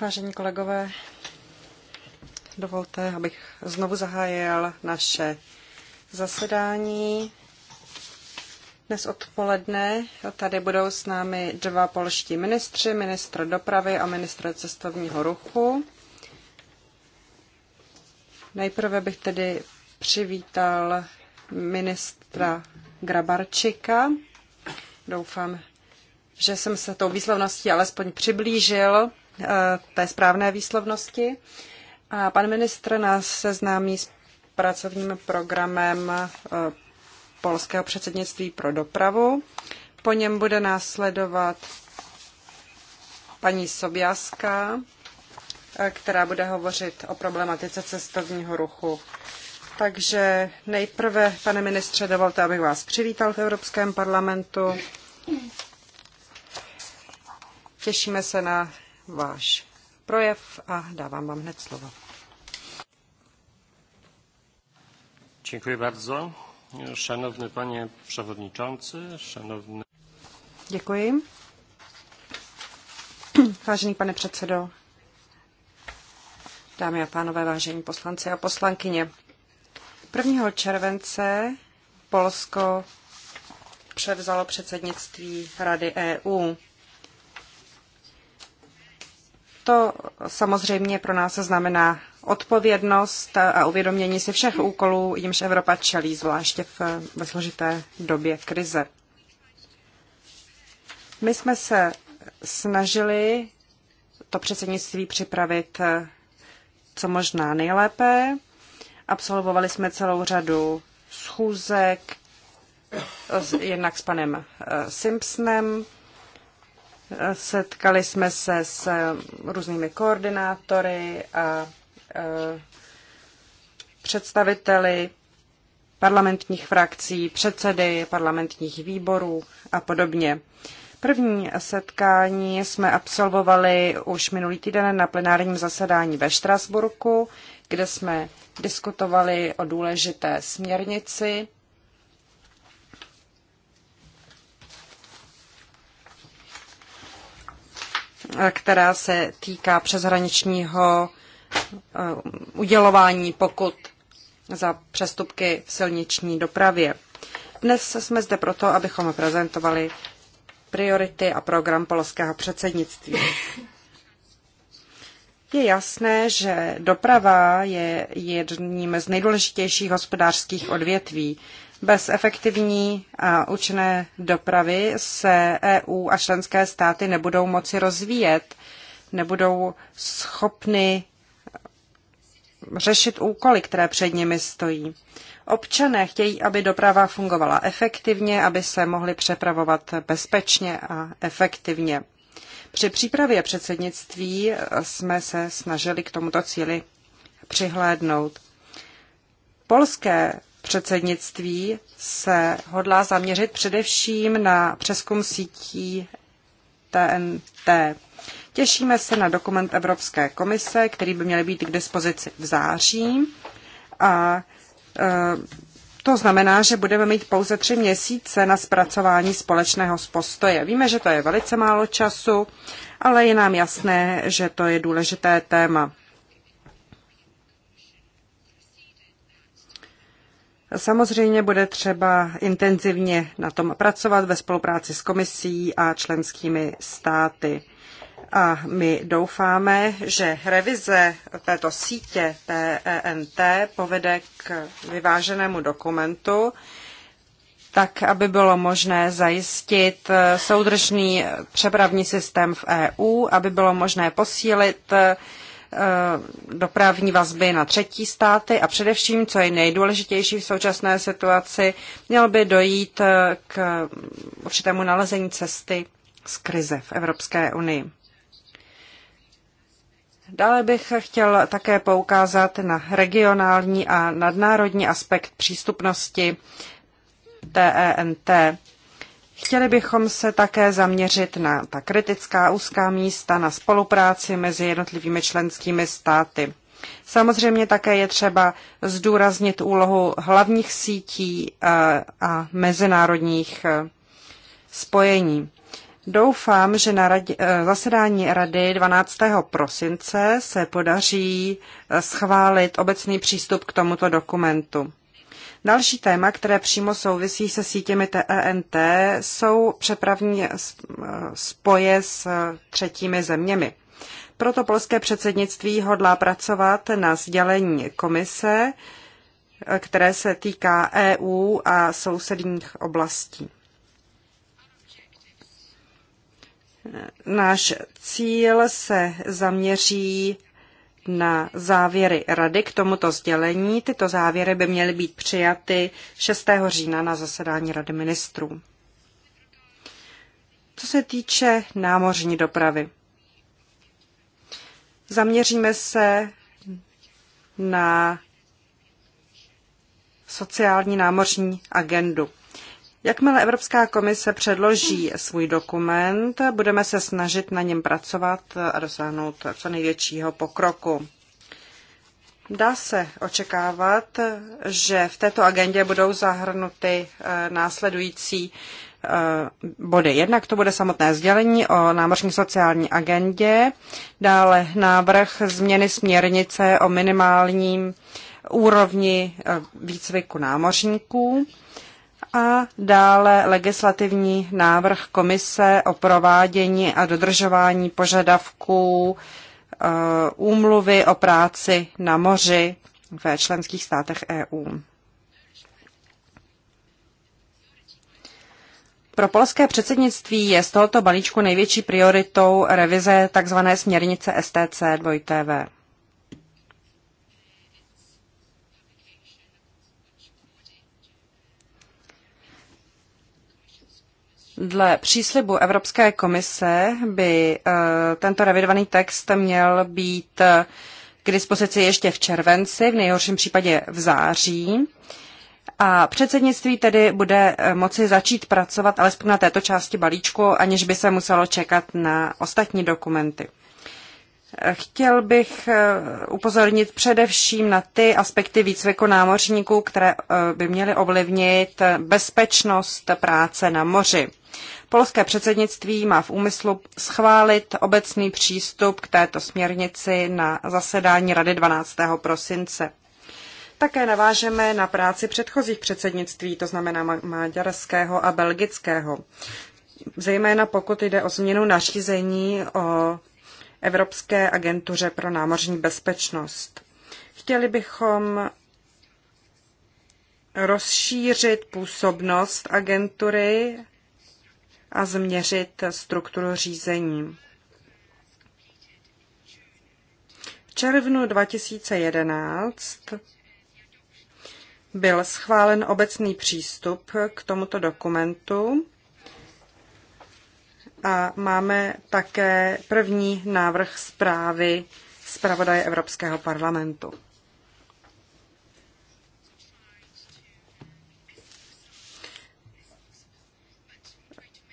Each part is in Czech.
Vážení kolegové, dovolte, abych znovu zahájil naše zasedání. Dnes odpoledne tady budou s námi dva polští ministři, ministr dopravy a ministr cestovního ruchu. Nejprve bych tedy přivítal ministra Grabarčika. Doufám, že jsem se tou výslovností alespoň přiblížil eh, té správné výslovnosti. A pan ministr nás seznámí s pracovním programem eh, polského předsednictví pro dopravu. Po něm bude následovat paní Sobjaska, eh, která bude hovořit o problematice cestovního ruchu. Takže nejprve, pane ministře, dovolte, abych vás přivítal v Evropském parlamentu Těšíme se na váš projev a dávám vám hned slovo. Děkuji bardzo. Szanowny panie przewodniczący, szanowny... Děkuji. Vážený pane předsedo, dámy a pánové, vážení poslanci a poslankyně. 1. července Polsko převzalo předsednictví Rady EU. To samozřejmě pro nás znamená odpovědnost a uvědomění si všech úkolů, jimž Evropa čelí, zvláště v, ve složité době krize. My jsme se snažili to předsednictví připravit eh, co možná nejlépe. Absolvovali jsme celou řadu schůzek, eh, jednak s panem eh, Simpsonem, Setkali jsme se s eh, různými koordinátory a eh, představiteli parlamentních frakcí, předsedy parlamentních výborů a podobně. První setkání jsme absolvovali už minulý týden na plenárním zasedání ve Štrasburku, kde jsme diskutovali o důležité směrnici která se týká přeshraničního eh, udělování pokut za přestupky v silniční dopravě. Dnes jsme zde proto, abychom prezentovali priority a program polského předsednictví. Je jasné, že doprava je jedním z nejdůležitějších hospodářských odvětví. Bez efektivní a účinné dopravy se EU a členské státy nebudou moci rozvíjet, nebudou schopny řešit úkoly, které před nimi stojí. Občané chtějí, aby doprava fungovala efektivně, aby se mohli přepravovat bezpečně a efektivně. Při přípravě předsednictví jsme se snažili k tomuto cíli přihlédnout. Polské předsednictví se hodlá zaměřit především na přeskum sítí TNT. Těšíme se na dokument Evropské komise, který by měl být k dispozici v září. A e, to znamená, že budeme mít pouze tři měsíce na zpracování společného postoje. Víme, že to je velice málo času, ale je nám jasné, že to je důležité téma. Samozřejmě bude třeba intenzivně na tom pracovat ve spolupráci s komisí a členskými státy. A my doufáme, že revize této sítě TENT povede k vyváženému dokumentu, tak aby bylo možné zajistit soudržný přepravní systém v EU, aby bylo možné posílit Eh, dopravní vazby na třetí státy a především, co je nejdůležitější v současné situaci, měl by dojít eh, k určitému nalezení cesty z krize v Evropské unii. Dále bych chtěl také poukázat na regionální a nadnárodní aspekt přístupnosti TENT e Chtěli bychom se také zaměřit na ta kritická úzká místa, na spolupráci mezi jednotlivými členskými státy. Samozřejmě také je třeba zdůraznit úlohu hlavních sítí eh, a mezinárodních eh, spojení. Doufám, že na radě, eh, zasedání Rady 12. prosince se podaří schválit obecný přístup k tomuto dokumentu. Další téma, které přímo souvisí se sítěmi TENT, e jsou přepravní spoje s třetími zeměmi. Proto polské předsednictví hodlá pracovat na sdělení komise, které se týká EU a sousedních oblastí. Náš cíl se zaměří na závěry rady k tomuto sdělení. Tyto závěry by měly být přijaty 6. října na zasedání rady ministrů. Co se týče námořní dopravy, zaměříme se na sociální námořní agendu. Jakmile Evropská komise předloží svůj dokument, budeme se snažit na něm pracovat a dosáhnout co největšího pokroku. Dá se očekávat, že v této agendě budou zahrnuty eh, následující eh, body. Jednak to bude samotné sdělení o námořní sociální agendě, dále návrh změny směrnice o minimálním úrovni eh, výcviku námořníků, a dále legislativní návrh komise o provádění a dodržování požadavků eh, úmluvy o práci na moři ve členských státech EU. Pro polské předsednictví je z tohoto balíčku největší prioritou revize tzv. směrnice STC 2TV. Dle příslibu Evropské komise by eh, tento revidovaný text měl být eh, k dispozici ještě v červenci, v nejhorším případě v září. A předsednictví tedy bude eh, moci začít pracovat alespoň na této části balíčku, aniž by se muselo čekat na ostatní dokumenty. Chtěl bych eh, upozornit především na ty aspekty výcviku námořníků, které eh, by měly ovlivnit eh, bezpečnost práce na moři. Polské předsednictví má v úmyslu schválit obecný přístup k této směrnici na zasedání Rady 12. prosince. Také navážeme na práci předchozích předsednictví, to znamená maďarského a belgického, zejména pokud jde o změnu nařízení o Evropské agentuře pro námořní bezpečnost. Chtěli bychom rozšířit působnost agentury a změřit strukturu řízení. V červnu 2011 byl schválen obecný přístup k tomuto dokumentu a máme také první návrh zprávy zpravodaje Evropského parlamentu.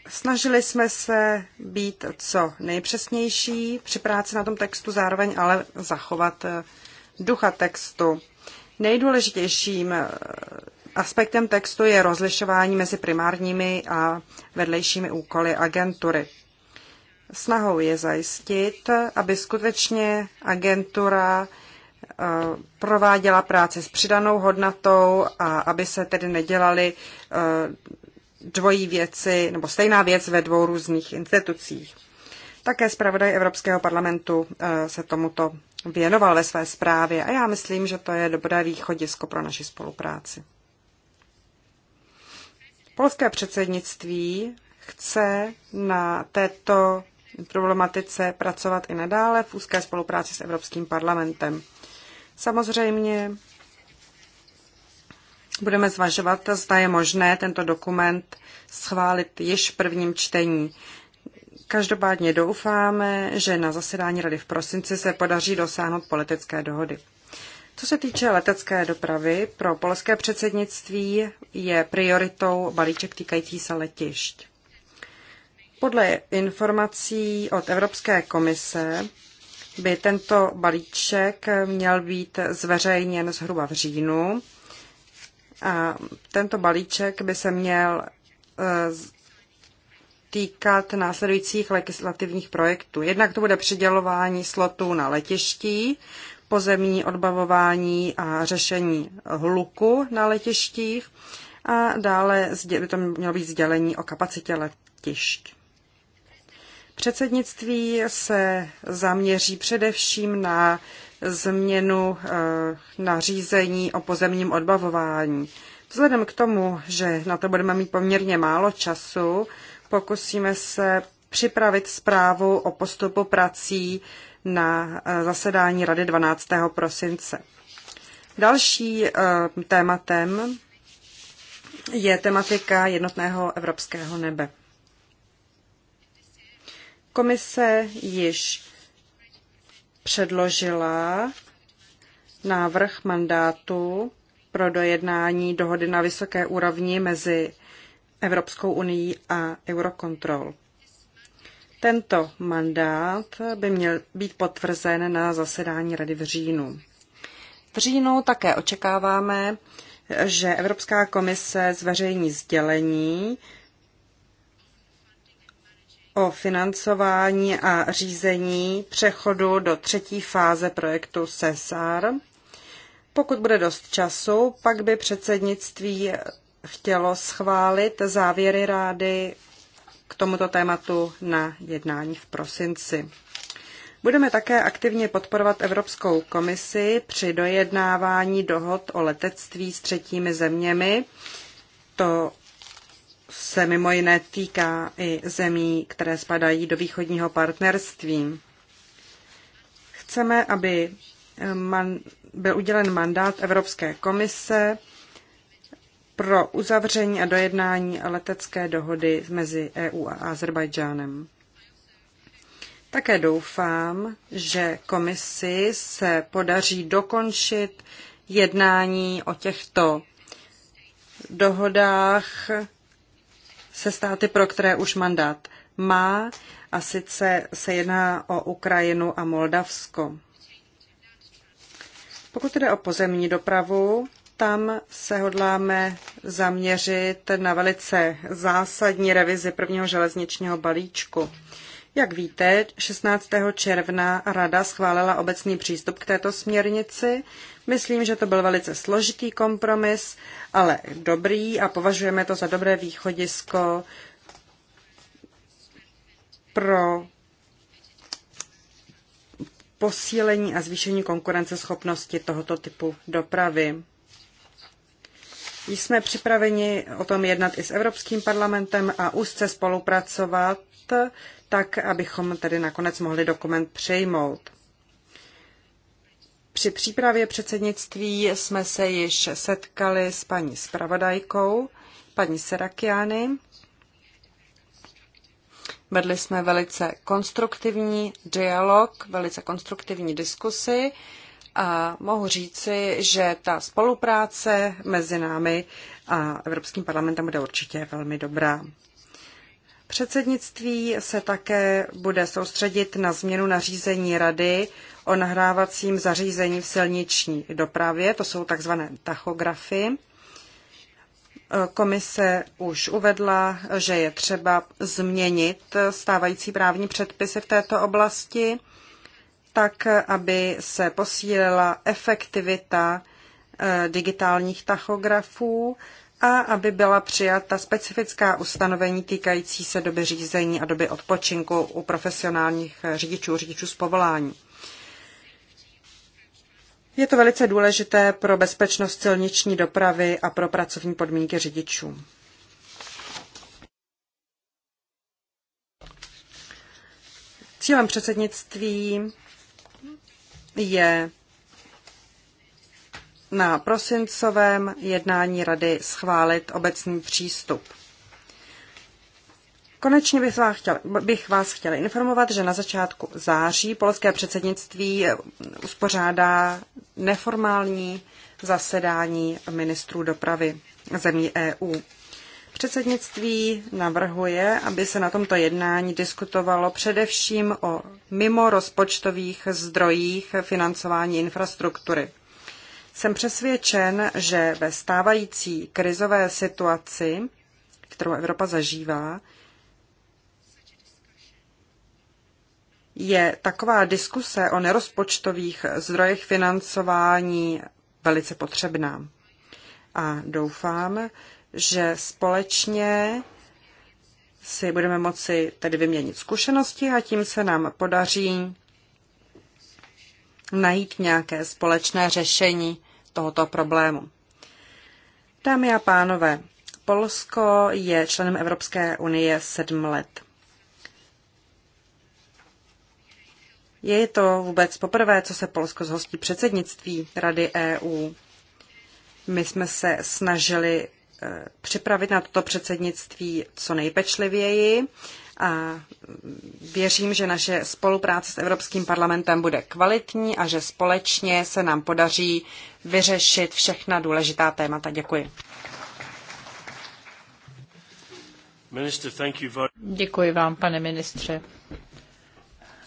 Snažili jsme se být co nejpřesnější při práci na tom textu, zároveň ale zachovat ducha textu. Nejdůležitějším Aspektem textu je rozlišování mezi primárními a vedlejšími úkoly agentury. Snahou je zajistit, aby skutečně agentura eh, prováděla práce s přidanou hodnotou a aby se tedy nedělaly eh, dvojí věci nebo stejná věc ve dvou různých institucích. Také zpravodaj Evropského parlamentu eh, se tomuto věnoval ve své zprávě a já myslím, že to je dobré východisko pro naši spolupráci. Polské předsednictví chce na této problematice pracovat i nadále v úzké spolupráci s Evropským parlamentem. Samozřejmě budeme zvažovat, zda je možné tento dokument schválit již v prvním čtení. Každopádně doufáme, že na zasedání Rady v prosinci se podaří dosáhnout politické dohody. Co se týče letecké dopravy, pro polské předsednictví je prioritou balíček týkající se letišť. Podle informací od Evropské komise by tento balíček měl být zveřejněn zhruba v říjnu a tento balíček by se měl eh, týkat následujících legislativních projektů. Jednak to bude přidělování slotů na letiští, pozemní odbavování a řešení hluku na letištích a dále by to mělo být sdělení o kapacitě letišť. Předsednictví se zaměří především na změnu eh, nařízení o pozemním odbavování. Vzhledem k tomu, že na to budeme mít poměrně málo času, pokusíme se připravit zprávu o postupu prací na eh, zasedání Rady 12. prosince. Další eh, tématem je tematika jednotného evropského nebe. Komise již předložila návrh mandátu pro dojednání dohody na vysoké úrovni mezi Evropskou unii a Eurocontrol. Tento mandát by měl být potvrzen na zasedání Rady v říjnu. V říjnu také očekáváme, že Evropská komise zveřejní sdělení o financování a řízení přechodu do třetí fáze projektu CESAR. Pokud bude dost času, pak by předsednictví chtělo schválit závěry rády tomuto tématu na jednání v prosinci. Budeme také aktivně podporovat Evropskou komisi při dojednávání dohod o letectví s třetími zeměmi. To se mimo jiné týká i zemí, které spadají do východního partnerství. Chceme, aby man, byl udělen mandát Evropské komise pro uzavření a dojednání letecké dohody mezi EU a Azerbajdžánem. Také doufám, že komisi se podaří dokončit jednání o těchto dohodách se státy, pro které už mandát má, a sice se jedná o Ukrajinu a Moldavsko. Pokud jde o pozemní dopravu, tam se hodláme zaměřit na velice zásadní revizi prvního železničního balíčku. Jak víte, 16. června Rada schválila obecný přístup k této směrnici. Myslím, že to byl velice složitý kompromis, ale dobrý a považujeme to za dobré východisko pro posílení a zvýšení konkurenceschopnosti tohoto typu dopravy. Jsme připraveni o tom jednat i s Evropským parlamentem a úzce spolupracovat, tak abychom tedy nakonec mohli dokument přejmout. Při přípravě předsednictví jsme se již setkali s paní spravodajkou, paní Serakiány. Vedli jsme velice konstruktivní dialog, velice konstruktivní diskusy a mohu říci, že ta spolupráce mezi námi a Evropským parlamentem bude určitě velmi dobrá. Předsednictví se také bude soustředit na změnu nařízení Rady o nahrávacím zařízení v silniční dopravě, to jsou takzvané tachografy. Komise už uvedla, že je třeba změnit stávající právní předpisy v této oblasti tak aby se posílila efektivita eh, digitálních tachografů a aby byla přijata specifická ustanovení týkající se doby řízení a doby odpočinku u profesionálních eh, řidičů, řidičů z povolání. Je to velice důležité pro bezpečnost silniční dopravy a pro pracovní podmínky řidičů. Cílem předsednictví je na prosincovém jednání rady schválit obecný přístup. Konečně bych vás, chtěl, bych vás chtěla informovat, že na začátku září polské předsednictví uspořádá neformální zasedání ministrů dopravy zemí EU. Předsednictví navrhuje, aby se na tomto jednání diskutovalo především o mimo rozpočtových zdrojích financování infrastruktury. Jsem přesvědčen, že ve stávající krizové situaci, kterou Evropa zažívá, je taková diskuse o nerozpočtových zdrojech financování velice potřebná. A doufám, že společně si budeme moci tedy vyměnit zkušenosti a tím se nám podaří najít nějaké společné řešení tohoto problému. Dámy a pánové, Polsko je členem Evropské unie sedm let. Je to vůbec poprvé, co se Polsko zhostí předsednictví Rady EU. My jsme se snažili připravit na toto předsednictví co nejpečlivěji a věřím, že naše spolupráce s Evropským parlamentem bude kvalitní a že společně se nám podaří vyřešit všechna důležitá témata. Děkuji. Děkuji vám, pane ministře,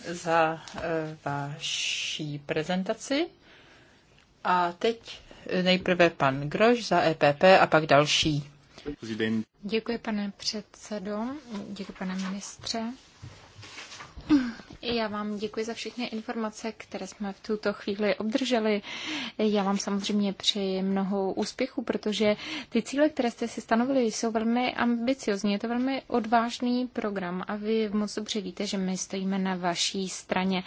za eh, vaší prezentaci. A teď Nejprve pan Groš za EPP a pak další. Děkuji, pane předsedo. Děkuji, pane ministře. Já vám děkuji za všechny informace, které jsme v tuto chvíli obdrželi. Já vám samozřejmě přeji mnoho úspěchu, protože ty cíle, které jste si stanovili, jsou velmi ambiciozní. Je to velmi odvážný program a vy moc dobře víte, že my stojíme na vaší straně.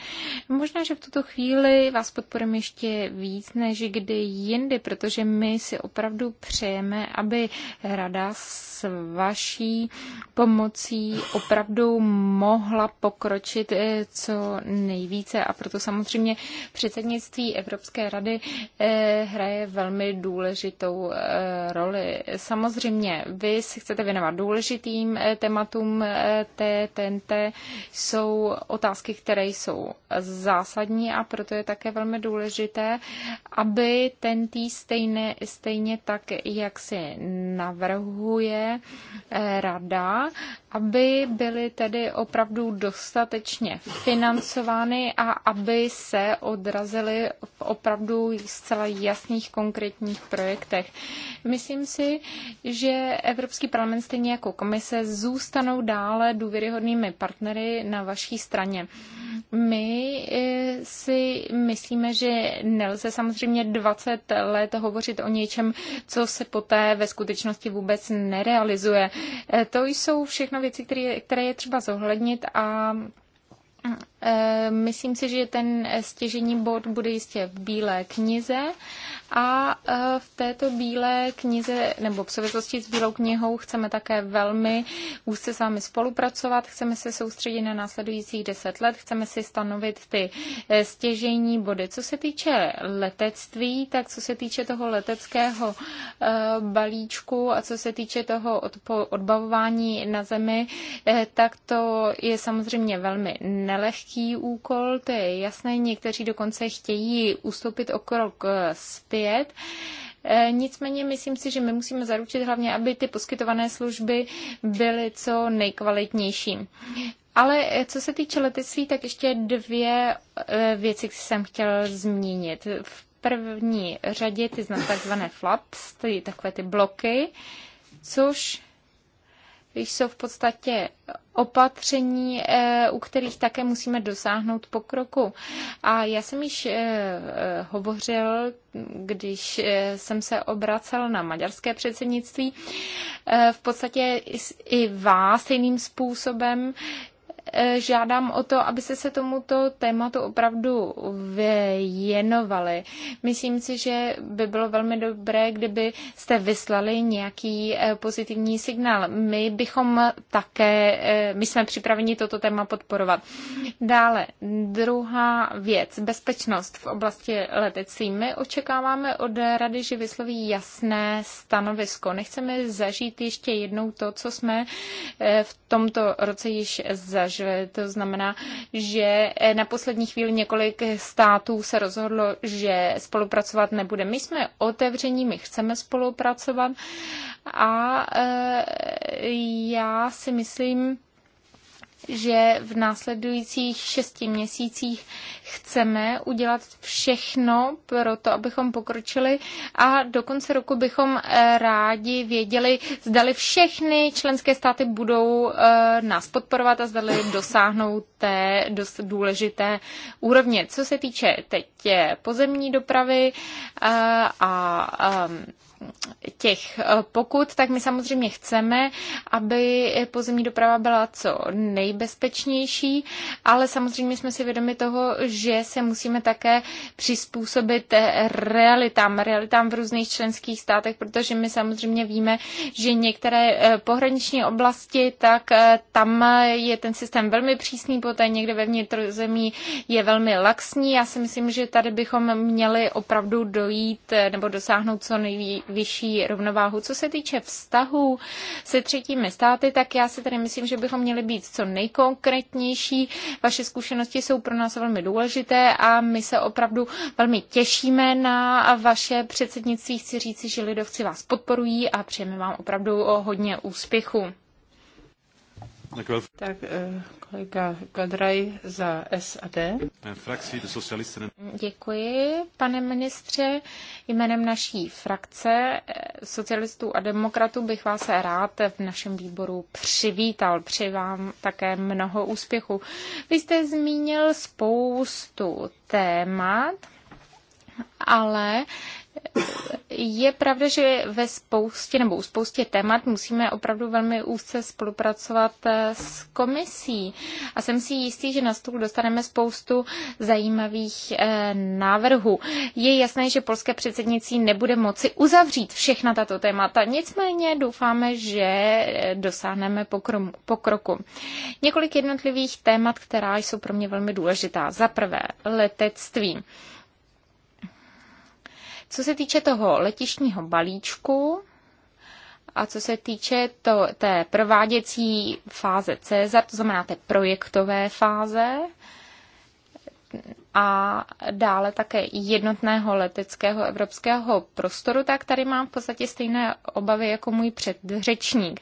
Možná, že v tuto chvíli vás podporujeme ještě víc než kdy jindy, protože my si opravdu přejeme, aby rada s vaší pomocí opravdu mohla pokročit řešit eh, co nejvíce a proto samozřejmě předsednictví Evropské rady eh, hraje velmi důležitou eh, roli. Samozřejmě vy se chcete věnovat důležitým tématům TNT, jsou otázky, které jsou zásadní a proto je také velmi důležité, aby ten tý stejné, stejně tak, jak si navrhuje rada, aby byly tedy opravdu dostatečně financovány a aby se odrazily v opravdu zcela jasných konkrétních projektech. Myslím si, že Evropský parlament stejně jako komise zůstanou dále důvěryhodnými partnery na vaší straně. My eh, si myslíme, že nelze samozřejmě 20 let hovořit o něčem, co se poté ve skutečnosti vůbec nerealizuje. Eh, to jsou všechno Věci, které které je třeba zohlednit a Eh, myslím si, že ten eh, stěžení bod bude jistě v Bílé knize a eh, v této Bílé knize, nebo v souvislosti s Bílou knihou, chceme také velmi úzce s vámi spolupracovat, chceme se soustředit na následujících deset let, chceme si stanovit ty stěžení body. Co se týče letectví, tak co se týče toho leteckého balíčku a co se týče toho odbavování na zemi, tak to je samozřejmě velmi ne nelehký úkol, to je jasné, někteří dokonce chtějí ustoupit o krok eh, zpět. Eh, nicméně myslím si, že my musíme zaručit hlavně, aby ty poskytované služby byly co nejkvalitnější. Ale eh, co se týče letectví, tak ještě dvě věci jsem chtěl zmínit. V první řadě ty takzvané flaps, ty takové ty bloky, což jsou v podstatě opatření, eh, u kterých také musíme dosáhnout pokroku. A já jsem již eh, eh, hovořil, když jsem se obracel na maďarské předsednictví, v podstatě i vás jiným způsobem, Eh, žádám o to, aby se tomuto tématu opravdu věnovali. Myslím si, že by bylo velmi dobré, kdyby jste vyslali nějaký eh, pozitivní signál. My bychom také, eh, my jsme připraveni toto téma podporovat. Dále, druhá věc, bezpečnost v oblasti letecí. My očekáváme od rady, že vysloví jasné stanovisko. Nechceme zažít ještě jednou to, co jsme v tomto roce již zažili zvažuje. To znamená, že eh, na poslední chvíli několik států se rozhodlo, že spolupracovat nebude. My jsme otevření, my chceme spolupracovat a eh, já si myslím, že v následujících šesti měsících chceme udělat všechno pro to, abychom pokročili a do konce roku bychom eh, rádi věděli, zdali všechny členské státy budou eh, nás podporovat a zdali dosáhnou té dost důležité úrovně. Co se týče teď eh, pozemní dopravy a, a ehm, těch eh, pokud, tak my samozřejmě chceme, aby pozemní doprava byla co nejbezpečnější, ale samozřejmě jsme si vědomi toho, že se musíme také přizpůsobit realitám, realitám v různých členských státech, protože my samozřejmě víme, že některé eh, pohraniční oblasti, tak eh, tam je ten systém velmi přísný, poté někde ve vnitrozemí je velmi laxní. Já si myslím, že tady bychom měli opravdu dojít nebo dosáhnout co nejví, vyšší rovnováhu. Co se týče vztahů se třetími státy, tak já si tady myslím, že bychom měli být co nejkonkrétnější. Vaše zkušenosti jsou pro nás velmi důležité a my se opravdu velmi těšíme na vaše předsednictví. Chci říci, že lidovci vás podporují a přejeme vám opravdu hodně úspěchu. Tak eh, kolega Kadraj za SAD. Děkuji, pane ministře. Jménem naší frakce eh, socialistů a demokratů bych vás rád v našem výboru přivítal. Přeji vám také mnoho úspěchu. Vy jste zmínil spoustu témat, ale je pravda, že ve spoustě nebo u spoustě témat musíme opravdu velmi úzce spolupracovat eh, s komisí. A jsem si jistý, že na stůl dostaneme spoustu zajímavých eh, návrhů. Je jasné, že polské předsednicí nebude moci uzavřít všechna tato témata. Nicméně doufáme, že eh, dosáhneme pokroku. Několik jednotlivých témat, která jsou pro mě velmi důležitá. Za prvé, letectví. Co se týče toho letišního balíčku, a co se týče to, té prováděcí fáze Cezar, to znamená té projektové fáze, a dále také jednotného leteckého evropského prostoru, tak tady mám v podstatě stejné obavy jako můj předřečník.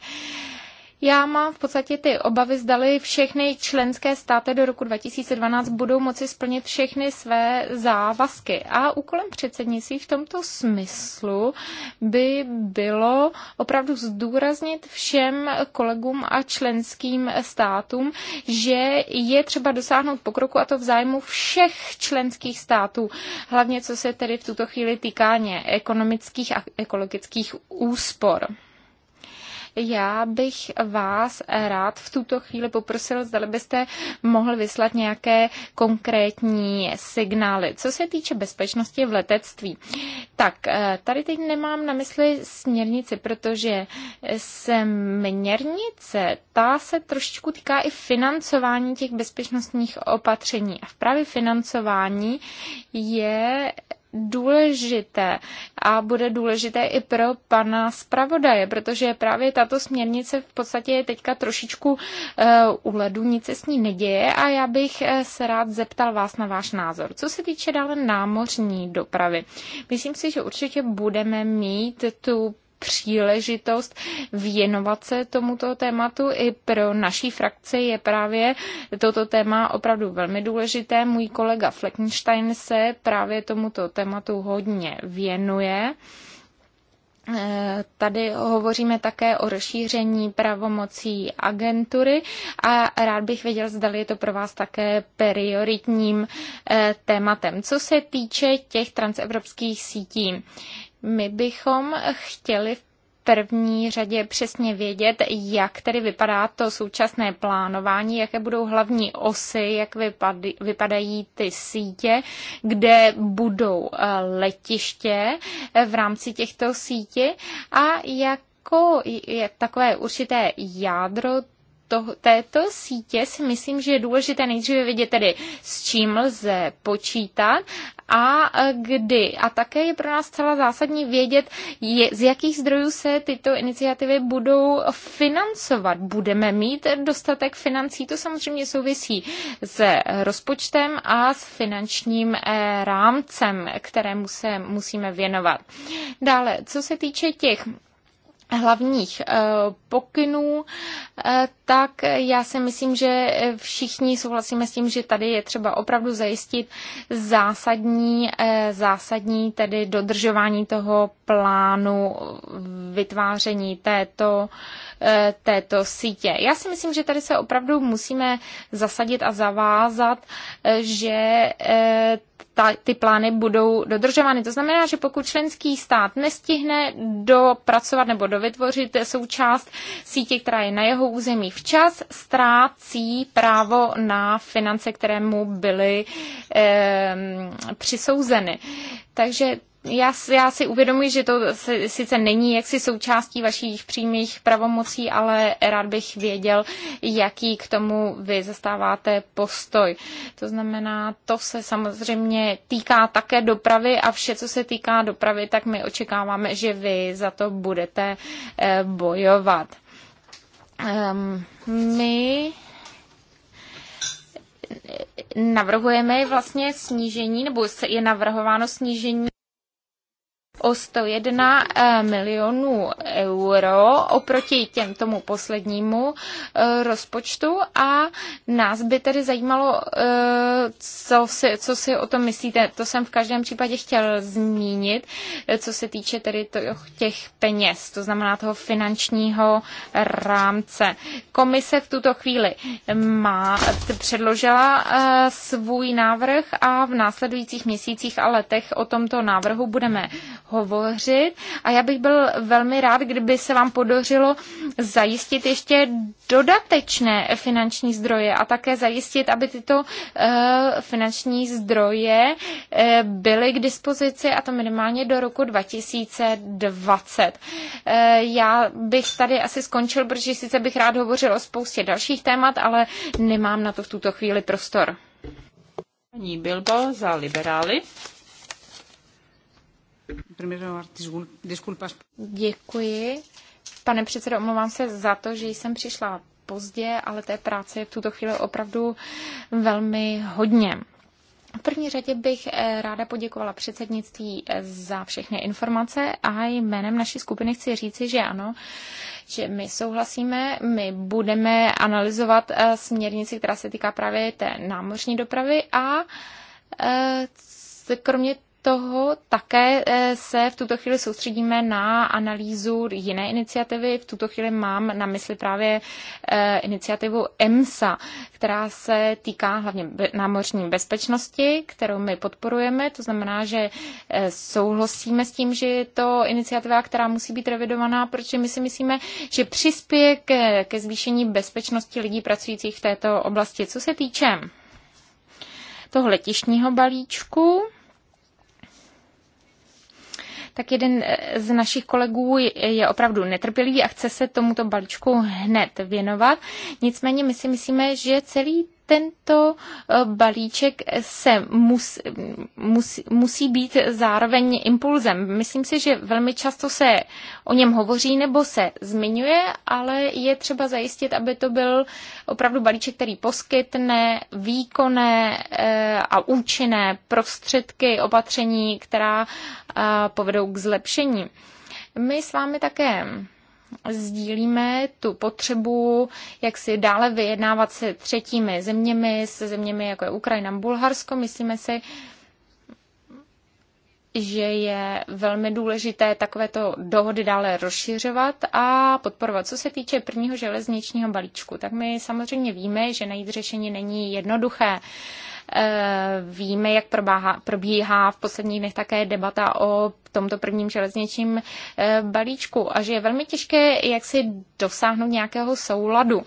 Já mám v podstatě ty obavy, zdali všechny členské státy do roku 2012 budou moci splnit všechny své závazky. A úkolem předsednictví v tomto smyslu by bylo opravdu zdůraznit všem kolegům a členským státům, že je třeba dosáhnout pokroku a to v zájmu všech členských států, hlavně co se tedy v tuto chvíli týká ekonomických a ekologických úspor. Já bych vás rád v tuto chvíli poprosil, zda byste mohl vyslat nějaké konkrétní signály. Co se týče bezpečnosti v letectví, tak eh, tady teď nemám na mysli směrnici, protože směrnice, ta se trošičku týká i financování těch bezpečnostních opatření. A v právě financování je důležité a bude důležité i pro pana zpravodaje, protože právě tato směrnice v podstatě je teďka trošičku eh, u ledu, nic se s ní neděje a já bych eh, se rád zeptal vás na váš názor. Co se týče dále námořní dopravy, myslím si, že určitě budeme mít tu příležitost věnovat se tomuto tématu. I pro naší frakci je právě toto téma opravdu velmi důležité. Můj kolega Fleckenstein se právě tomuto tématu hodně věnuje. Eh, tady hovoříme také o rozšíření pravomocí agentury a rád bych věděl, zda je to pro vás také prioritním eh, tématem. Co se týče těch transevropských sítí, my bychom chtěli v první řadě přesně vědět, jak tedy vypadá to současné plánování, jaké budou hlavní osy, jak vypadají ty sítě, kde budou eh, letiště eh, v rámci těchto sítí a jak jako je takové určité jádro toho, této sítě si myslím, že je důležité nejdříve vidět tedy, s čím lze počítat a e, kdy. A také je pro nás celá zásadní vědět, je, z jakých zdrojů se tyto iniciativy budou financovat. Budeme mít dostatek financí, to samozřejmě souvisí s rozpočtem a s finančním e, rámcem, kterému se musíme věnovat. Dále, co se týče těch hlavních eh, pokynů, eh, tak já si myslím, že všichni souhlasíme s tím, že tady je třeba opravdu zajistit zásadní, eh, zásadní tedy dodržování toho plánu vytváření této Eh, této sítě. Já si myslím, že tady se opravdu musíme zasadit a zavázat, eh, že eh, ta, ty plány budou dodržovány. To znamená, že pokud členský stát nestihne dopracovat nebo dovytvořit součást sítě, která je na jeho území včas, ztrácí právo na finance, které mu byly eh, přisouzeny. Takže já, já si uvědomuji, že to sice není jaksi součástí vašich přímých pravomocí, ale rád bych věděl, jaký k tomu vy zastáváte postoj. To znamená, to se samozřejmě týká také dopravy a vše, co se týká dopravy, tak my očekáváme, že vy za to budete eh, bojovat. Um, my navrhujeme vlastně snížení, nebo je navrhováno snížení o 101 eh, milionů euro oproti těm tomu poslednímu eh, rozpočtu a nás by tedy zajímalo, eh, co si, co si o tom myslíte. To jsem v každém případě chtěl zmínit, co se týče tedy těch peněz, to znamená toho finančního rámce. Komise v tuto chvíli má, předložila svůj návrh a v následujících měsících a letech o tomto návrhu budeme hovořit a já bych byl velmi rád, kdyby se vám podařilo zajistit ještě dodatečné finanční zdroje a také zajistit, aby tyto eh, finanční zdroje eh, byly k dispozici a to minimálně do roku 2020. Eh, já bych tady asi skončil, protože sice bych rád hovořil o spoustě dalších témat, ale nemám na to v tuto chvíli prostor. Paní Bilbo za liberály. Děkuji. Pane předsedo, omlouvám se za to, že jsem přišla pozdě, ale té práce je v tuto chvíli opravdu velmi hodně. V první řadě bych eh, ráda poděkovala předsednictví eh, za všechny informace a jménem naší skupiny chci říci, že ano, že my souhlasíme, my budeme analyzovat eh, směrnici, která se týká právě té námořní dopravy a kromě toho také eh, se v tuto chvíli soustředíme na analýzu jiné iniciativy. V tuto chvíli mám na mysli právě eh, iniciativu EMSA, která se týká hlavně námořní bezpečnosti, kterou my podporujeme. To znamená, že eh, souhlasíme s tím, že je to iniciativa, která musí být revidovaná, protože my si myslíme, že přispěje ke, ke zvýšení bezpečnosti lidí pracujících v této oblasti. Co se týče toho letišního balíčku, tak jeden eh, z našich kolegů je opravdu netrpělivý a chce se tomuto balíčku hned věnovat. Nicméně my si myslíme, že celý tento eh, balíček se mus, mus, musí být zároveň impulzem. Myslím si, že velmi často se o něm hovoří nebo se zmiňuje, ale je třeba zajistit, aby to byl opravdu balíček, který poskytne výkonné eh, a účinné prostředky, opatření, která eh, povedou k zlepšení. My s vámi také sdílíme tu potřebu, jak si dále vyjednávat se třetími zeměmi, se zeměmi jako je Ukrajina, Bulharsko. Myslíme si, že je velmi důležité takovéto dohody dále rozšiřovat a podporovat. Co se týče prvního železničního balíčku, tak my samozřejmě víme, že najít řešení není jednoduché. Uh, Víme, jak probíhá v posledních dnech také debata o tomto prvním železničním eh, balíčku a že je velmi těžké, jak si dosáhnout nějakého souladu.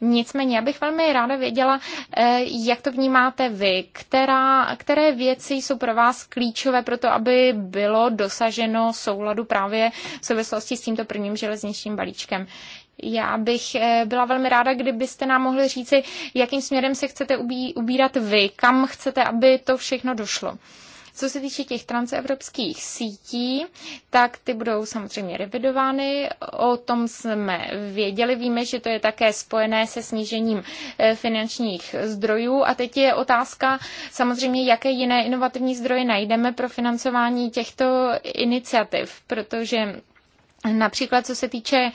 Nicméně, já bych velmi ráda věděla, eh, jak to vnímáte vy, která, které věci jsou pro vás klíčové pro to, aby bylo dosaženo souladu právě v souvislosti s tímto prvním železničním balíčkem. Já bych eh, byla velmi ráda, kdybyste nám mohli říci, jakým směrem se chcete ubí, ubírat vy, kam chcete, aby to všechno došlo. Co se týče těch transevropských sítí, tak ty budou samozřejmě revidovány. O tom jsme věděli, víme, že to je také spojené se snížením eh, finančních zdrojů. A teď je otázka samozřejmě, jaké jiné inovativní zdroje najdeme pro financování těchto iniciativ, protože Například co se týče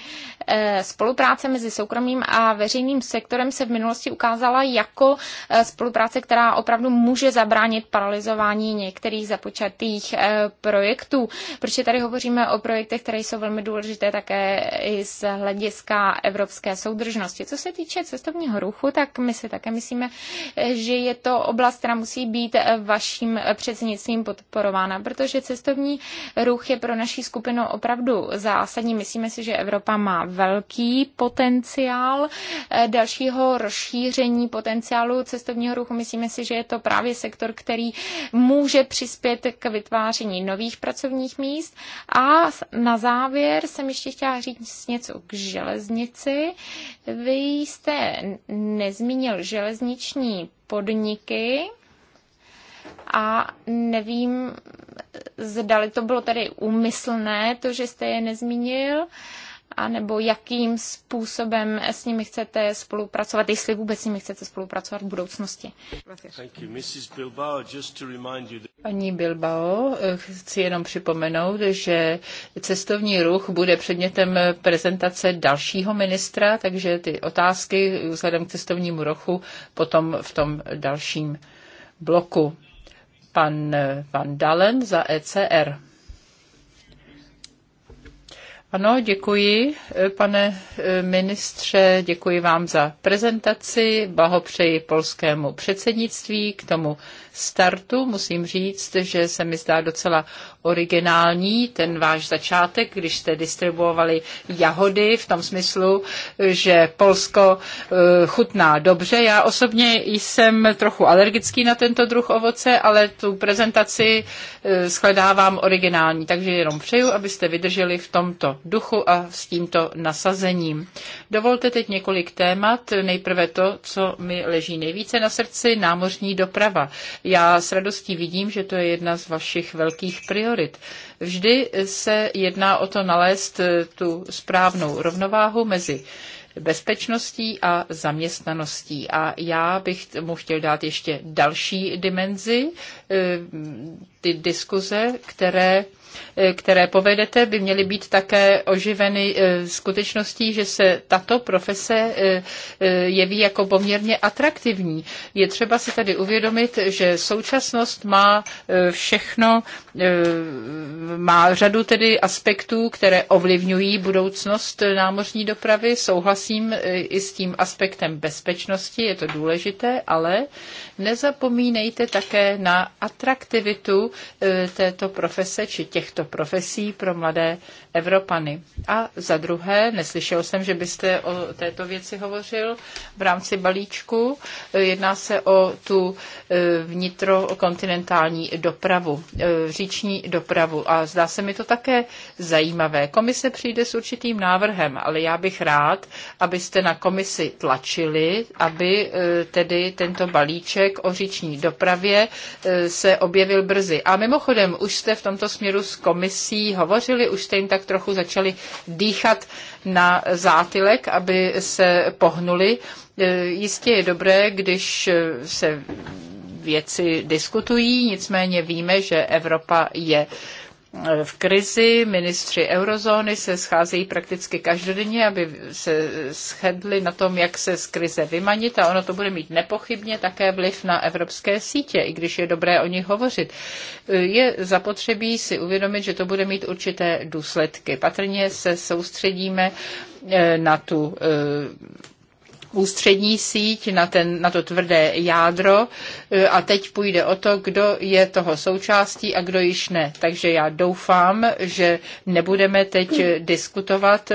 eh, spolupráce mezi soukromým a veřejným sektorem se v minulosti ukázala jako eh, spolupráce, která opravdu může zabránit paralizování některých započatých eh, projektů, protože tady hovoříme o projektech, které jsou velmi důležité také i z hlediska evropské soudržnosti. Co se týče cestovního ruchu, tak my si také myslíme, že je to oblast, která musí být vaším předsednictvím podporována, protože cestovní ruch je pro naší skupinu opravdu za zásadní. Myslíme si, že Evropa má velký potenciál eh, dalšího rozšíření potenciálu cestovního ruchu. Myslíme si, že je to právě sektor, který může přispět k vytváření nových pracovních míst. A na závěr jsem ještě chtěla říct něco k železnici. Vy jste nezmínil železniční podniky a nevím, zdali to bylo tedy úmyslné, to, že jste je nezmínil, anebo jakým způsobem s nimi chcete spolupracovat, jestli vůbec s nimi chcete spolupracovat v budoucnosti. Paní Bilbao, eh, chci jenom připomenout, že cestovní ruch bude předmětem prezentace dalšího ministra, takže ty otázky vzhledem k cestovnímu ruchu potom v tom dalším bloku pan Van Dalen za ECR. Ano, děkuji, eh, pane eh, ministře, děkuji vám za prezentaci, blahopřeji polskému předsednictví k tomu startu. Musím říct, že se mi zdá docela originální ten váš začátek, když jste distribuovali jahody v tom smyslu, že Polsko eh, chutná dobře. Já osobně jsem trochu alergický na tento druh ovoce, ale tu prezentaci shledávám originální, takže jenom přeju, abyste vydrželi v tomto duchu a s tímto nasazením. Dovolte teď několik témat. Nejprve to, co mi leží nejvíce na srdci, námořní doprava. Já s radostí vidím, že to je jedna z vašich velkých priorit. Vždy se jedná o to nalézt eh, tu správnou rovnováhu mezi bezpečností a zaměstnaností. A já bych mu chtěl dát ještě další dimenzi, eh, ty diskuze, které E, které povedete, by měly být také oživeny e, skutečností, že se tato profese e, jeví jako poměrně atraktivní. Je třeba si tady uvědomit, že současnost má všechno, má řadu tedy aspektů, které ovlivňují budoucnost námořní dopravy. Souhlasím i s tím aspektem bezpečnosti, je to důležité, ale nezapomínejte také na atraktivitu této profese či těch těchto profesí pro mladé Evropany. A za druhé, neslyšel jsem, že byste o této věci hovořil v rámci balíčku. Jedná se o tu e, vnitrokontinentální dopravu, e, říční dopravu. A zdá se mi to také zajímavé. Komise přijde s určitým návrhem, ale já bych rád, abyste na komisi tlačili, aby e, tedy tento balíček o říční dopravě se objevil brzy. A mimochodem, už jste v tomto směru s komisí hovořili, už jste jim tak trochu začali dýchat na zátylek, aby se pohnuli. E, jistě je dobré, když se věci diskutují, nicméně víme, že Evropa je v krizi. Ministři eurozóny se scházejí prakticky každodenně, aby se shodli na tom, jak se z krize vymanit a ono to bude mít nepochybně také vliv na evropské sítě, i když je dobré o nich hovořit. Je zapotřebí si uvědomit, že to bude mít určité důsledky. Patrně se soustředíme eh, na tu eh, ústřední síť, na, ten, na to tvrdé jádro E, a teď půjde o to, kdo je toho součástí a kdo již ne. Takže já doufám, že nebudeme teď diskutovat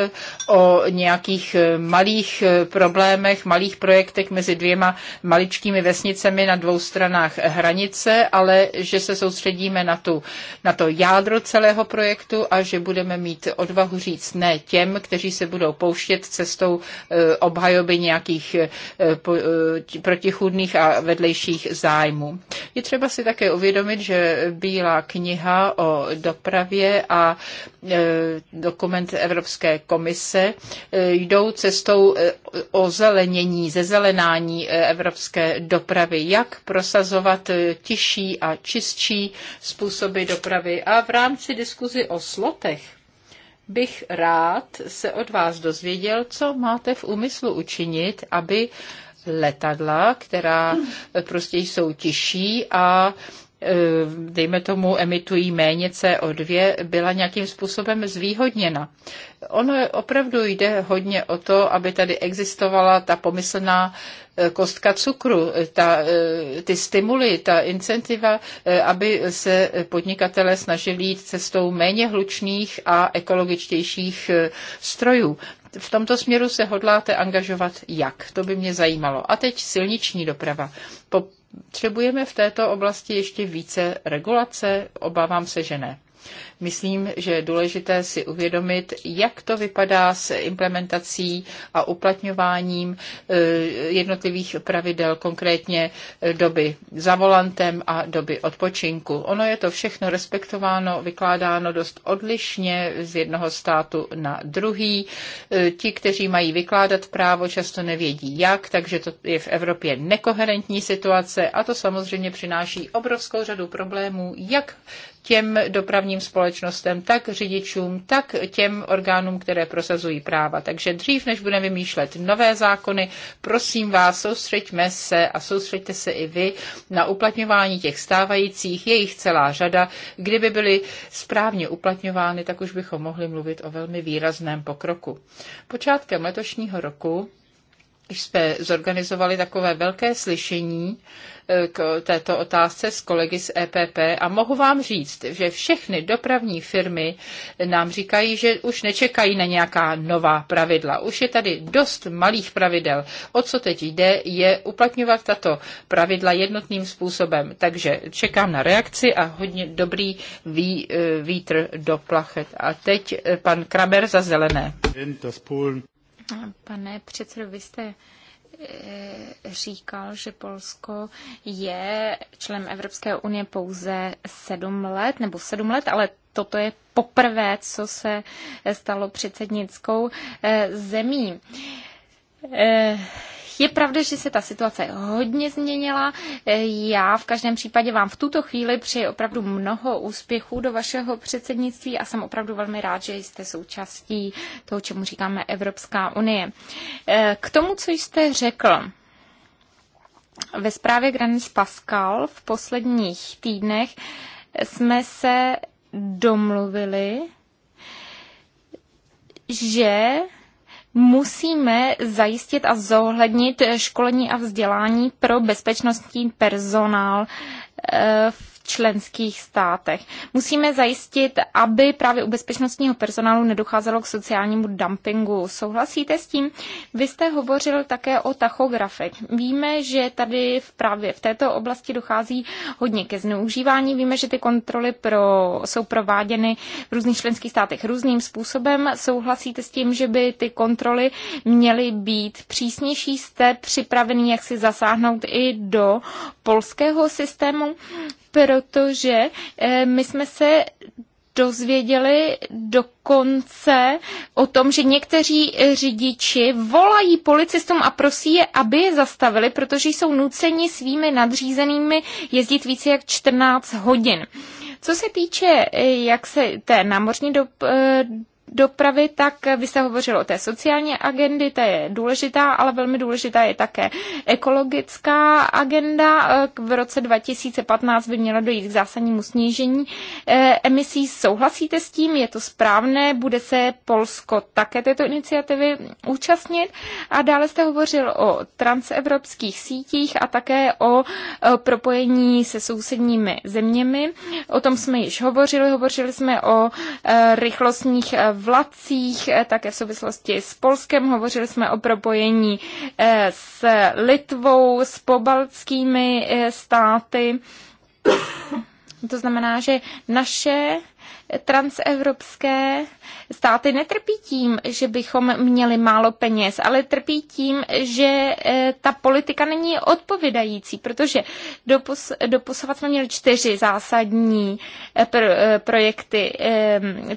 o nějakých e, malých e, problémech, malých projektech mezi dvěma maličkými vesnicemi na dvou stranách hranice, ale že se soustředíme na, tu, na to jádro celého projektu a že budeme mít odvahu říct ne těm, kteří se budou pouštět cestou obhajoby nějakých protichůdných a vedlejších zájmu. Je třeba si také uvědomit, že Bílá kniha o dopravě a e, dokument Evropské komise e, jdou cestou e, o zelenění, zezelenání evropské dopravy, jak prosazovat tižší a čistší způsoby dopravy. A v rámci diskuzi o slotech bych rád se od vás dozvěděl, co máte v úmyslu učinit, aby letadla, která prostě jsou těžší a e, dejme tomu, emitují méně CO2, byla nějakým způsobem zvýhodněna. Ono opravdu jde hodně o to, aby tady existovala ta pomyslná e, kostka cukru, ta, e, ty stimuly, ta incentiva, aby se podnikatele snažili jít cestou méně hlučných a ekologičtějších strojů v tomto směru se hodláte angažovat jak? To by mě zajímalo. A teď silniční doprava. Potřebujeme v této oblasti ještě více regulace? Obávám se, že ne. Myslím, že je důležité si uvědomit, jak to vypadá s implementací a uplatňováním eh, jednotlivých pravidel, konkrétně eh, doby za volantem a doby odpočinku. Ono je to všechno respektováno, vykládáno dost odlišně z jednoho státu na druhý. Eh, ti, kteří mají vykládat právo, často nevědí jak, takže to je v Evropě nekoherentní situace a to samozřejmě přináší obrovskou řadu problémů, jak těm dopravním společnostem, tak řidičům, tak těm orgánům, které prosazují práva. Takže dřív, než budeme vymýšlet nové zákony, prosím vás, soustřeďme se a soustřeďte se i vy na uplatňování těch stávajících, jejich celá řada. Kdyby byly správně uplatňovány, tak už bychom mohli mluvit o velmi výrazném pokroku. Počátkem letošního roku jsme zorganizovali takové velké slyšení e, k této otázce s kolegy z EPP a mohu vám říct, že všechny dopravní firmy nám říkají, že už nečekají na nějaká nová pravidla. Už je tady dost malých pravidel. O co teď jde, je uplatňovat tato pravidla jednotným způsobem. Takže čekám na reakci a hodně dobrý ví, e, vítr do plachet. A teď e, pan Kramer za zelené. Pane předsedo, vy jste eh, říkal, že Polsko je člen Evropské unie pouze sedm let, nebo sedm let, ale toto je poprvé, co se stalo předsednickou eh, zemí. Eh, je pravda, že se ta situace hodně změnila. E, já v každém případě vám v tuto chvíli přeji opravdu mnoho úspěchů do vašeho předsednictví a jsem opravdu velmi rád, že jste součástí toho, čemu říkáme Evropská unie. E, k tomu, co jste řekl, ve zprávě Granis Pascal v posledních týdnech jsme se domluvili, že musíme zajistit a zohlednit školení a vzdělání pro bezpečnostní personál v eh, členských státech. Musíme zajistit, aby právě u bezpečnostního personálu nedocházelo k sociálnímu dumpingu. Souhlasíte s tím? Vy jste hovořil také o tachografech. Víme, že tady v právě v této oblasti dochází hodně ke zneužívání. Víme, že ty kontroly pro, jsou prováděny v různých členských státech různým způsobem. Souhlasíte s tím, že by ty kontroly měly být přísnější? Jste připravený, jak si zasáhnout i do polského systému? protože eh, my jsme se dozvěděli dokonce o tom, že někteří eh, řidiči volají policistům a prosí je, aby je zastavili, protože jsou nuceni svými nadřízenými jezdit více jak 14 hodin. Co se týče eh, jak se té námořní do, dopravy, tak vy jste hovořil o té sociální agendy, ta je důležitá, ale velmi důležitá je také ekologická agenda. V roce 2015 by mělo dojít k zásadnímu snížení eh, emisí. Souhlasíte s tím? Je to správné? Bude se Polsko také této iniciativy účastnit? A dále jste hovořil o transevropských sítích a také o eh, propojení se sousedními zeměmi. O tom jsme již hovořili. Hovořili jsme o eh, rychlostních vlacích, eh, také v souvislosti s Polskem. Hovořili jsme o propojení eh, s Litvou, s pobaltskými eh, státy. To znamená, že naše transevropské státy netrpí tím, že bychom měli málo peněz, ale trpí tím, že eh, ta politika není odpovědající, protože dopos, doposovat jsme měli čtyři zásadní eh, eh, projekty.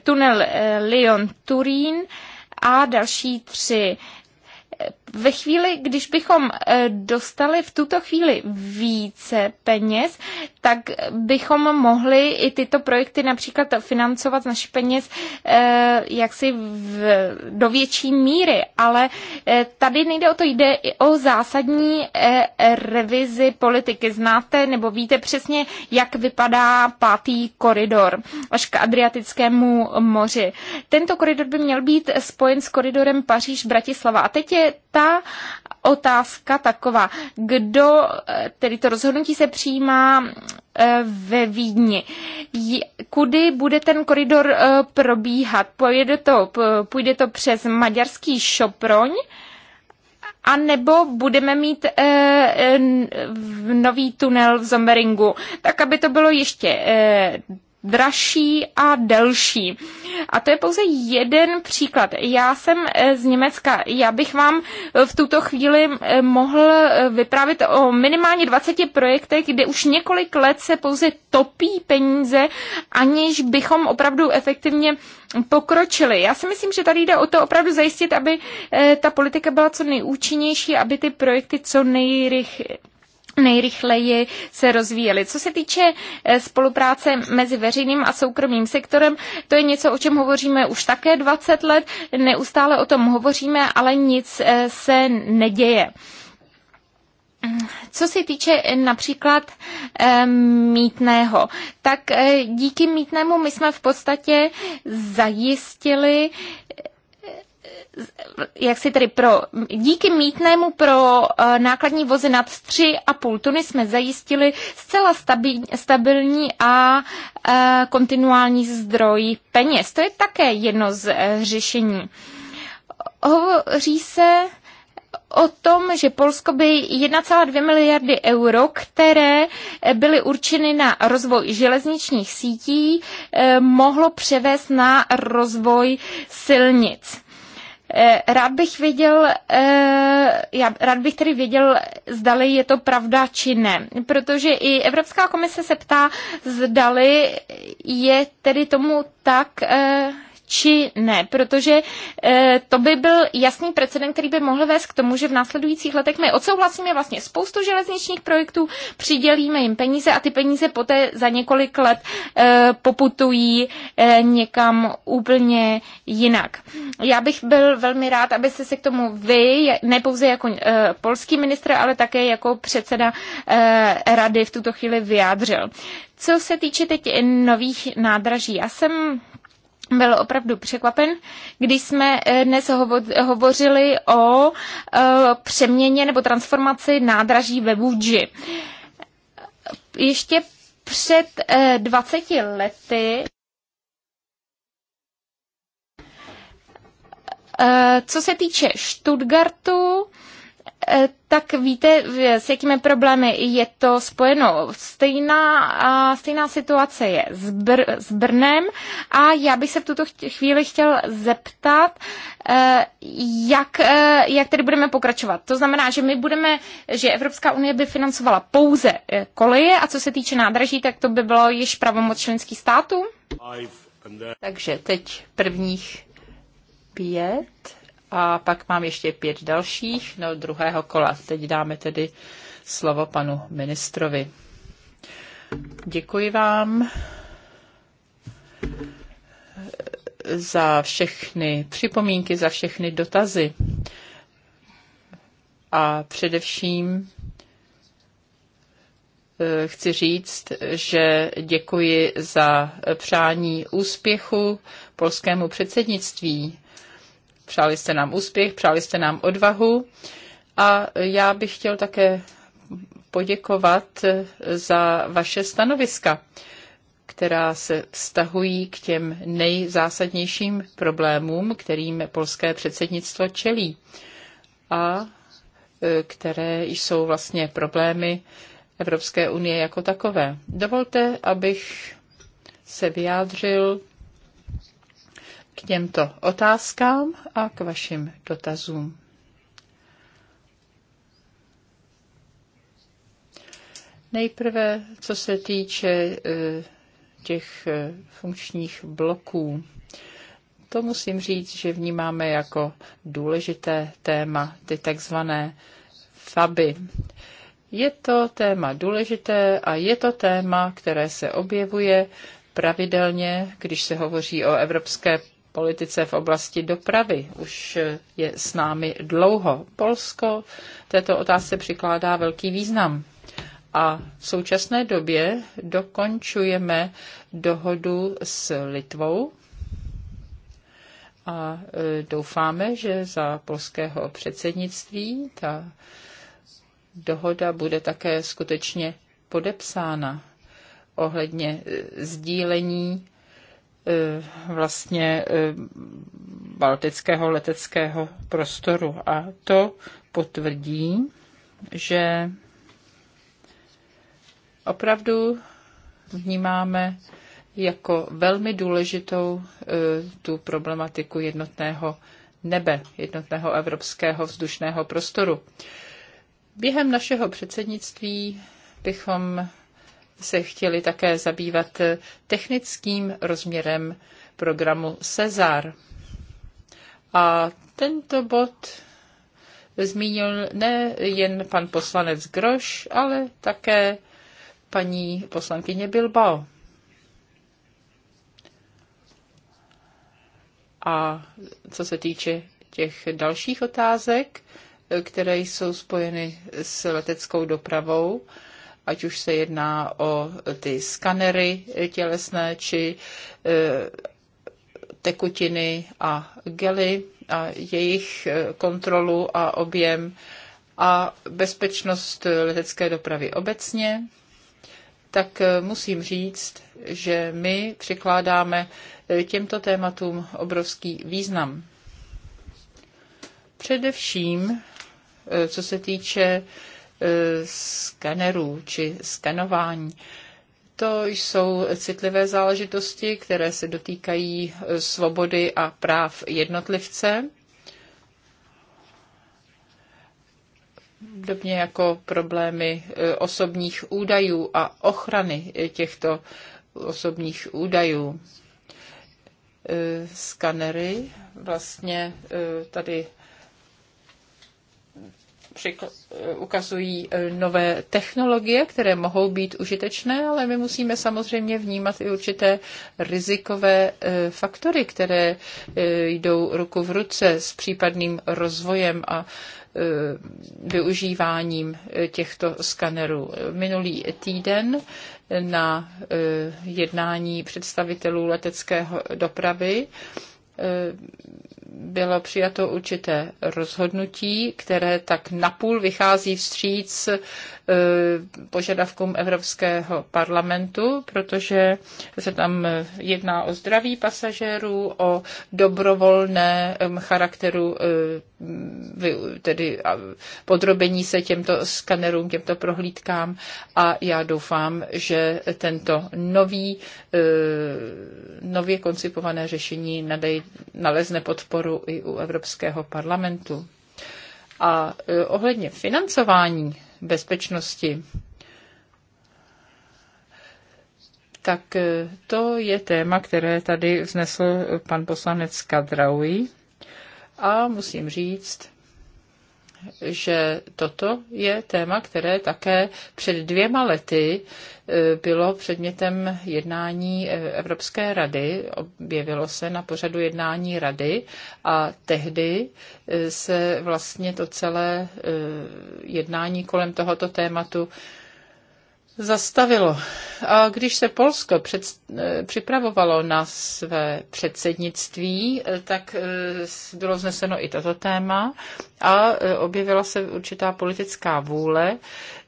Tunel Lyon-Turín a další tři ve chvíli, když bychom eh, dostali v tuto chvíli více peněz, tak bychom mohli i tyto projekty například financovat z našich peněz eh, jaksi v, do větší míry, ale eh, tady nejde o to, jde i o zásadní revizi politiky. Znáte nebo víte přesně, jak vypadá pátý koridor až k Adriatickému moři. Tento koridor by měl být spojen s koridorem Paříž-Bratislava. A teď je ta otázka taková, kdo, eh, tedy to rozhodnutí se přijímá eh, ve Vídni. Kudy bude ten koridor eh, probíhat? Půjde to, půjde to přes maďarský Šoproň? A nebo budeme mít e, nový tunel v Zomeringu, tak aby to bylo ještě e, dražší a delší. A to je pouze jeden příklad. Já jsem eh, z Německa. Já bych vám eh, v tuto chvíli eh, mohl vypravit o minimálně 20 projektech, kde už několik let se pouze topí peníze, aniž bychom opravdu efektivně pokročili. Já si myslím, že tady jde o to opravdu zajistit, aby ta politika byla co nejúčinnější, aby ty projekty co nejrychlejší nejrychleji se rozvíjely. Co se týče eh, spolupráce mezi veřejným a soukromým sektorem, to je něco, o čem hovoříme už také 20 let, neustále o tom hovoříme, ale nic eh, se neděje. Co se týče eh, například mítného, tak díky mítnému my jsme v podstatě zajistili jak si tedy pro, díky mítnému pro eh, nákladní vozy nad 3,5 tuny jsme zajistili zcela stabi- stabilní a eh, kontinuální zdroj peněz. To je také jedno z eh, řešení. Hovoří se o tom, že Polsko by 1,2 miliardy euro, které byly určeny na rozvoj železničních sítí, mohlo převést na rozvoj silnic. Eh, rád bych věděl, eh, já rád bych tedy věděl, zdali je to pravda či ne. Protože i Evropská komise se ptá, zdali je tedy tomu tak, eh, či ne, protože eh, to by byl jasný precedent, který by mohl vést k tomu, že v následujících letech my odsouhlasíme vlastně spoustu železničních projektů, přidělíme jim peníze a ty peníze poté za několik let eh, poputují eh, někam úplně jinak. Já bych byl velmi rád, abyste se k tomu vy, ne pouze jako polský ministr, ale také jako předseda rady v tuto chvíli vyjádřil. Co se týče teď nových nádraží, já jsem byl opravdu překvapen, když jsme eh, dnes hovořili o eh, přeměně nebo transformaci nádraží ve Vůdži. Ještě před 20 eh, lety co se týče Stuttgartu, Eh, tak víte, s jakými problémy je to spojeno. Stejná, stejná situace je s, Br- s Brnem a já bych se v tuto chvíli chtěl zeptat, eh, jak, eh, jak tedy budeme pokračovat. To znamená, že my budeme, že Evropská unie by financovala pouze koleje a co se týče nádraží, tak to by bylo již pravomoc členských států? Takže teď prvních pět a pak mám ještě pět dalších, no druhého kola. Teď dáme tedy slovo panu ministrovi. Děkuji vám za všechny připomínky, za všechny dotazy a především eh, chci říct, že děkuji za přání úspěchu polskému předsednictví Přáli jste nám úspěch, přáli jste nám odvahu a já bych chtěl také poděkovat za vaše stanoviska, která se vztahují k těm nejzásadnějším problémům, kterým polské předsednictvo čelí a e, které jsou vlastně problémy Evropské unie jako takové. Dovolte, abych se vyjádřil k těmto otázkám a k vašim dotazům. Nejprve, co se týče e, těch e, funkčních bloků. To musím říct, že vnímáme jako důležité téma, ty takzvané FABy. Je to téma důležité a je to téma, které se objevuje pravidelně, když se hovoří o evropské politice v oblasti dopravy. Už je s námi dlouho. Polsko této otázce přikládá velký význam. A v současné době dokončujeme dohodu s Litvou a e, doufáme, že za polského předsednictví ta dohoda bude také skutečně podepsána ohledně e, sdílení Eh, vlastně eh, baltického leteckého prostoru. A to potvrdí, že opravdu vnímáme jako velmi důležitou eh, tu problematiku jednotného nebe, jednotného evropského vzdušného prostoru. Během našeho předsednictví bychom se chtěli také zabývat technickým rozměrem programu Cezar. A tento bod zmínil ne jen pan poslanec Groš, ale také paní poslankyně Bilbao. A co se týče těch dalších otázek, které jsou spojeny s leteckou dopravou, ať už se jedná o ty skanery tělesné či e, tekutiny a gely a jejich e, kontrolu a objem a bezpečnost letecké dopravy obecně, tak e, musím říct, že my přikládáme těmto tématům obrovský význam. Především, co se týče E, skanerů či skanování. To jsou citlivé záležitosti, které se dotýkají e, svobody a práv jednotlivce. Podobně jako problémy e, osobních údajů a ochrany těchto osobních údajů. Skanery vlastně tady Eh, ukazují eh, nové technologie, které mohou být užitečné, ale my musíme samozřejmě vnímat i určité rizikové eh, faktory, které jdou ruku v ruce s případným rozvojem a využíváním těchto skanerů. Minulý týden na jednání představitelů leteckého dopravy bylo přijato určité rozhodnutí, které tak napůl vychází vstříc e, požadavkům Evropského parlamentu, protože se tam jedná o zdraví pasažérů, o dobrovolném charakteru e, tedy podrobení se těmto skanerům, těmto prohlídkám a já doufám, že tento nový, e, nově koncipované řešení nalezne podporu podporu i u Evropského parlamentu. A e, ohledně financování bezpečnosti, tak e, to je téma, které tady vznesl pan poslanec Kadraui. A musím říct, že toto je téma, které také před dvěma lety e, bylo předmětem jednání e, Evropské rady, objevilo se na pořadu jednání rady a tehdy e, se vlastně to celé jednání kolem tohoto tématu zastavilo. A když se Polsko před, eh, připravovalo na své předsednictví, eh, tak eh, bylo zneseno i tato téma a objevila se určitá politická vůle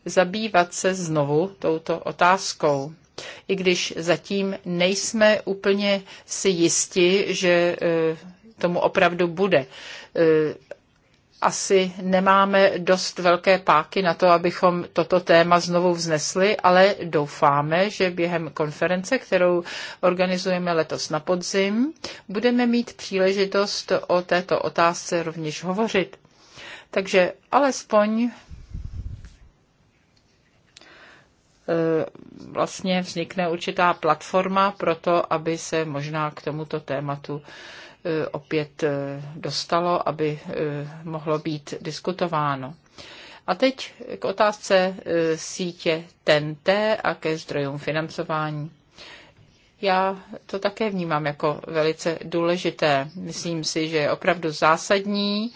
zabývat se znovu touto otázkou. I když zatím nejsme úplně si jisti, že tomu opravdu bude asi nemáme dost velké páky na to, abychom toto téma znovu vznesli, ale doufáme, že během konference, kterou organizujeme letos na podzim, budeme mít příležitost o této otázce rovněž hovořit. Takže alespoň e, vlastně vznikne určitá platforma pro to, aby se možná k tomuto tématu Eh, opět eh, dostalo, aby eh, mohlo být diskutováno. A teď k otázce sítě TNT a ke zdrojům financování. Já to také vnímám jako velice důležité. Myslím si, že je opravdu zásadní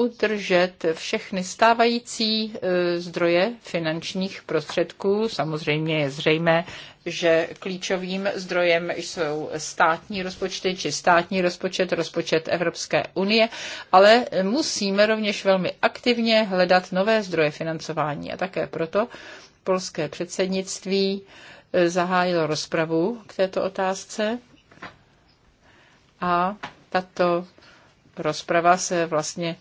udržet všechny stávající e, zdroje finančních prostředků. Samozřejmě je zřejmé, že klíčovým zdrojem jsou státní rozpočty či státní rozpočet, rozpočet Evropské unie, ale musíme rovněž velmi aktivně hledat nové zdroje financování a také proto polské předsednictví e, zahájilo rozpravu k této otázce a tato rozprava se vlastně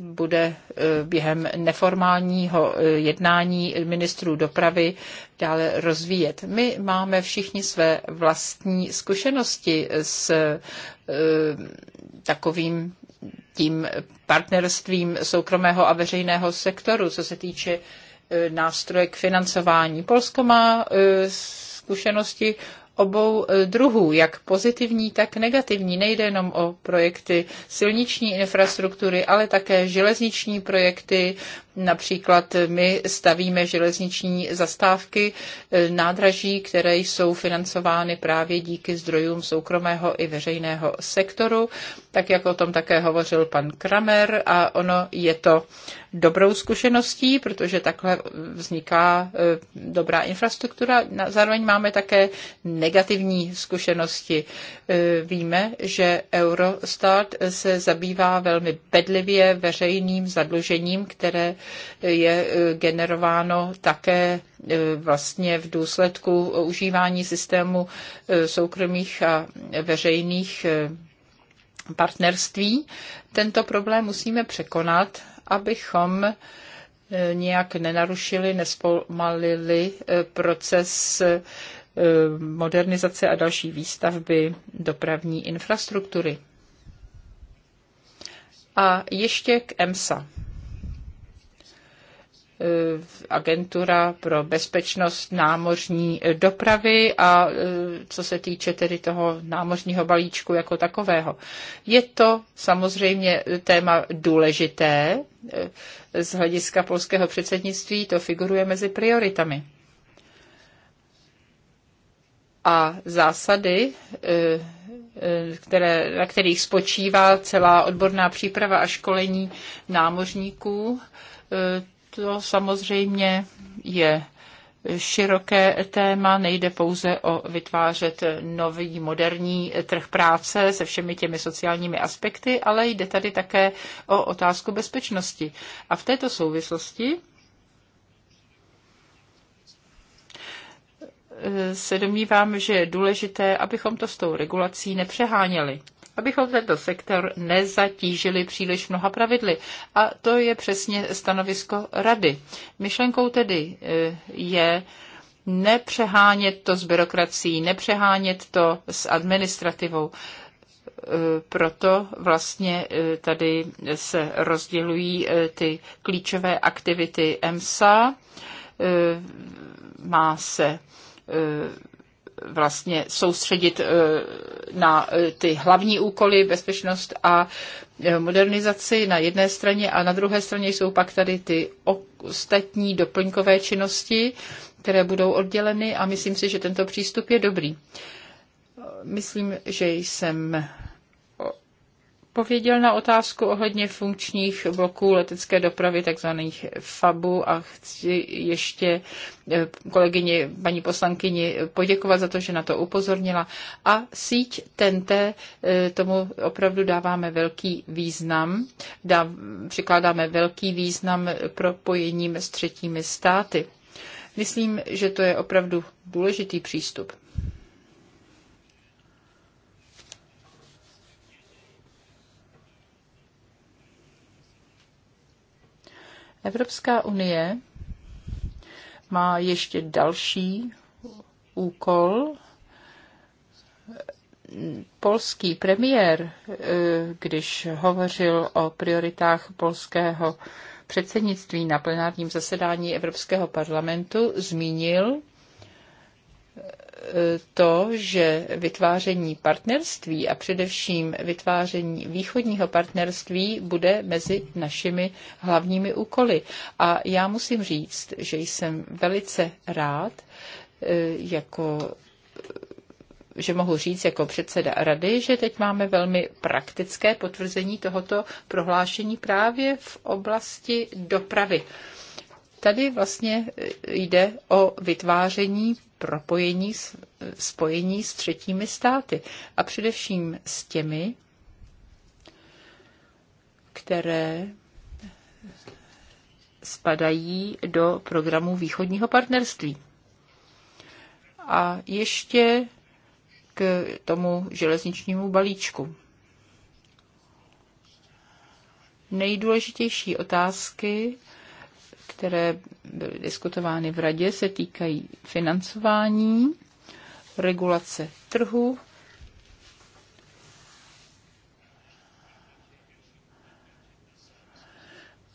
bude e, během neformálního e, jednání ministrů dopravy dále rozvíjet. My máme všichni své vlastní zkušenosti s e, takovým tím partnerstvím soukromého a veřejného sektoru, co se týče nástroje k financování. Polsko má zkušenosti obou e, druhů, jak pozitivní, tak negativní. Nejde jenom o projekty silniční infrastruktury, ale také železniční projekty, Například my stavíme železniční zastávky, e, nádraží, které jsou financovány právě díky zdrojům soukromého i veřejného sektoru, tak jak o tom také hovořil pan Kramer a ono je to dobrou zkušeností, protože takhle vzniká e, dobrá infrastruktura. Zároveň máme také negativní zkušenosti. E, víme, že Eurostat se zabývá velmi bedlivě veřejným zadlužením, které je eh, generováno také eh, vlastně v důsledku užívání systému eh, soukromých a veřejných partnerství. Tento problém musíme překonat, abychom nějak nenarušili, nespomalili proces modernizace a další výstavby dopravní infrastruktury. A ještě k EMSA. Eh, agentura pro bezpečnost námořní eh, dopravy a eh, co se týče tedy toho námořního balíčku jako takového. Je to samozřejmě téma důležité z hlediska polského předsednictví, to figuruje mezi prioritami. A zásady které, na kterých spočívá celá odborná příprava a školení námořníků. To samozřejmě je široké téma, nejde pouze o vytvářet nový moderní trh práce se všemi těmi sociálními aspekty, ale jde tady také o otázku bezpečnosti. A v této souvislosti se domnívám, že je důležité, abychom to s tou regulací nepřeháněli abychom tento sektor nezatížili příliš mnoha pravidly. A to je přesně stanovisko rady. Myšlenkou tedy e, je nepřehánět to s byrokracií, nepřehánět to s administrativou e, proto vlastně e, tady se rozdělují ty klíčové aktivity EMSA. Má se vlastně soustředit eh, na eh, ty hlavní úkoly, bezpečnost a eh, modernizaci na jedné straně a na druhé straně jsou pak tady ty ostatní doplňkové činnosti, které budou odděleny a myslím si, že tento přístup je dobrý. Myslím, že jsem odpověděl na otázku ohledně funkčních bloků letecké dopravy, takzvaných FABu a chci ještě eh, kolegyni, paní poslankyni poděkovat za to, že na to upozornila. A síť TNT, eh, tomu opravdu dáváme velký význam, dá, přikládáme velký význam propojením s třetími státy. Myslím, že to je opravdu důležitý přístup. Evropská unie má ještě další úkol. Polský premiér, eh, když hovořil o prioritách polského předsednictví na plenárním zasedání Evropského parlamentu, zmínil to, že vytváření partnerství a především vytváření východního partnerství bude mezi našimi hlavními úkoly. A já musím říct, že jsem velice rád, e, jako e, že mohu říct jako předseda rady, že teď máme velmi praktické potvrzení tohoto prohlášení právě v oblasti dopravy. Tady vlastně e, jde o vytváření propojení, spojení s třetími státy a především s těmi, které spadají do programu východního partnerství. A ještě k tomu železničnímu balíčku. Nejdůležitější otázky které byly diskutovány v radě, se týkají financování, regulace trhu,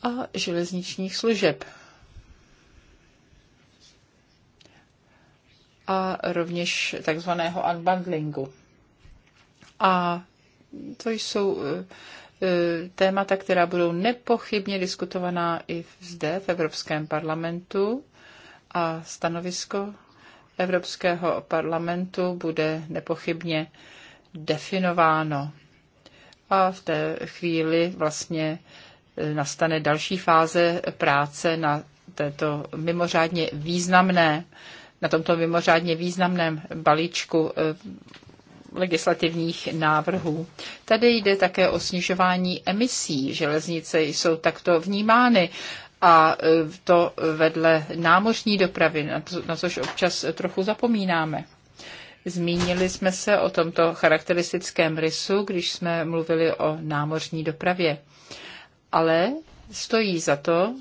a železničních služeb. A rovněž takzvaného unbundlingu. A to jsou eh, E, témata, která budou nepochybně diskutovaná i zde v Evropském parlamentu a stanovisko Evropského parlamentu bude nepochybně definováno. A v té chvíli vlastně e, nastane další fáze práce na této mimořádně významné, na tomto mimořádně významném balíčku e, legislativních návrhů. Tady jde také o snižování emisí. Železnice jsou takto vnímány a e, to vedle námořní dopravy, na což občas trochu zapomínáme. Zmínili jsme se o tomto charakteristickém rysu, když jsme mluvili o námořní dopravě. Ale stojí za to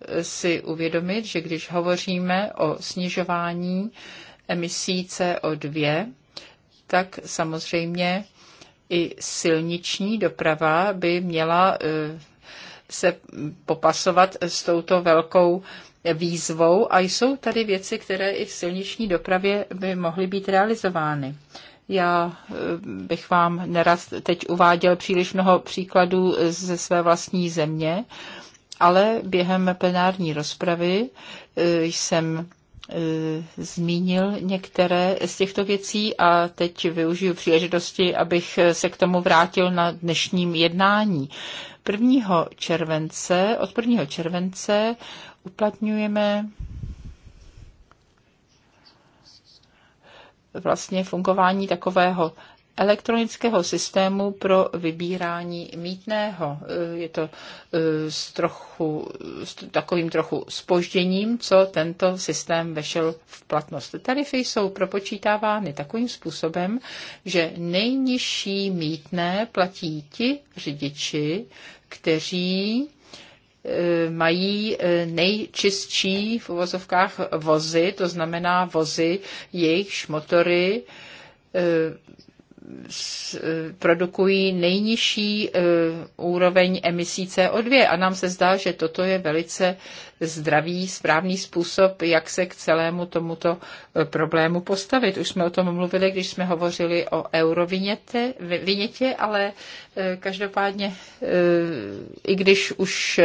e, si uvědomit, že když hovoříme o snižování emisí CO2, tak samozřejmě i silniční doprava by měla eh, se popasovat s touto velkou výzvou a jsou tady věci, které i v silniční dopravě by mohly být realizovány. Já eh, bych vám nerad teď uváděl příliš mnoho příkladů ze své vlastní země, ale během plenární rozpravy eh, jsem Eh, zmínil některé z těchto věcí a teď využiju příležitosti, abych se k tomu vrátil na dnešním jednání. 1. července, od 1. července uplatňujeme vlastně fungování takového elektronického systému pro vybírání mítného. Eh, je to eh, s, trochu, s takovým trochu spožděním, co tento systém vešel v platnost. Tarify jsou propočítávány takovým způsobem, že nejnižší mítné platí ti řidiči, kteří eh, mají nejčistší v uvozovkách vozy, to znamená vozy, jejichž motory E, produkují nejnižší e, úroveň emisí CO2 a nám se zdá, že toto je velice zdravý, správný způsob, jak se k celému tomuto eh, problému postavit. Už jsme o tom mluvili, když jsme hovořili o eurovinětě, ale eh, každopádně, eh, i když už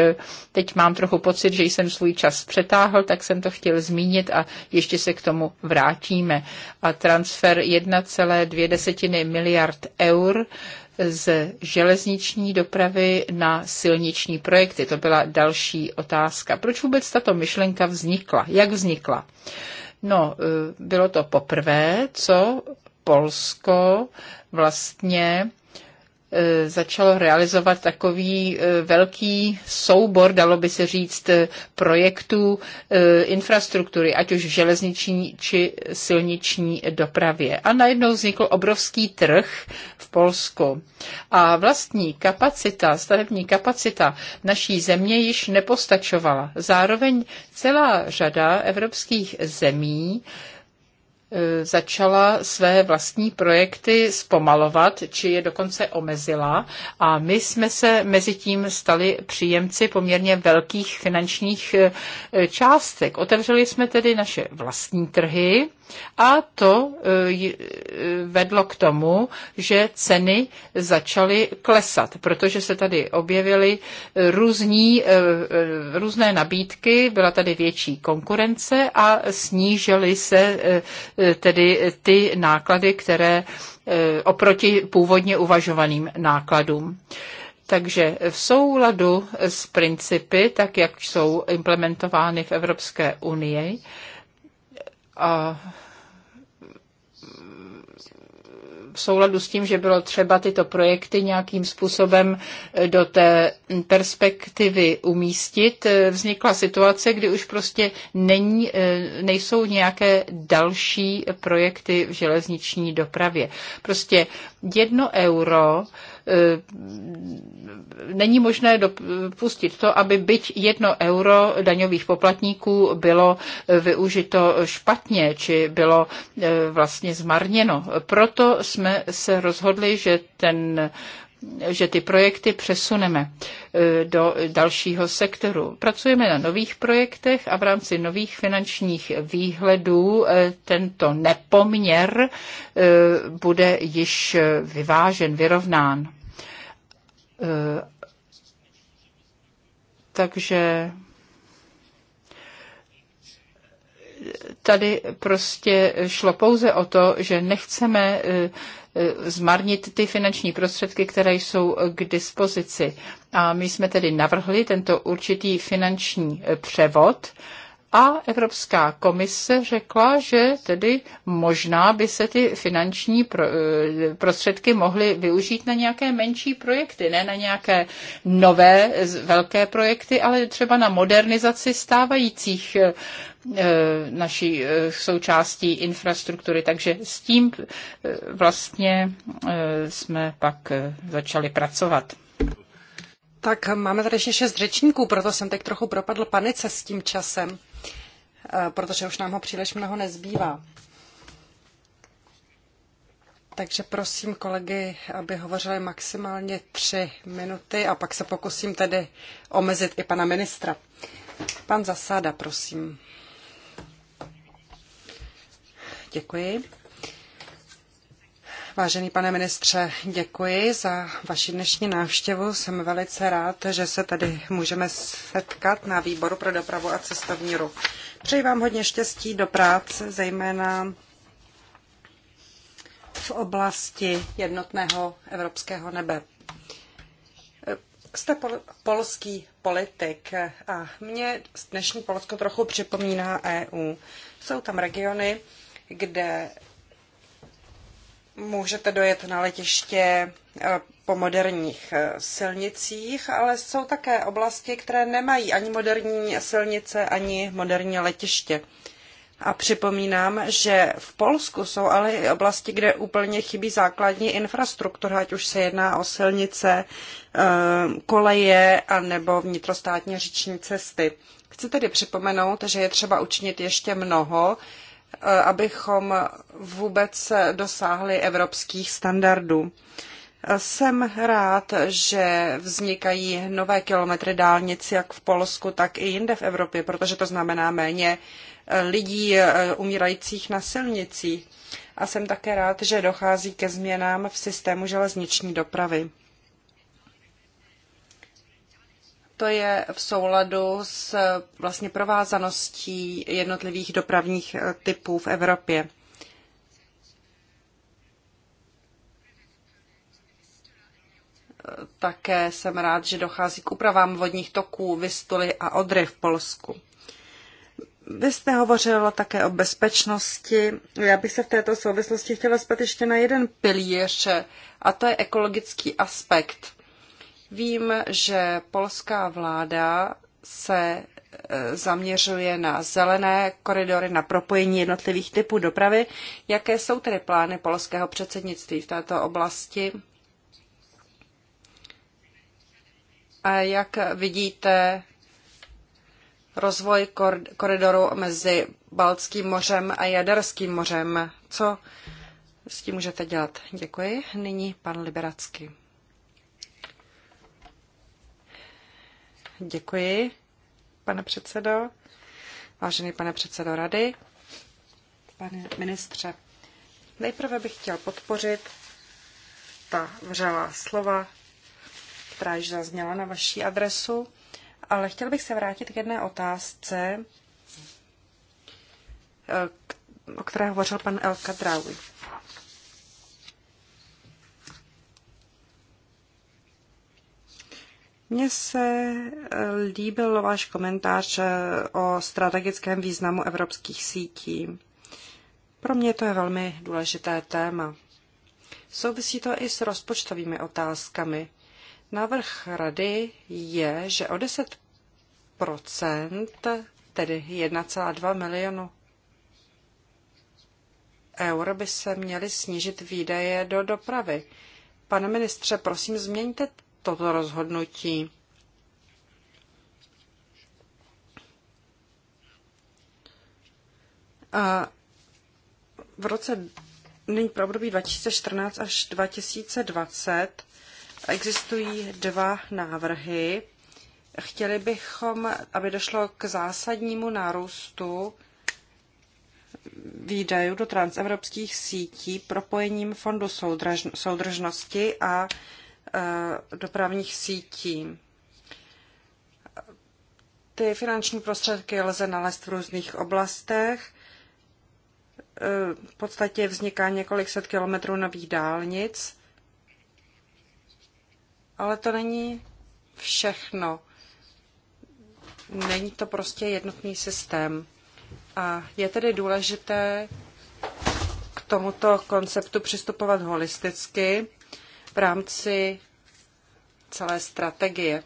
teď mám trochu pocit, že jsem svůj čas přetáhl, tak jsem to chtěl zmínit a ještě se k tomu vrátíme. A transfer 1,2 miliard eur z železniční dopravy na silniční projekty. To byla další otázka. Proč vůbec tato myšlenka vznikla? Jak vznikla? No, e, bylo to poprvé, co Polsko vlastně E, začalo realizovat takový e, velký soubor, dalo by se říct, e, projektů infrastruktury, ať už v železniční či silniční dopravě. A najednou vznikl obrovský trh v Polsku. A vlastní kapacita, stavební kapacita naší země již nepostačovala. Zároveň celá řada evropských zemí, Eh, začala své vlastní projekty zpomalovat, či je dokonce omezila. A my jsme se mezi tím stali příjemci poměrně velkých finančních eh, částek. Otevřeli jsme tedy naše vlastní trhy a to eh, vedlo k tomu, že ceny začaly klesat, protože se tady objevily různí, různé nabídky, byla tady větší konkurence a snížily se tedy ty náklady, které e, oproti původně uvažovaným nákladům. Takže v souladu s principy, tak jak jsou implementovány v Evropské unii, a v souladu s tím, že bylo třeba tyto projekty nějakým způsobem eh, do té perspektivy umístit, eh, vznikla situace, kdy už prostě není, eh, nejsou nějaké další projekty v železniční dopravě. Prostě jedno euro Eh, není možné dopustit to, aby byť jedno euro daňových poplatníků bylo eh, využito špatně, či bylo eh, vlastně zmarněno. Proto jsme se rozhodli, že ten že ty projekty přesuneme do dalšího sektoru. Pracujeme na nových projektech a v rámci nových finančních výhledů tento nepoměr bude již vyvážen, vyrovnán. Eh, takže tady prostě šlo pouze o to, že nechceme eh, zmarnit ty finanční prostředky, které jsou k dispozici. A my jsme tedy navrhli tento určitý finanční eh, převod, a Evropská komise řekla, že tedy možná by se ty finanční eh, prostředky mohly využít na nějaké menší projekty, ne na nějaké nové velké projekty, ale třeba na modernizaci stávajících eh, eh, naší součástí infrastruktury. Takže s tím vlastně jsme pak začali pracovat. Tak máme tady ještě šest řečníků, proto jsem teď trochu propadl panice s tím časem. Eh, protože už nám ho příliš mnoho nezbývá. Takže prosím kolegy, aby hovořili maximálně tři minuty a pak se pokusím tedy omezit i pana ministra. Pan Zasada, prosím. Děkuji. Vážený pane ministře, děkuji za vaši dnešní návštěvu. Jsem velice rád, že se tady můžeme setkat na výboru pro dopravu a cestovní ruch. Přeji vám hodně štěstí do práce, zejména v oblasti jednotného evropského nebe. Jste pol- polský politik a mě dnešní Polsko trochu připomíná EU. Jsou tam regiony, kde můžete dojet na letiště po moderních eh, silnicích, ale jsou také oblasti, které nemají ani moderní silnice, ani moderní letiště. A připomínám, že v Polsku jsou ale i oblasti, kde úplně chybí základní infrastruktura, ať už se jedná o silnice, eh, koleje a nebo vnitrostátní říční cesty. Chci tedy připomenout, že je třeba učinit ještě mnoho, eh, abychom vůbec dosáhli evropských standardů. Jsem rád, že vznikají nové kilometry dálnic jak v Polsku, tak i jinde v Evropě, protože to znamená méně eh, lidí eh, umírajících na silnicích. A jsem také rád, že dochází ke změnám v systému železniční dopravy. To je v souladu s eh, vlastně provázaností jednotlivých dopravních typů v Evropě. Také jsem rád, že dochází k úpravám vodních toků Vistuly a Odry v Polsku. Vy jste hovořila také o bezpečnosti. Já bych se v této souvislosti chtěla zpět ještě na jeden pilíř, a to je ekologický aspekt. Vím, že polská vláda se e, zaměřuje na zelené koridory, na propojení jednotlivých typů dopravy. Jaké jsou tedy plány polského předsednictví v této oblasti A jak vidíte rozvoj koridoru mezi Baltským mořem a Jaderským mořem? Co s tím můžete dělat? Děkuji. Nyní pan Liberacký. Děkuji, pane předsedo. Vážený pane předsedo rady, pane ministře, nejprve bych chtěl podpořit ta vřelá slova která již zazněla na vaší adresu, ale chtěl bych se vrátit k jedné otázce, eh, o které hovořil pan Elka Drauj. Mně se eh, líbil váš komentář eh, o strategickém významu evropských sítí. Pro mě to je velmi důležité téma. Souvisí to i s rozpočtovými otázkami. Návrh rady je, že o 10 tedy 1,2 milionu eur, by se měly snížit výdaje do dopravy. Pane ministře, prosím, změňte toto rozhodnutí. A v roce nyní pro období 2014 až 2020 Existují dva návrhy. Chtěli bychom, aby došlo k zásadnímu nárůstu výdajů do transevropských sítí propojením Fondu soudržnosti a e, dopravních sítí. Ty finanční prostředky lze nalézt v různých oblastech. E, v podstatě vzniká několik set kilometrů nových dálnic ale to není všechno. Není to prostě jednotný systém. A je tedy důležité k tomuto konceptu přistupovat holisticky v rámci celé strategie.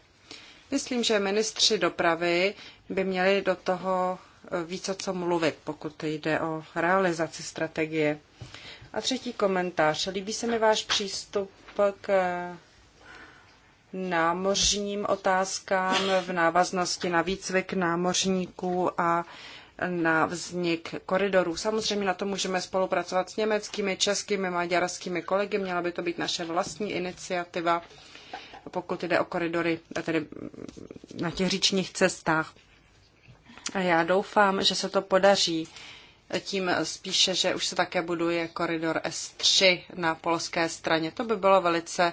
Myslím, že ministři dopravy by měli do toho více co mluvit, pokud jde o realizaci strategie. A třetí komentář. Líbí se mi váš přístup k námořním otázkám v návaznosti na výcvik námořníků a na vznik koridorů. Samozřejmě na to můžeme spolupracovat s německými, českými, maďarskými kolegy. Měla by to být naše vlastní iniciativa, pokud jde o koridory, tedy na těch říčních cestách. A já doufám, že se to podaří. Tím spíše, že už se také buduje koridor S3 na polské straně. To by bylo velice uh,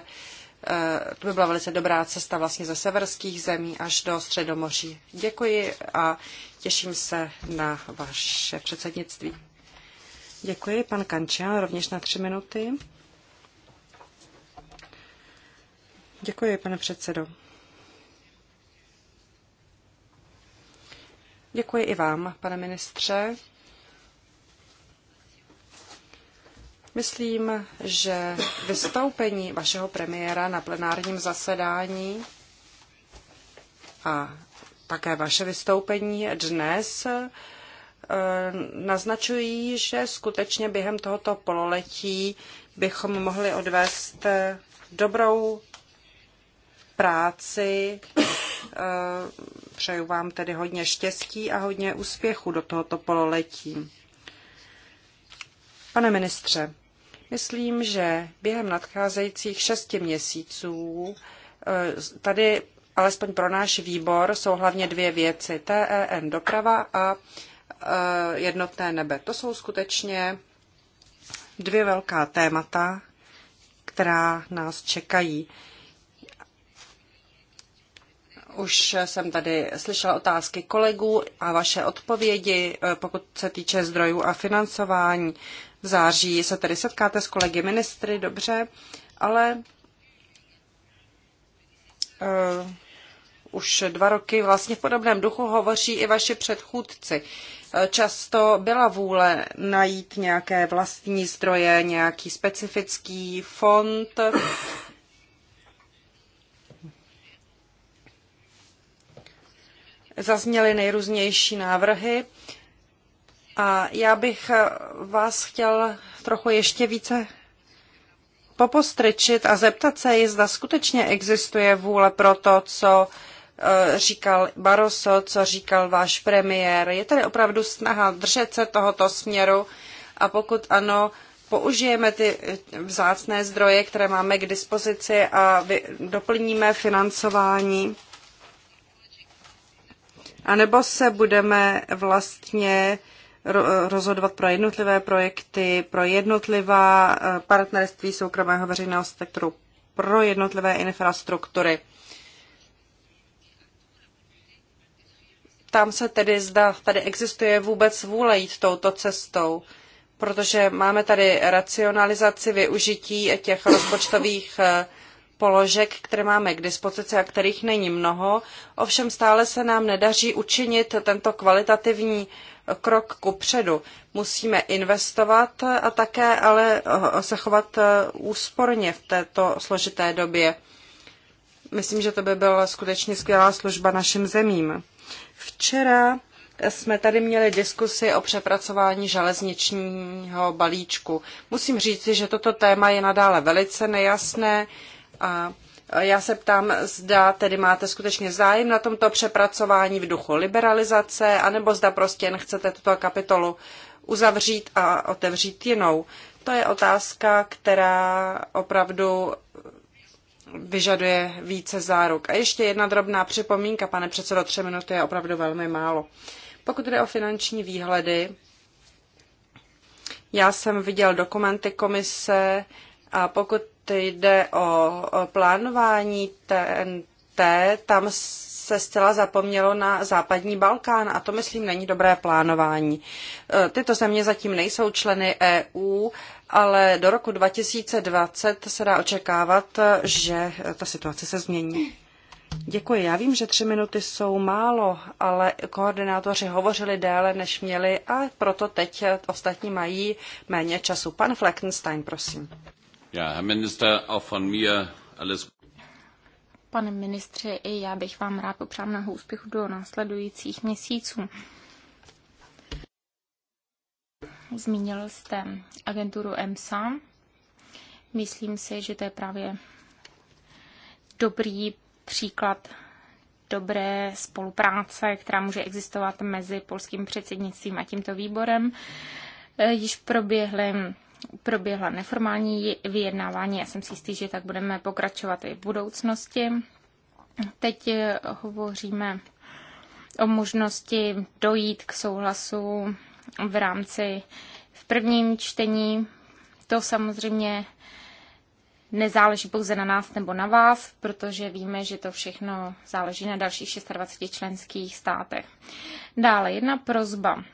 Eh, to by byla velice dobrá cesta vlastně ze severských zemí až do Středomoří. Děkuji a těším se na vaše předsednictví. Děkuji, pan Kanča, rovněž na tři minuty. Děkuji, pane předsedo. Děkuji i vám, pane ministře. Myslím, že vystoupení vašeho premiéra na plenárním zasedání a také vaše vystoupení dnes eh, naznačují, že skutečně během tohoto pololetí bychom mohli odvést eh, dobrou práci. Eh, přeju vám tedy hodně štěstí a hodně úspěchu do tohoto pololetí. Pane ministře, Myslím, že během nadcházejících šesti měsíců eh, tady alespoň pro náš výbor jsou hlavně dvě věci. TEN doprava a eh, jednotné nebe. To jsou skutečně dvě velká témata, která nás čekají. Už jsem tady slyšela otázky kolegů a vaše odpovědi, eh, pokud se týče zdrojů a financování. V září se tedy setkáte s kolegy ministry, dobře, ale uh, už dva roky vlastně v podobném duchu hovoří i vaši předchůdci. Eh, často byla vůle najít nějaké vlastní zdroje, nějaký specifický fond. Zazněly nejrůznější návrhy. A já bych eh, vás chtěl trochu ještě více popostrčit a zeptat se, zda skutečně existuje vůle pro to, co eh, říkal Barroso, co říkal váš premiér. Je tady opravdu snaha držet se tohoto směru a pokud ano, použijeme ty eh, vzácné zdroje, které máme k dispozici a doplníme financování. A nebo se budeme vlastně rozhodovat pro jednotlivé projekty, pro jednotlivá eh, partnerství soukromého veřejného sektoru, pro jednotlivé infrastruktury. Tam se tedy zda, tady existuje vůbec vůle jít touto cestou, protože máme tady racionalizaci využití těch rozpočtových eh, položek, které máme k dispozici a kterých není mnoho. Ovšem stále se nám nedaří učinit tento kvalitativní krok ku předu. Musíme investovat a také ale eh, se chovat eh, úsporně v této složité době. Myslím, že to by byla skutečně skvělá služba našim zemím. Včera jsme tady měli diskusi o přepracování železničního balíčku. Musím říci, že toto téma je nadále velice nejasné a já se ptám, zda tedy máte skutečně zájem na tomto přepracování v duchu liberalizace, anebo zda prostě jen chcete tuto kapitolu uzavřít a otevřít jinou. To je otázka, která opravdu vyžaduje více záruk. A ještě jedna drobná připomínka, pane předsedo, tři minuty je opravdu velmi málo. Pokud jde o finanční výhledy, já jsem viděl dokumenty komise a pokud jde o plánování TNT, tam se zcela zapomnělo na západní Balkán a to, myslím, není dobré plánování. E, tyto země zatím nejsou členy EU, ale do roku 2020 se dá očekávat, že ta situace se změní. Děkuji. Já vím, že tři minuty jsou málo, ale koordinátoři hovořili déle, než měli a proto teď ostatní mají méně času. Pan Fleckenstein, prosím. Pane ministře, i já bych vám rád popřál mnoho úspěchu do následujících měsíců. Zmínil jste agenturu EMSA. Myslím si, že to je právě dobrý příklad dobré spolupráce, která může existovat mezi polským předsednictvím a tímto výborem. E, již proběhly proběhla neformální vyjednávání. Já jsem si jistý, že tak budeme pokračovat i v budoucnosti. Teď eh, hovoříme o možnosti dojít k souhlasu v rámci v prvním čtení. To samozřejmě nezáleží pouze na nás nebo na vás, protože víme, že to všechno záleží na dalších 26 členských státech. Dále jedna prozba.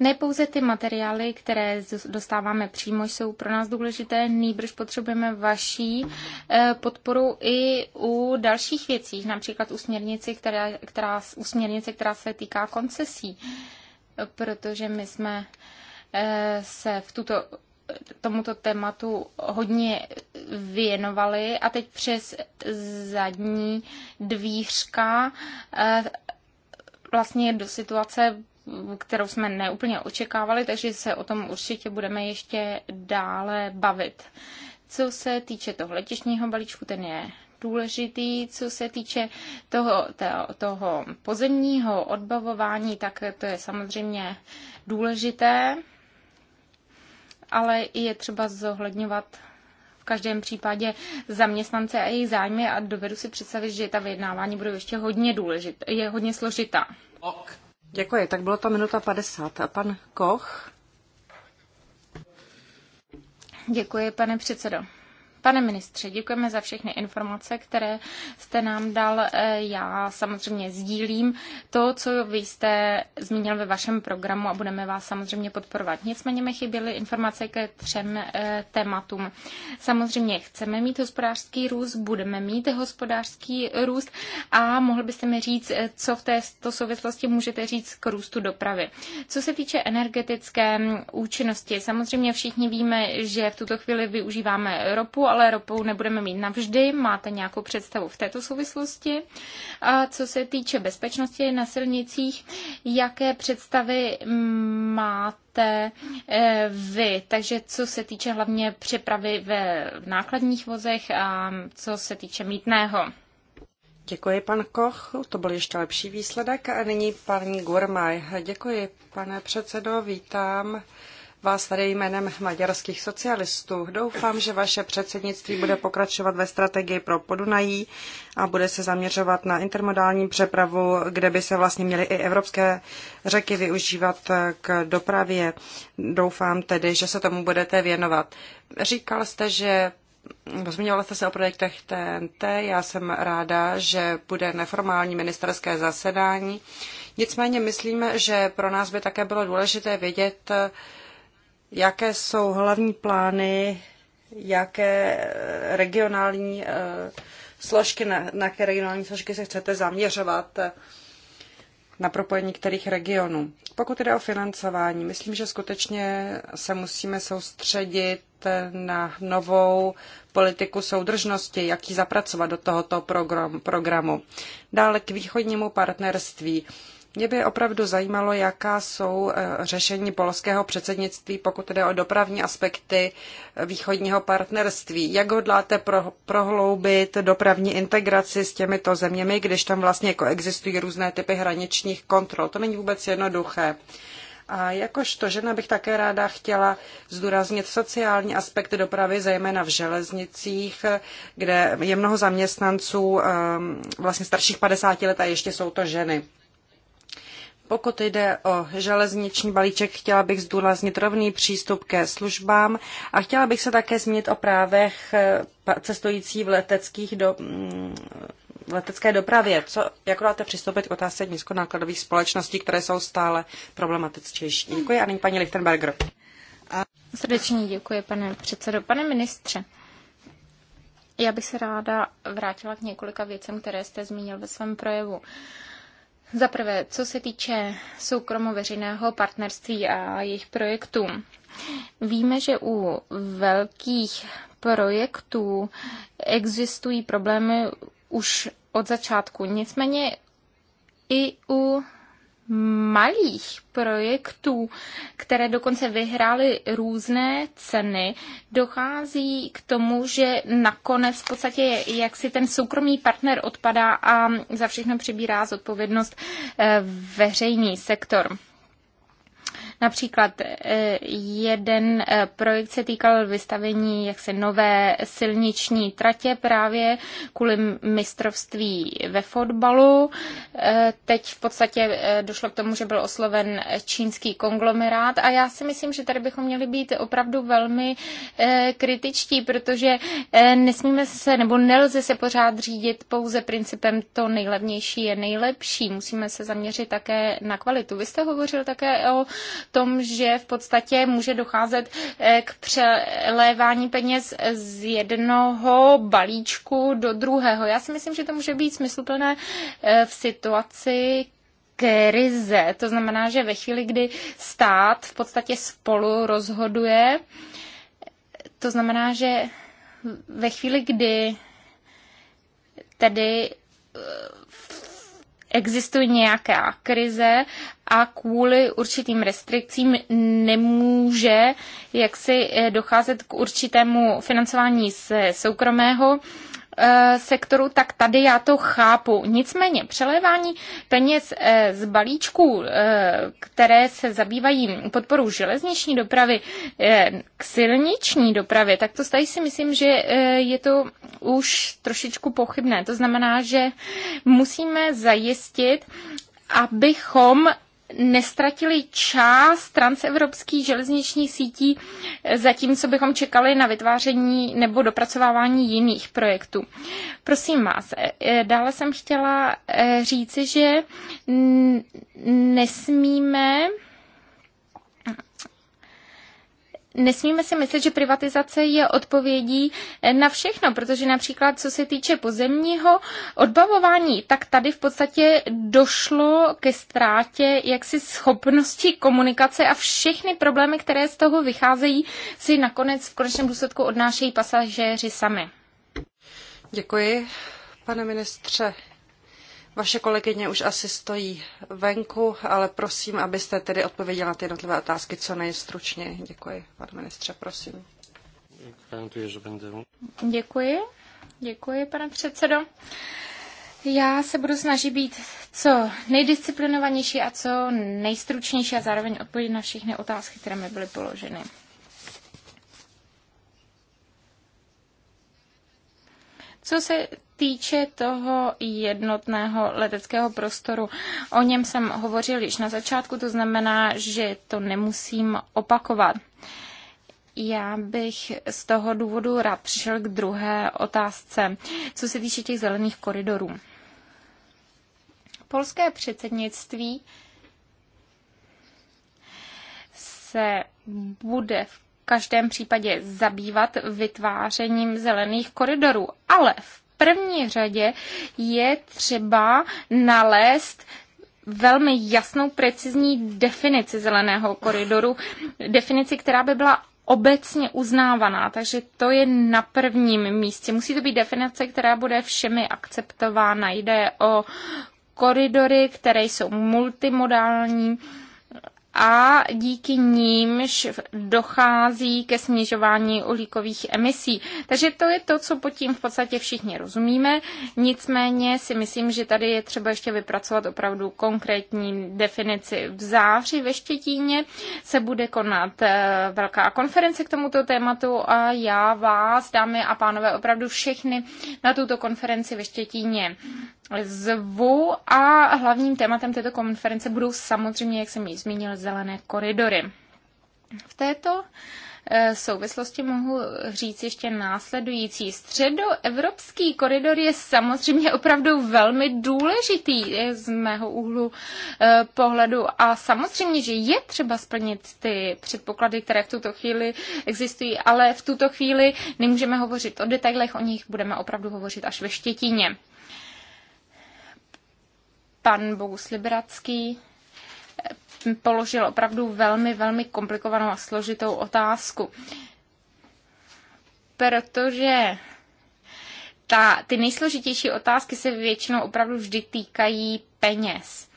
Ne pouze ty materiály, které dostáváme přímo, jsou pro nás důležité, nýbrž potřebujeme vaší eh, podporu i u dalších věcí, například u směrnici, která, která, u směrnice, která se týká koncesí, protože my jsme eh, se v tuto tomuto tématu hodně věnovali a teď přes zadní dvířka eh, vlastně do situace kterou jsme neúplně očekávali, takže se o tom určitě budeme ještě dále bavit. Co se týče toho letišního balíčku, ten je důležitý, co se týče toho, toho pozemního odbavování, tak to je samozřejmě důležité, ale je třeba zohledňovat v každém případě zaměstnance a jejich zájmy a dovedu si představit, že ta vyjednávání budou ještě hodně důležitá, je hodně složitá. Ok. Děkuji, tak bylo to minuta 50. A pan Koch? Děkuji, pane předsedo. Pane ministře, děkujeme za všechny informace, které jste nám dal. E, já samozřejmě sdílím to, co vy jste zmínil ve vašem programu a budeme vás samozřejmě podporovat. Nicméně mi chyběly informace ke třem e, tématům. Samozřejmě chceme mít hospodářský růst, budeme mít hospodářský růst a mohl byste mi říct, e, co v této souvislosti můžete říct k růstu dopravy. Co se týče energetické účinnosti, samozřejmě všichni víme, že v tuto chvíli využíváme ropu, ale ropou nebudeme mít navždy. Máte nějakou představu v této souvislosti? A co se týče bezpečnosti na silnicích, jaké představy máte eh, vy? Takže co se týče hlavně přepravy ve nákladních vozech a co se týče mítného? Děkuji, pan Koch. To byl ještě lepší výsledek. A nyní paní Gurmaj. Děkuji, pane předsedo. Vítám vás tady jménem maďarských socialistů. Doufám, že vaše předsednictví bude pokračovat ve strategii pro Podunají a bude se zaměřovat na intermodální přepravu, kde by se vlastně měly i evropské řeky využívat k dopravě. Doufám tedy, že se tomu budete věnovat. Říkal jste, že Zmiňovala jste se o projektech TNT, já jsem ráda, že bude neformální ministerské zasedání. Nicméně myslím, že pro nás by také bylo důležité vědět, Jaké jsou hlavní plány, jaké eh, regionální eh, složky, na, na které regionální složky se chcete zaměřovat? Eh, na propojení kterých regionů. Pokud jde o financování, myslím, že skutečně se musíme soustředit na novou politiku soudržnosti, jak ji zapracovat do tohoto program, programu. Dále k východnímu partnerství. Mě by opravdu zajímalo, jaká jsou eh, řešení polského předsednictví, pokud jde o dopravní aspekty eh, východního partnerství. Jak hodláte pro, prohloubit dopravní integraci s těmito zeměmi, když tam vlastně koexistují různé typy hraničních kontrol? To není vůbec jednoduché. A jakožto žena bych také ráda chtěla zdůraznit sociální aspekty dopravy, zejména v železnicích, kde je mnoho zaměstnanců ehm, vlastně starších 50 let a ještě jsou to ženy. Pokud jde o železniční balíček, chtěla bych zdůraznit rovný přístup ke službám a chtěla bych se také zmínit o právech eh, cestující v, leteckých do, mm, v letecké dopravě. Co, jak dáte přistoupit k otázce nízkonákladových společností, které jsou stále problematičtější? Děkuji a nyní paní Lichtenberger. A... Srdečně děkuji, pane předsedo. Pane ministře, já bych se ráda vrátila k několika věcem, které jste zmínil ve svém projevu. Uh, za prvé, co se týče soukromo-veřejného partnerství a jejich projektů. Víme, že u velkých projektů existují problémy už od začátku. Nicméně i u malých projektů, které dokonce vyhrály různé ceny, dochází k tomu, že nakonec v podstatě jak si ten soukromý partner odpadá a za všechno přibírá zodpovědnost eh, veřejný sektor. Například eh, jeden eh, projekt se týkal vystavení jaksi nové silniční tratě právě kvůli mistrovství ve fotbalu. Eh, teď v podstatě došlo k tomu, že byl osloven čínský konglomerát a já si myslím, že tady bychom měli být opravdu velmi kritičtí, protože nesmíme se nebo nelze se pořád řídit pouze principem to nejlevnější je nejlepší. Musíme se zaměřit také na kvalitu. Vy jste hovořil také o tom, že v podstatě může docházet eh, k přelévání peněz z jednoho balíčku do druhého. Já si myslím, že to může být smysluplné eh, v situaci, krize. To znamená, že ve chvíli, kdy stát v podstatě spolu rozhoduje, to znamená, že ve chvíli, kdy tedy eh, existuje nějaká krize a kvůli určitým restrikcím nemůže jaksi eh, docházet k určitému financování z soukromého Eh, sektoru, tak tady já to chápu. Nicméně přelévání peněz eh, z balíčků, eh, které se zabývají podporou železniční dopravy k silniční dopravě, tak to tady si myslím, že je to už trošičku pochybné. To znamená, že musíme zajistit, abychom nestratili část transevropských železničních sítí, zatímco bychom čekali na vytváření nebo dopracovávání jiných projektů. Prosím vás, e, e, dále jsem chtěla e, říci, že nesmíme nesmíme si myslet, že privatizace je odpovědí eh, na všechno, protože například co se týče pozemního odbavování, tak tady v podstatě došlo ke ztrátě jaksi schopnosti komunikace a všechny problémy, které z toho vycházejí, si nakonec v konečném důsledku odnášejí pasažéři sami. Děkuji, pane ministře vaše kolegyně už asi stojí venku, ale prosím, abyste tedy odpověděla na ty jednotlivé otázky co nejstručněji. Děkuji, pane ministře, prosím. Děkuji. Děkuji, pane předsedo. Já se budu snažit být co nejdisciplinovanější a co nejstručnější a zároveň odpovědět na všechny otázky, které mi byly položeny. Co se týče toho jednotného leteckého prostoru, o něm jsem hovořil již na začátku, to znamená, že to nemusím opakovat. Já bych z toho důvodu rád přišel k druhé otázce, co se týče těch zelených koridorů. Polské předsednictví se bude v každém případě zabývat vytvářením zelených koridorů, ale v první řadě je třeba nalézt velmi jasnou, precizní definici zeleného koridoru, definici, která by byla obecně uznávaná, takže to je na prvním místě. Musí to být definice, která bude všemi akceptována. Jde o koridory, které jsou multimodální, a díky nímž dochází ke snižování uhlíkových emisí. Takže to je to, co pod tím v podstatě všichni rozumíme. Nicméně si myslím, že tady je třeba ještě vypracovat opravdu konkrétní definici. V září ve Štětíně se bude konat eh, velká konference k tomuto tématu a já vás, dámy a pánové, opravdu všechny na tuto konferenci ve Štětíně zvu a hlavním tématem této konference budou samozřejmě, jak jsem již zmínil, zelené koridory. V této eh, souvislosti mohu říct ještě následující. Středoevropský koridor je samozřejmě opravdu velmi důležitý eh, z mého úhlu eh, pohledu a samozřejmě, že je třeba splnit ty předpoklady, které v tuto chvíli existují, ale v tuto chvíli nemůžeme hovořit o detailech, o nich budeme opravdu hovořit až ve Štětíně pan Bogus Liberacký eh, položil opravdu velmi, velmi komplikovanou a složitou otázku. Protože ta, ty nejsložitější otázky se většinou opravdu vždy týkají peněz.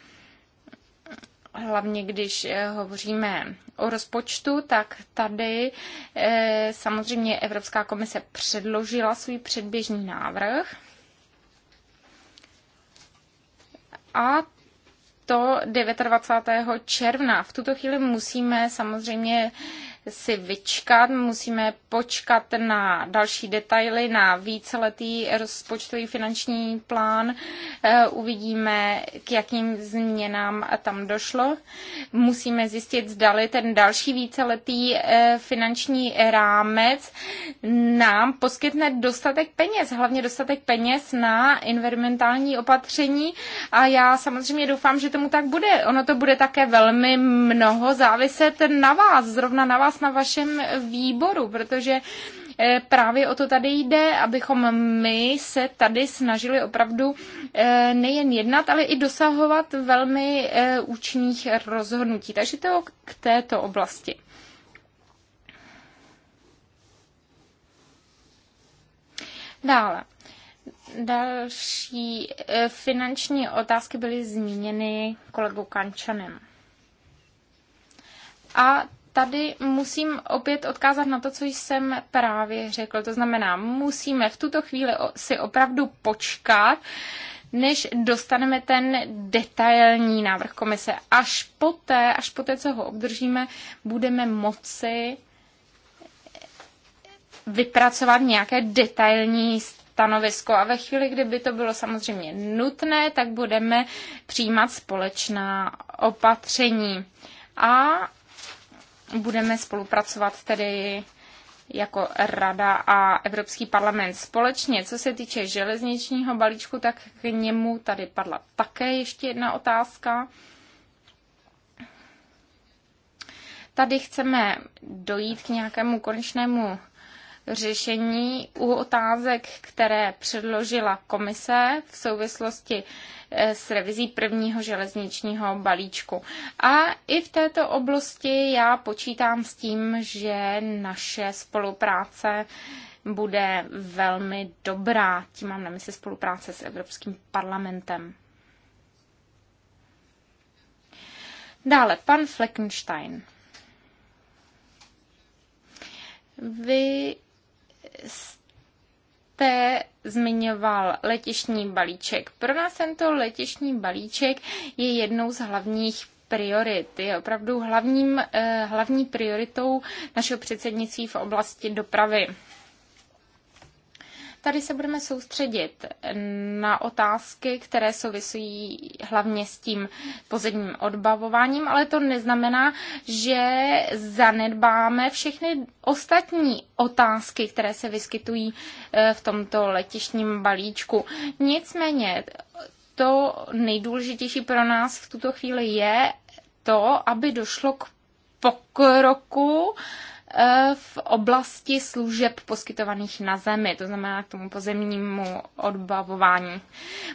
Hlavně když eh, hovoříme o rozpočtu, tak tady eh, samozřejmě Evropská komise předložila svůj předběžný návrh. a to 29. června. V tuto chvíli musíme samozřejmě si vyčkat, musíme počkat na další detaily, na víceletý rozpočtový finanční plán. Eh, uvidíme, k jakým změnám tam došlo. Musíme zjistit, zdali ten další víceletý eh, finanční rámec nám poskytne dostatek peněz, hlavně dostatek peněz na environmentální opatření a já samozřejmě doufám, že tomu tak bude. Ono to bude také velmi mnoho záviset na vás, zrovna na vás vás na vašem výboru, protože eh, právě o to tady jde, abychom my se tady snažili opravdu eh, nejen jednat, ale i dosahovat velmi eh, účinných rozhodnutí. Takže to k této oblasti. Dále. Další finanční otázky byly zmíněny kolegou Kančanem. A tady musím opět odkázat na to, co jsem právě řekl. To znamená, musíme v tuto chvíli si opravdu počkat, než dostaneme ten detailní návrh komise. Až poté, až poté, co ho obdržíme, budeme moci vypracovat nějaké detailní stanovisko a ve chvíli, kdyby to bylo samozřejmě nutné, tak budeme přijímat společná opatření. A budeme spolupracovat tedy jako Rada a Evropský parlament společně. Co se týče železničního balíčku, tak k němu tady padla také ještě jedna otázka. Tady chceme dojít k nějakému konečnému řešení u otázek, které předložila komise v souvislosti eh, s revizí prvního železničního balíčku. A i v této oblasti já počítám s tím, že naše spolupráce bude velmi dobrá. Tím mám na mysli spolupráce s Evropským parlamentem. Dále, pan Fleckenstein. Vy jste zmiňoval letišní balíček. Pro nás tento letišní balíček je jednou z hlavních priorit. Je opravdu hlavním, eh, hlavní prioritou našeho předsednictví v oblasti dopravy. Tady se budeme soustředit na otázky, které souvisují hlavně s tím pozemním odbavováním, ale to neznamená, že zanedbáme všechny ostatní otázky, které se vyskytují eh, v tomto letišním balíčku. Nicméně to nejdůležitější pro nás v tuto chvíli je to, aby došlo k pokroku v oblasti služeb poskytovaných na zemi, to znamená k tomu pozemnímu odbavování.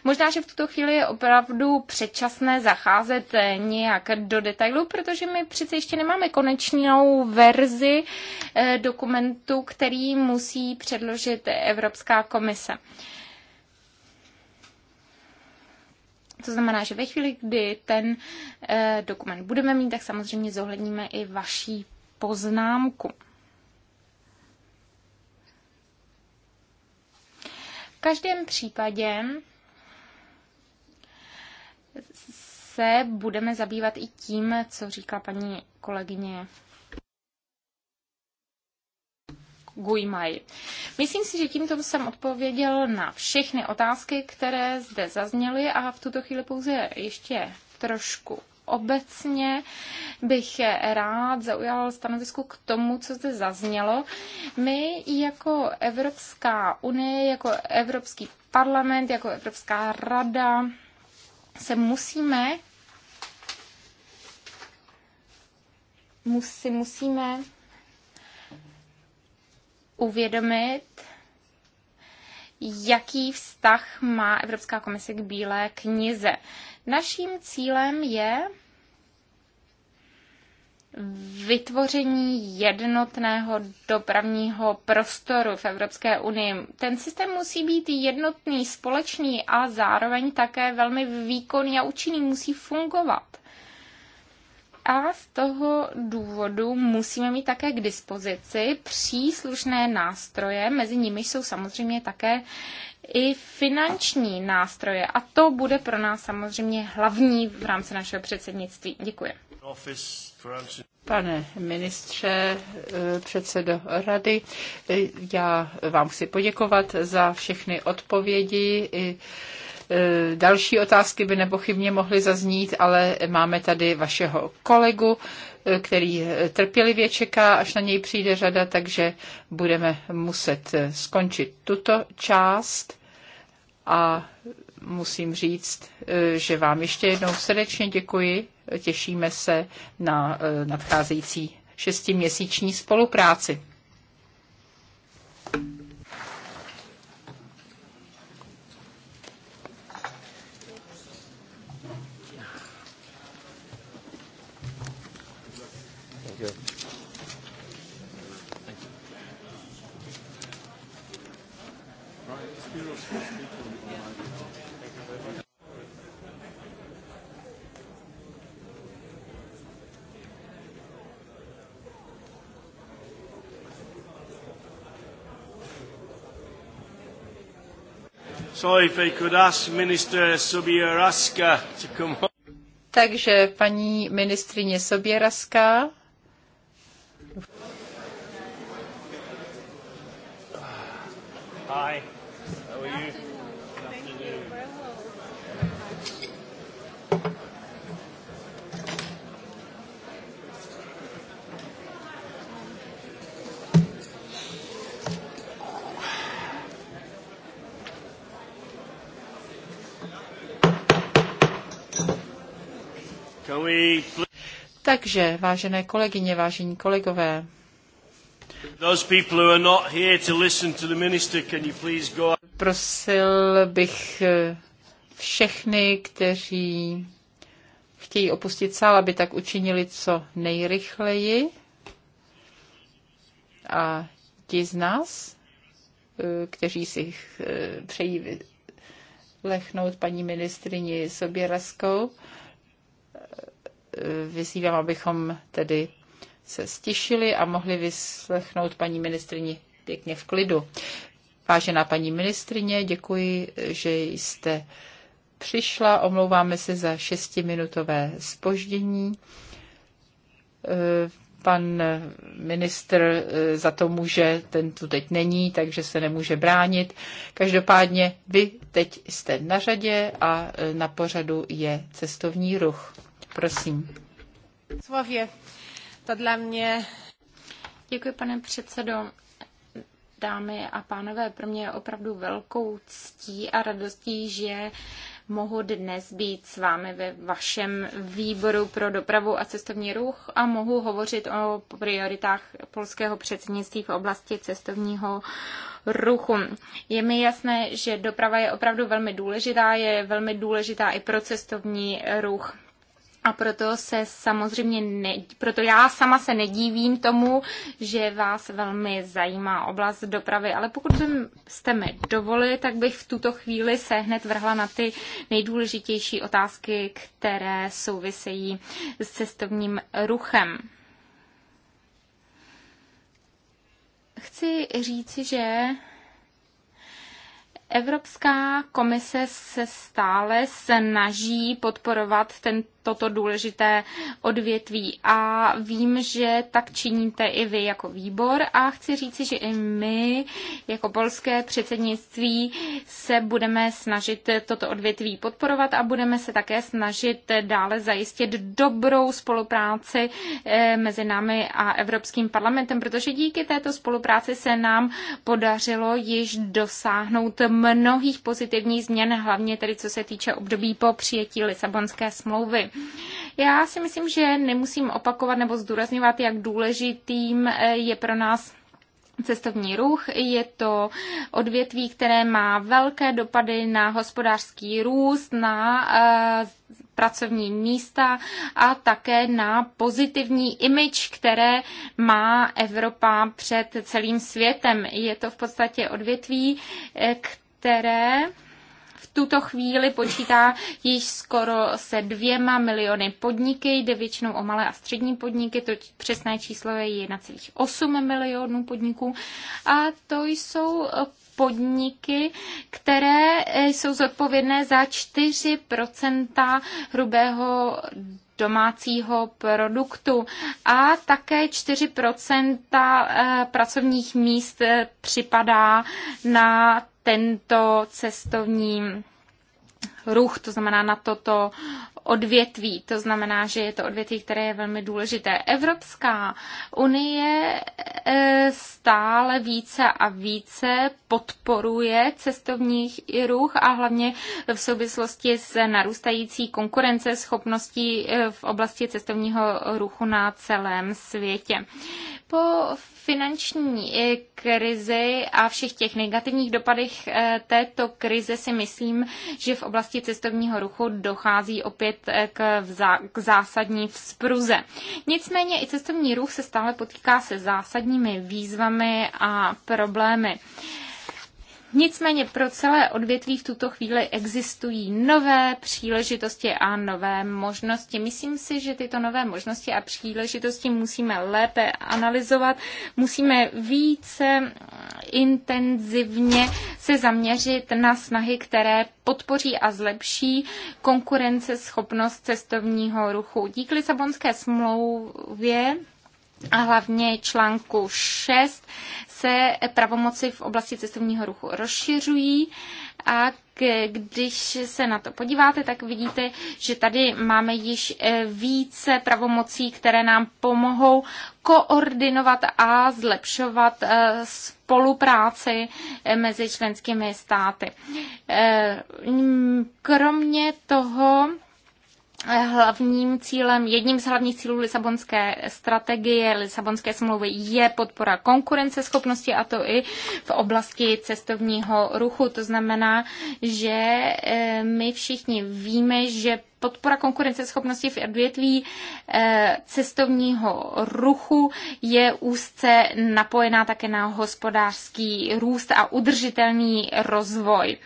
Možná, že v tuto chvíli je opravdu předčasné zacházet nějak do detailu, protože my přece ještě nemáme konečnou verzi eh, dokumentu, který musí předložit Evropská komise. To znamená, že ve chvíli, kdy ten eh, dokument budeme mít, tak samozřejmě zohledníme i vaší poznámku. V každém případě se budeme zabývat i tím, co říká paní kolegyně Gujmaj. Myslím si, že tímto jsem odpověděl na všechny otázky, které zde zazněly a v tuto chvíli pouze ještě trošku obecně bych rád zaujal stanovisku k tomu, co zde zaznělo. My jako Evropská unie, jako Evropský parlament, jako Evropská rada se musíme musí, musíme uvědomit, jaký vztah má Evropská komise k Bílé knize. Naším cílem je vytvoření jednotného dopravního prostoru v Evropské unii. Ten systém musí být jednotný, společný a zároveň také velmi výkonný a účinný, musí fungovat. A z toho důvodu musíme mít také k dispozici příslušné nástroje, mezi nimi jsou samozřejmě také i finanční nástroje. A to bude pro nás samozřejmě hlavní v rámci našeho předsednictví. Děkuji. Pane ministře, eh, předsedo rady, eh, já vám chci poděkovat za všechny odpovědi. I eh, další otázky by nepochybně mohly zaznít, ale máme tady vašeho kolegu, který trpělivě čeká, až na něj přijde řada, takže budeme muset skončit tuto část a musím říct, že vám ještě jednou srdečně děkuji Těšíme se na eh, nadcházející šestiměsíční spolupráci. Takže paní ministrině Sobieraska. Takže, vážené kolegyně, vážení kolegové, Prosil bych eh, všechny, kteří chtějí opustit sál, aby tak učinili co nejrychleji. A ti z nás, eh, kteří si eh, přejí lechnout paní ministrini Soběraskou, Eh, vyzývám, abychom tedy se stišili a mohli vyslechnout paní ministrině pěkně v klidu. Vážená paní ministrině, děkuji, že jste přišla. Omlouváme se za šestiminutové spoždění. Eh, pan ministr eh, za to může, ten tu teď není, takže se nemůže bránit. Každopádně vy teď jste na řadě a na pořadu je cestovní ruch. Prosím. to dla mě. Děkuji, pane předsedo. Dámy a pánové, pro mě je opravdu velkou ctí a radostí, že mohu dnes být s vámi ve vašem výboru pro dopravu a cestovní ruch a mohu hovořit o prioritách polského předsednictví v oblasti cestovního ruchu. Je mi jasné, že doprava je opravdu velmi důležitá, je velmi důležitá i pro cestovní ruch. A proto se samozřejmě ne, proto já sama se nedívím tomu, že vás velmi zajímá oblast dopravy, ale pokud byste mi dovolili, tak bych v tuto chvíli se hned vrhla na ty nejdůležitější otázky, které souvisejí s cestovním ruchem. Chci říci, že Evropská komise se stále snaží podporovat ten toto důležité odvětví. A vím, že tak činíte i vy jako výbor a chci říci, že i my jako polské předsednictví se budeme snažit toto odvětví podporovat a budeme se také snažit dále zajistit dobrou spolupráci eh, mezi námi a Evropským parlamentem, protože díky této spolupráci se nám podařilo již dosáhnout mnohých pozitivních změn, hlavně tedy co se týče období po přijetí Lisabonské smlouvy. Já si myslím, že nemusím opakovat nebo zdůrazňovat, jak důležitým eh, je pro nás cestovní ruch. Je to odvětví, které má velké dopady na hospodářský růst, na eh, pracovní místa a také na pozitivní image, které má Evropa před celým světem. Je to v podstatě odvětví, eh, které v tuto chvíli počítá již skoro se dvěma miliony podniky, jde většinou o malé a střední podniky, to přesné číslo je 1,8 milionů podniků a to jsou eh, podniky, které eh, jsou zodpovědné za 4 hrubého domácího produktu a také 4 eh, pracovních míst eh, připadá na tento cestovní ruch, to znamená na toto odvětví. To znamená, že je to odvětví, které je velmi důležité. Evropská unie e, stále více a více podporuje cestovních ruch a hlavně v souvislosti s narůstající konkurence schopností e, v oblasti cestovního ruchu na celém světě. Po finanční e, krizi a všech těch negativních dopadech této krize si myslím, že v oblasti cestovního ruchu dochází opět dospět eh, k, vzá, k zásadní vzpruze. Nicméně i cestovní ruch se stále potýká se zásadními výzvami a problémy. Uh, Nicméně pro celé odvětví v tuto chvíli existují nové příležitosti a nové možnosti. Myslím si, že tyto nové možnosti a příležitosti musíme lépe analyzovat, musíme více mm, intenzivně se zaměřit na snahy, které podpoří a zlepší konkurenceschopnost cestovního ruchu. Díky Lisabonské smlouvě a hlavně článku 6 se pravomoci v oblasti cestovního ruchu rozšiřují a když se na to podíváte, tak vidíte, že tady máme již e, více pravomocí, které nám pomohou koordinovat a zlepšovat e, spolupráci e, mezi členskými státy. Kromě toho, hlavním cílem, jedním z hlavních cílů Lisabonské strategie, Lisabonské smlouvy je podpora konkurenceschopnosti a to i v oblasti cestovního ruchu. To znamená, že eh, my všichni víme, že podpora konkurenceschopnosti v odvětví eh, cestovního ruchu je úzce napojená také na hospodářský růst a udržitelný rozvoj.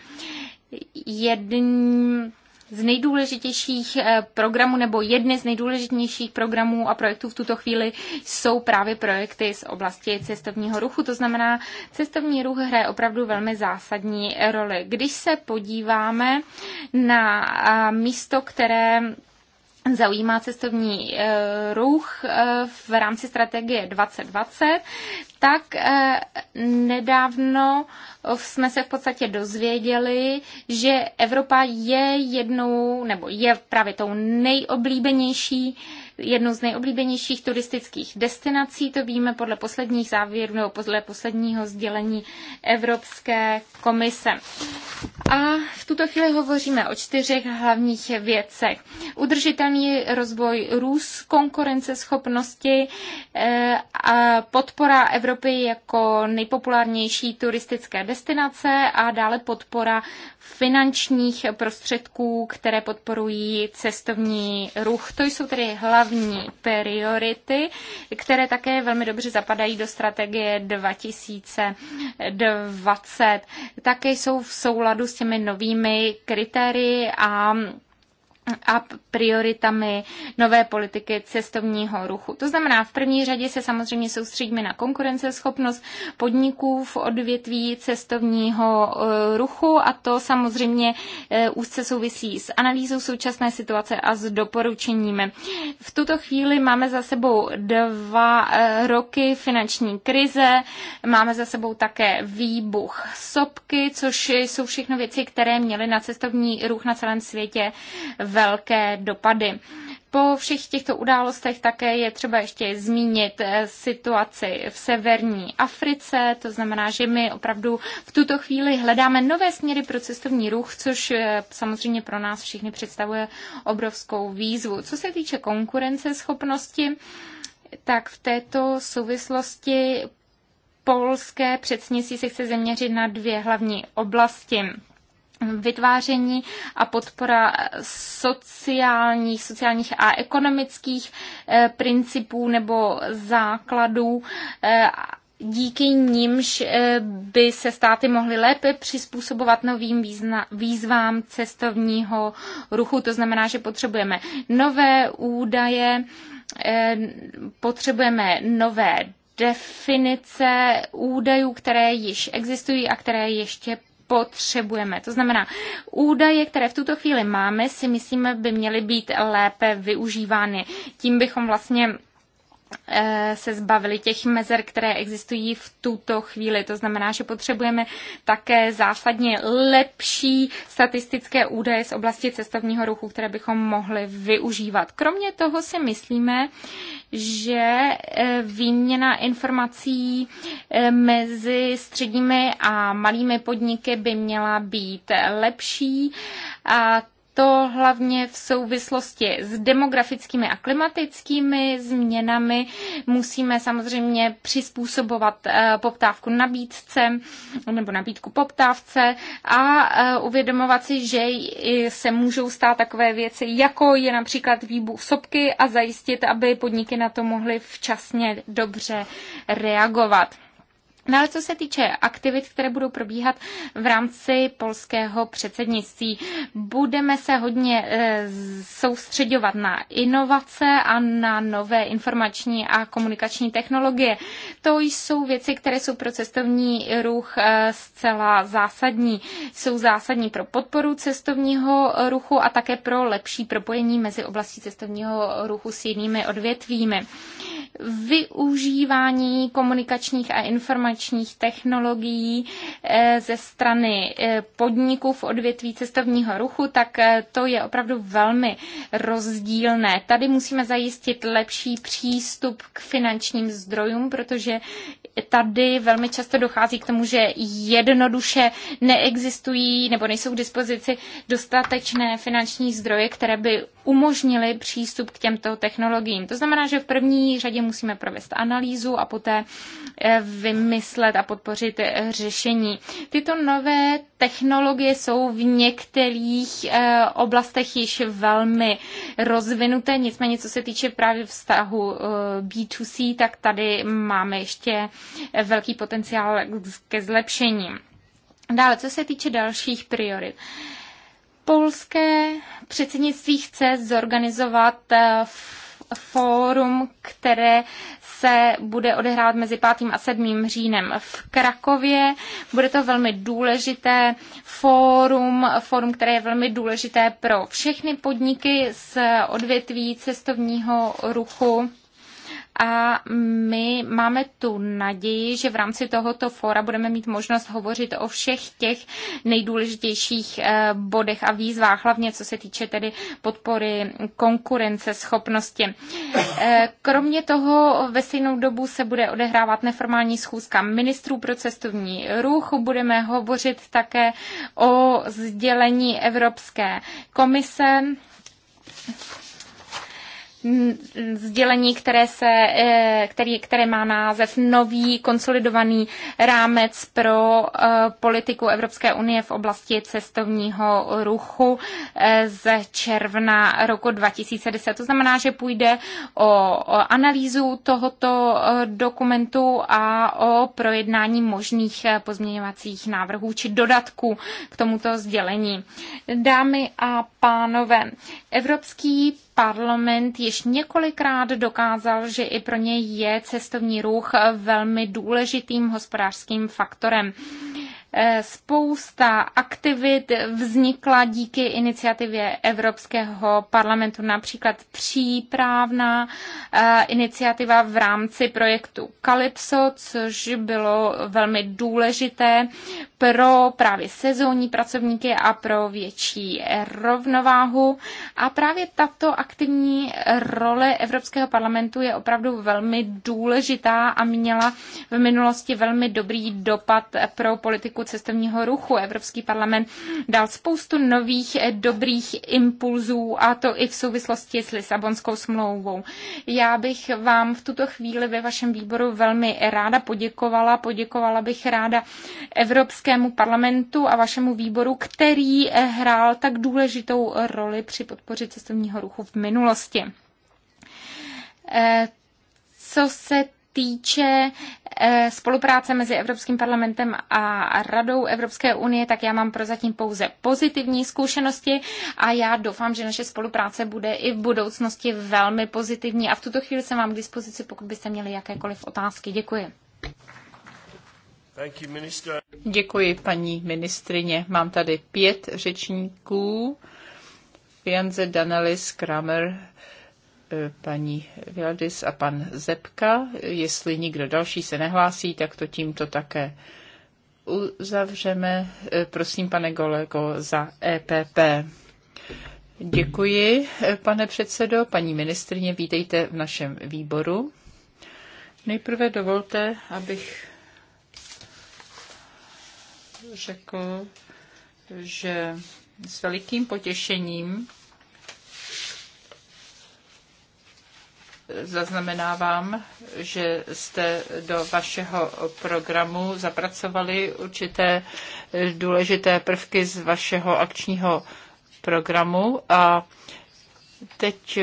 Jedním z nejdůležitějších eh, programů nebo jedny z nejdůležitějších programů a projektů v tuto chvíli jsou právě projekty z oblasti cestovního ruchu. To znamená, cestovní ruch hraje opravdu velmi zásadní roli. Když se podíváme na eh, místo, které zaujímá cestovní eh, ruch v rámci strategie 2020, tak eh, nedávno jsme se v podstatě dozvěděli, že Evropa je jednou, nebo je právě tou nejoblíbenější jednou z nejoblíbenějších turistických destinací, to víme podle posledních závěrů nebo podle posledního sdělení Evropské komise. A v tuto chvíli hovoříme o čtyřech hlavních věcech. Udržitelný rozvoj růst, konkurenceschopnosti, eh, a podpora Evropy jako nejpopulárnější turistické destinace a dále podpora finančních prostředků, které podporují cestovní ruch. To jsou tedy hlavní hlavní priority, které také velmi dobře zapadají do strategie 2020. Také jsou v souladu s těmi novými kritérii a a prioritami nové politiky cestovního ruchu. To znamená, v první řadě se samozřejmě soustředíme na konkurenceschopnost podniků v odvětví cestovního eh, ruchu a to samozřejmě eh, úzce souvisí s analýzou současné situace a s doporučeními. V tuto chvíli máme za sebou dva eh, roky finanční krize, máme za sebou také výbuch sopky, což jsou všechno věci, které měly na cestovní ruch na celém světě v velké dopady. Po všech těchto událostech také je třeba ještě zmínit eh, situaci v severní Africe, to znamená, že my opravdu v tuto chvíli hledáme nové směry pro cestovní ruch, což eh, samozřejmě pro nás všichni představuje obrovskou výzvu. Co se týče konkurenceschopnosti, tak v této souvislosti polské předsednictví se chce zaměřit na dvě hlavní oblasti vytváření a podpora sociálních, sociálních a ekonomických eh, principů nebo základů eh, díky nímž eh, by se státy mohly lépe přizpůsobovat novým výzvám cestovního ruchu. To znamená, že potřebujeme nové údaje, potřebujeme nové definice údajů, které již existují a které ještě potřebujeme. To znamená, údaje, které v tuto chvíli máme, si myslíme, by měly být lépe využívány. Tím bychom vlastně Eh, se zbavili těch mezer, které existují v tuto chvíli. To znamená, že potřebujeme také zásadně lepší statistické údaje z oblasti cestovního ruchu, které bychom mohli využívat. Kromě toho si myslíme, že eh, výměna informací eh, mezi středními a malými podniky by měla být lepší a to hlavně v souvislosti s demografickými a klimatickými změnami. Musíme samozřejmě přizpůsobovat eh, poptávku nabídce nebo nabídku poptávce a eh, uvědomovat si, že se můžou stát takové věci, jako je například výbuch sopky a zajistit, aby podniky na to mohly včasně dobře reagovat. No ale co se týče aktivit, které budou probíhat v rámci polského předsednictví, budeme se hodně eh, soustředovat na inovace a na nové informační a komunikační technologie. To jsou věci, které jsou pro cestovní ruch eh, zcela zásadní. Jsou zásadní pro podporu cestovního ruchu a také pro lepší propojení mezi oblastí cestovního ruchu s jinými odvětvími využívání komunikačních a informačních technologií eh, ze strany eh, podniků v odvětví cestovního ruchu, tak eh, to je opravdu velmi rozdílné. Tady musíme zajistit lepší přístup k finančním zdrojům, protože tady velmi často dochází k tomu, že jednoduše neexistují nebo nejsou k dispozici dostatečné finanční zdroje, které by umožnily přístup k těmto technologiím. To znamená, že v první řadě případě musíme provést analýzu a poté eh, vymyslet a podpořit řešení. Tyto nové technologie jsou v některých eh, oblastech již velmi rozvinuté, nicméně co se týče právě vztahu eh, B2C, tak tady máme ještě velký potenciál ke zlepšení. Dále, co se týče dalších priorit. Polské předsednictví chce zorganizovat v fórum, které se bude odehrát mezi 5. a 7. říjnem v Krakově. Bude to velmi důležité fórum, fórum, které je velmi důležité pro všechny podniky z odvětví cestovního ruchu a my máme tu naději, že v rámci tohoto fóra budeme mít možnost hovořit o všech těch nejdůležitějších eh, bodech a výzvách, hlavně co se týče tedy podpory konkurence, schopnosti. Eh, kromě toho ve stejnou dobu se bude odehrávat neformální schůzka ministrů pro cestovní ruch. Budeme hovořit také o sdělení Evropské komise sdělení, které, se, e, který, které má název Nový konsolidovaný rámec pro e, politiku Evropské unie v oblasti cestovního ruchu e, z června roku 2010. To znamená, že půjde o, analýzu tohoto dokumentu a o projednání možných pozměňovacích návrhů či dodatků k tomuto sdělení. Dámy a pánové, Evropský parlament již několikrát dokázal, že i pro něj je cestovní ruch velmi důležitým hospodářským faktorem. Eh, spousta aktivit vznikla díky iniciativě Evropského parlamentu, například příprávná eh, iniciativa v rámci projektu Calypso, což bylo velmi důležité pro právě sezónní pracovníky a pro větší rovnováhu. A právě tato aktivní role Evropského parlamentu je opravdu velmi důležitá a měla v minulosti velmi dobrý dopad pro politiku politiku cestovního ruchu. Evropský parlament dal spoustu nových eh, dobrých impulzů a to i v souvislosti s Lisabonskou smlouvou. Já bych vám v tuto chvíli ve vašem výboru velmi ráda poděkovala. Poděkovala bych ráda Evropskému parlamentu a vašemu výboru, který eh, hrál tak důležitou roli při podpoře cestovního ruchu v minulosti. Eh, co se týče eh, spolupráce mezi Evropským parlamentem a Radou Evropské unie, tak já mám prozatím pouze pozitivní zkušenosti a já doufám, že naše spolupráce bude i v budoucnosti velmi pozitivní. A v tuto chvíli jsem vám k dispozici, pokud byste měli jakékoliv otázky. Děkuji. Děkuji, paní ministrině. Mám tady pět řečníků. Fianze Danelis, Kramer, E, paní Vildis a pan Zepka. Jestli nikdo další se nehlásí, tak to tímto také uzavřeme. E, prosím, pane kolego, za EPP. Děkuji, e, pane předsedo. Paní ministrině, vítejte v našem výboru. Nejprve dovolte, abych řekl, že s velikým potěšením zaznamenávám, že jste do vašeho programu zapracovali určité důležité prvky z vašeho akčního programu a teď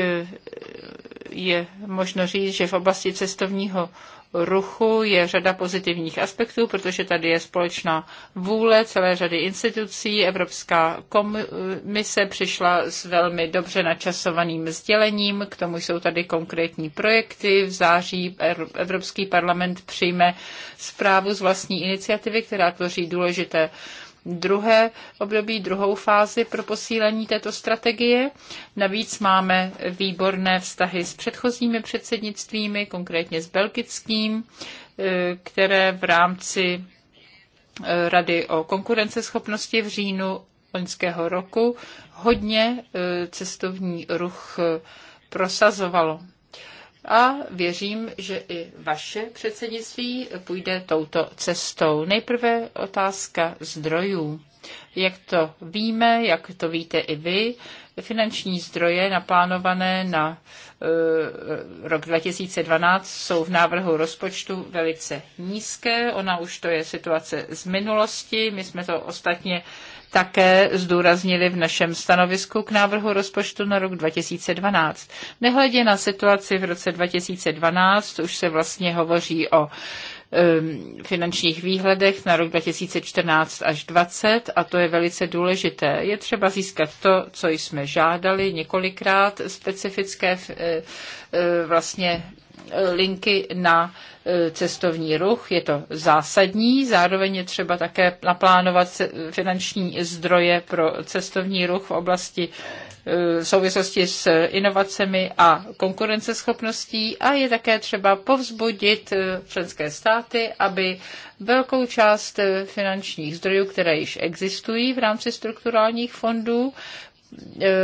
je možno říct, že v oblasti cestovního ruchu je řada pozitivních aspektů, protože tady je společná vůle celé řady institucí. Evropská komise přišla s velmi dobře načasovaným sdělením, k tomu jsou tady konkrétní projekty. V září Evropský parlament přijme zprávu z vlastní iniciativy, která tvoří důležité druhé období, druhou fázi pro posílení této strategie. Navíc máme výborné vztahy s předchozími předsednictvími, konkrétně s belgickým, eh, které v rámci eh, Rady o konkurenceschopnosti v říjnu loňského roku hodně eh, cestovní ruch prosazovalo a věřím, že i vaše předsednictví půjde touto cestou. Nejprve otázka zdrojů. Jak to víme, jak to víte i vy, finanční zdroje naplánované na e, rok 2012 jsou v návrhu rozpočtu velice nízké. Ona už to je situace z minulosti. My jsme to ostatně také zdůraznili v našem stanovisku k návrhu rozpočtu na rok 2012. Nehledě na situaci v roce 2012 už se vlastně hovoří o finančních výhledech na rok 2014 až 2020 a to je velice důležité. Je třeba získat to, co jsme žádali několikrát, specifické eh, eh, vlastně linky na e, cestovní ruch. Je to zásadní, zároveň je třeba také naplánovat finanční zdroje pro cestovní ruch v oblasti v e, souvislosti s inovacemi a konkurenceschopností a je také třeba povzbudit e, členské státy, aby velkou část finančních zdrojů, které již existují v rámci strukturálních fondů,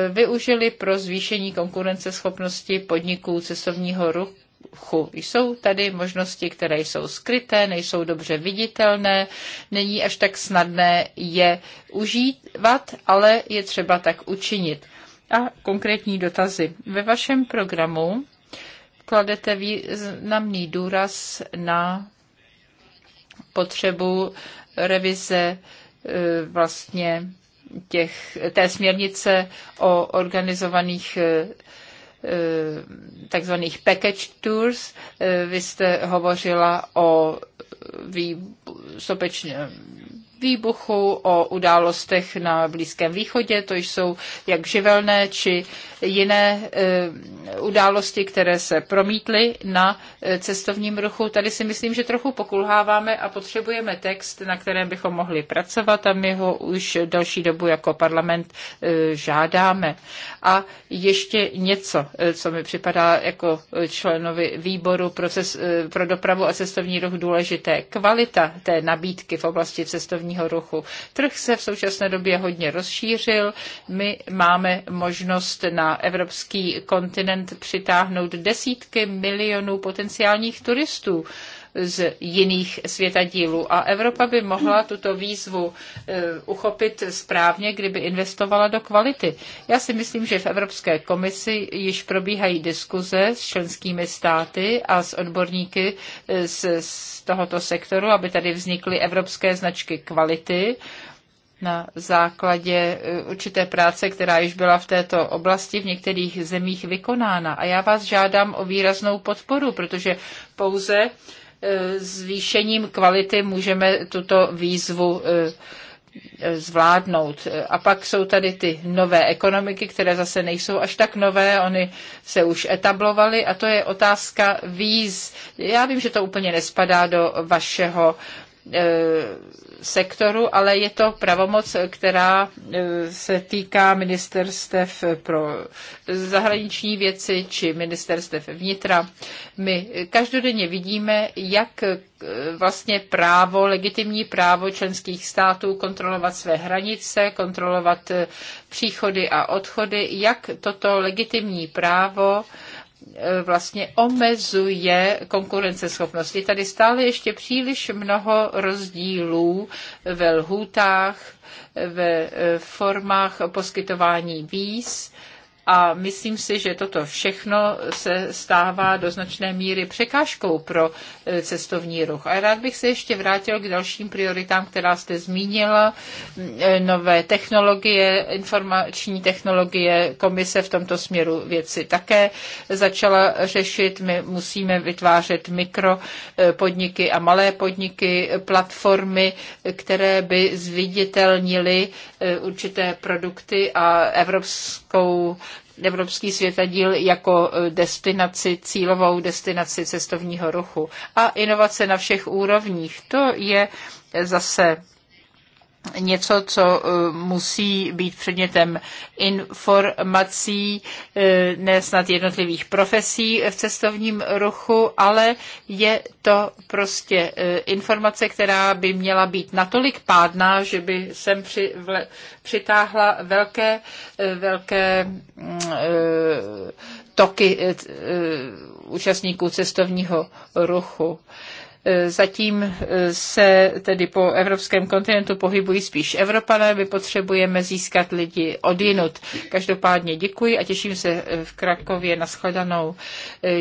využili pro zvýšení konkurenceschopnosti podniků cestovního ruchu vzduchu. Jsou tady možnosti, které jsou skryté, nejsou dobře viditelné, není až tak snadné je užívat, ale je třeba tak učinit. A konkrétní dotazy. Ve vašem programu kladete významný důraz na potřebu revize e, vlastně těch, té směrnice o organizovaných e, Eh, takzvaných package tours. Eh, vy jste hovořila o výsopečném výbuchu, o událostech na Blízkém východě, to jsou jak živelné či jiné eh, události, které se promítly na eh, cestovním ruchu. Tady si myslím, že trochu pokulháváme a potřebujeme text, na kterém bychom mohli pracovat a my ho už další dobu jako parlament eh, žádáme. A ještě něco, co mi připadá jako členovi výboru pro, pro dopravu a cestovní ruch důležité. Kvalita té nabídky v oblasti cestovní cestovního ruchu. Trh se v současné době hodně rozšířil. My máme možnost na evropský kontinent přitáhnout desítky milionů potenciálních turistů z jiných světadílů. A Evropa by mohla tuto výzvu eh, uchopit správně, kdyby investovala do kvality. Já si myslím, že v Evropské komisi již probíhají diskuze s členskými státy a s odborníky eh, z, z tohoto sektoru, aby tady vznikly evropské značky kvality na základě eh, určité práce, která již byla v této oblasti v některých zemích vykonána. A já vás žádám o výraznou podporu, protože pouze E, zvýšením kvality můžeme tuto výzvu e, e, zvládnout. A pak jsou tady ty nové ekonomiky, které zase nejsou až tak nové, oni se už etablovaly a to je otázka víz. Já vím, že to úplně nespadá do vašeho sektoru, ale je to pravomoc, která e, se týká ministerstev pro zahraniční věci či ministerstev vnitra. My každodenně vidíme, jak e, vlastně právo, legitimní právo členských států kontrolovat své hranice, kontrolovat e, příchody a odchody, jak toto legitimní právo E, vlastně omezuje konkurenceschopnost. Je tady stále ještě příliš mnoho rozdílů ve lhůtách, ve e, formách poskytování víz a myslím si, že toto všechno se stává do značné míry překážkou pro e, cestovní ruch. A rád bych se ještě vrátil k dalším prioritám, která jste zmínila. E, nové technologie, informační technologie, komise v tomto směru věci také začala řešit. My musíme vytvářet mikropodniky e, a malé podniky, platformy, které by zviditelnily určité produkty a evropskou evropský světadíl jako e, destinaci, cílovou destinaci cestovního ruchu. A inovace na všech úrovních, to je zase něco, co eh, musí být předmětem informací, eh, ne snad jednotlivých profesí v cestovním ruchu, ale je to prostě eh, informace, která by měla být natolik pádná, že by sem při, vle, přitáhla velké, velké mm, toky účastníků cestovního ruchu. E, zatím e, se tedy po evropském kontinentu pohybují spíš Evropané, my potřebujeme získat lidi odinut. Každopádně děkuji a těším se e, v Krakově na shledanou.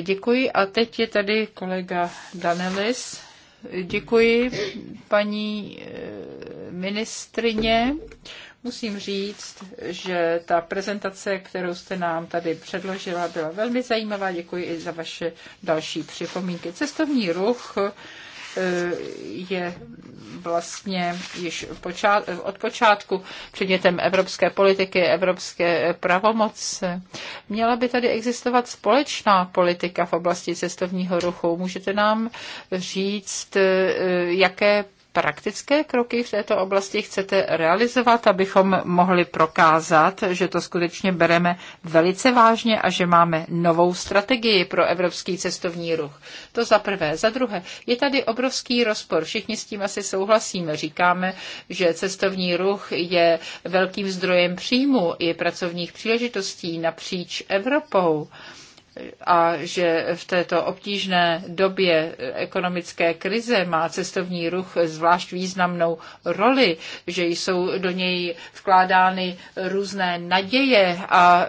Děkuji a teď je tady kolega Danelis. Děkuji, paní ministrině. Musím říct, že ta prezentace, kterou jste nám tady předložila, byla velmi zajímavá. Děkuji i za vaše další připomínky. Cestovní ruch e, je vlastně již od počátku předmětem evropské politiky, evropské pravomoce. Měla by tady existovat společná politika v oblasti cestovního ruchu. Můžete nám říct, e, jaké praktické kroky v této oblasti chcete realizovat, abychom mohli prokázat, že to skutečně bereme velice vážně a že máme novou strategii pro evropský cestovní ruch? To za prvé. Za druhé, je tady obrovský rozpor. Všichni s tím asi souhlasíme. Říkáme, že cestovní ruch je velkým zdrojem příjmu i pracovních příležitostí napříč Evropou a že v této obtížné době ekonomické krize má cestovní ruch zvlášť významnou roli, že jsou do něj vkládány různé naděje a e,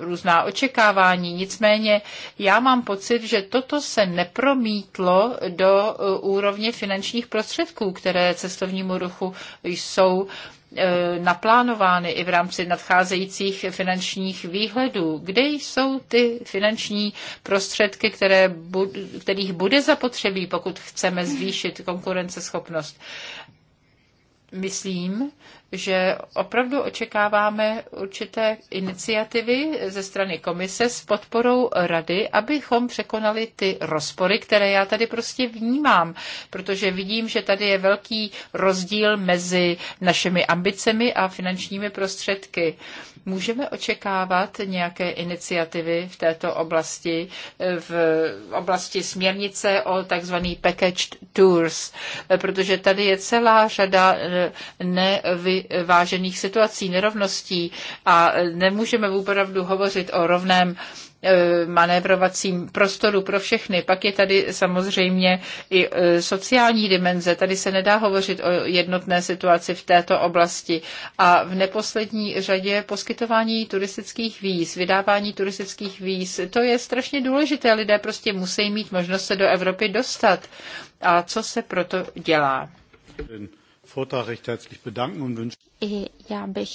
různá očekávání. Nicméně já mám pocit, že toto se nepromítlo do e, úrovně finančních prostředků, které cestovnímu ruchu jsou Eh, naplánovány i v rámci nadcházejících finančních výhledů? Kde jsou ty finanční prostředky, které, kterých bude zapotřebí, pokud chceme zvýšit konkurenceschopnost? Myslím, že opravdu očekáváme určité iniciativy ze strany komise s podporou rady, abychom překonali ty rozpory, které já tady prostě vnímám, protože vidím, že tady je velký rozdíl mezi našimi ambicemi a finančními prostředky. Můžeme očekávat nějaké iniciativy v této oblasti, v oblasti směrnice o takzvaný packaged tours, protože tady je celá řada nevy vážených situací, nerovností a nemůžeme opravdu hovořit o rovném eh, manévrovacím prostoru pro všechny. Pak je tady samozřejmě i eh, sociální dimenze. Tady se nedá hovořit o jednotné situaci v této oblasti. A v neposlední řadě poskytování turistických víz, vydávání turistických víz, to je strašně důležité. Lidé prostě musí mít možnost se do Evropy dostat. A co se proto dělá? I já bych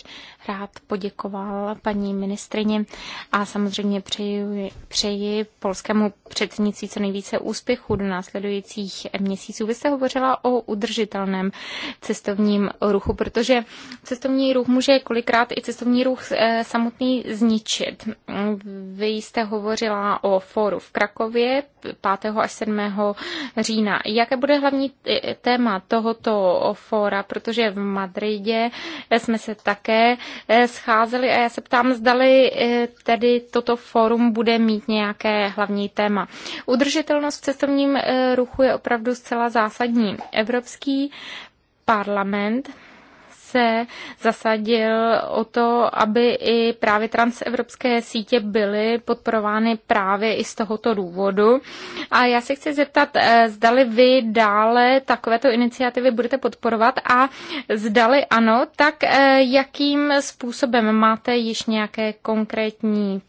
rád poděkoval paní ministrině a samozřejmě přeji, přeji polskému předsednictví co nejvíce úspěchů do následujících měsíců. Vy jste hovořila o udržitelném cestovním ruchu, protože cestovní ruch může kolikrát i cestovní ruch eh, samotný zničit. Vy jste hovořila o fóru v Krakově 5. až 7. října. Jaké bude hlavní eh, téma tohoto fóru? fóra, protože v Madridě jsme se také eh, scházeli a já se ptám, zdali eh, tedy toto fórum bude mít nějaké hlavní téma. Udržitelnost v cestovním eh, ruchu je opravdu zcela zásadní. Evropský parlament se zasadil o to, aby i právě transevropské sítě byly podporovány právě i z tohoto důvodu. A já se chci zeptat, eh, zdali vy dále takovéto iniciativy budete podporovat a zdali ano, tak eh, jakým způsobem máte již nějaké konkrétní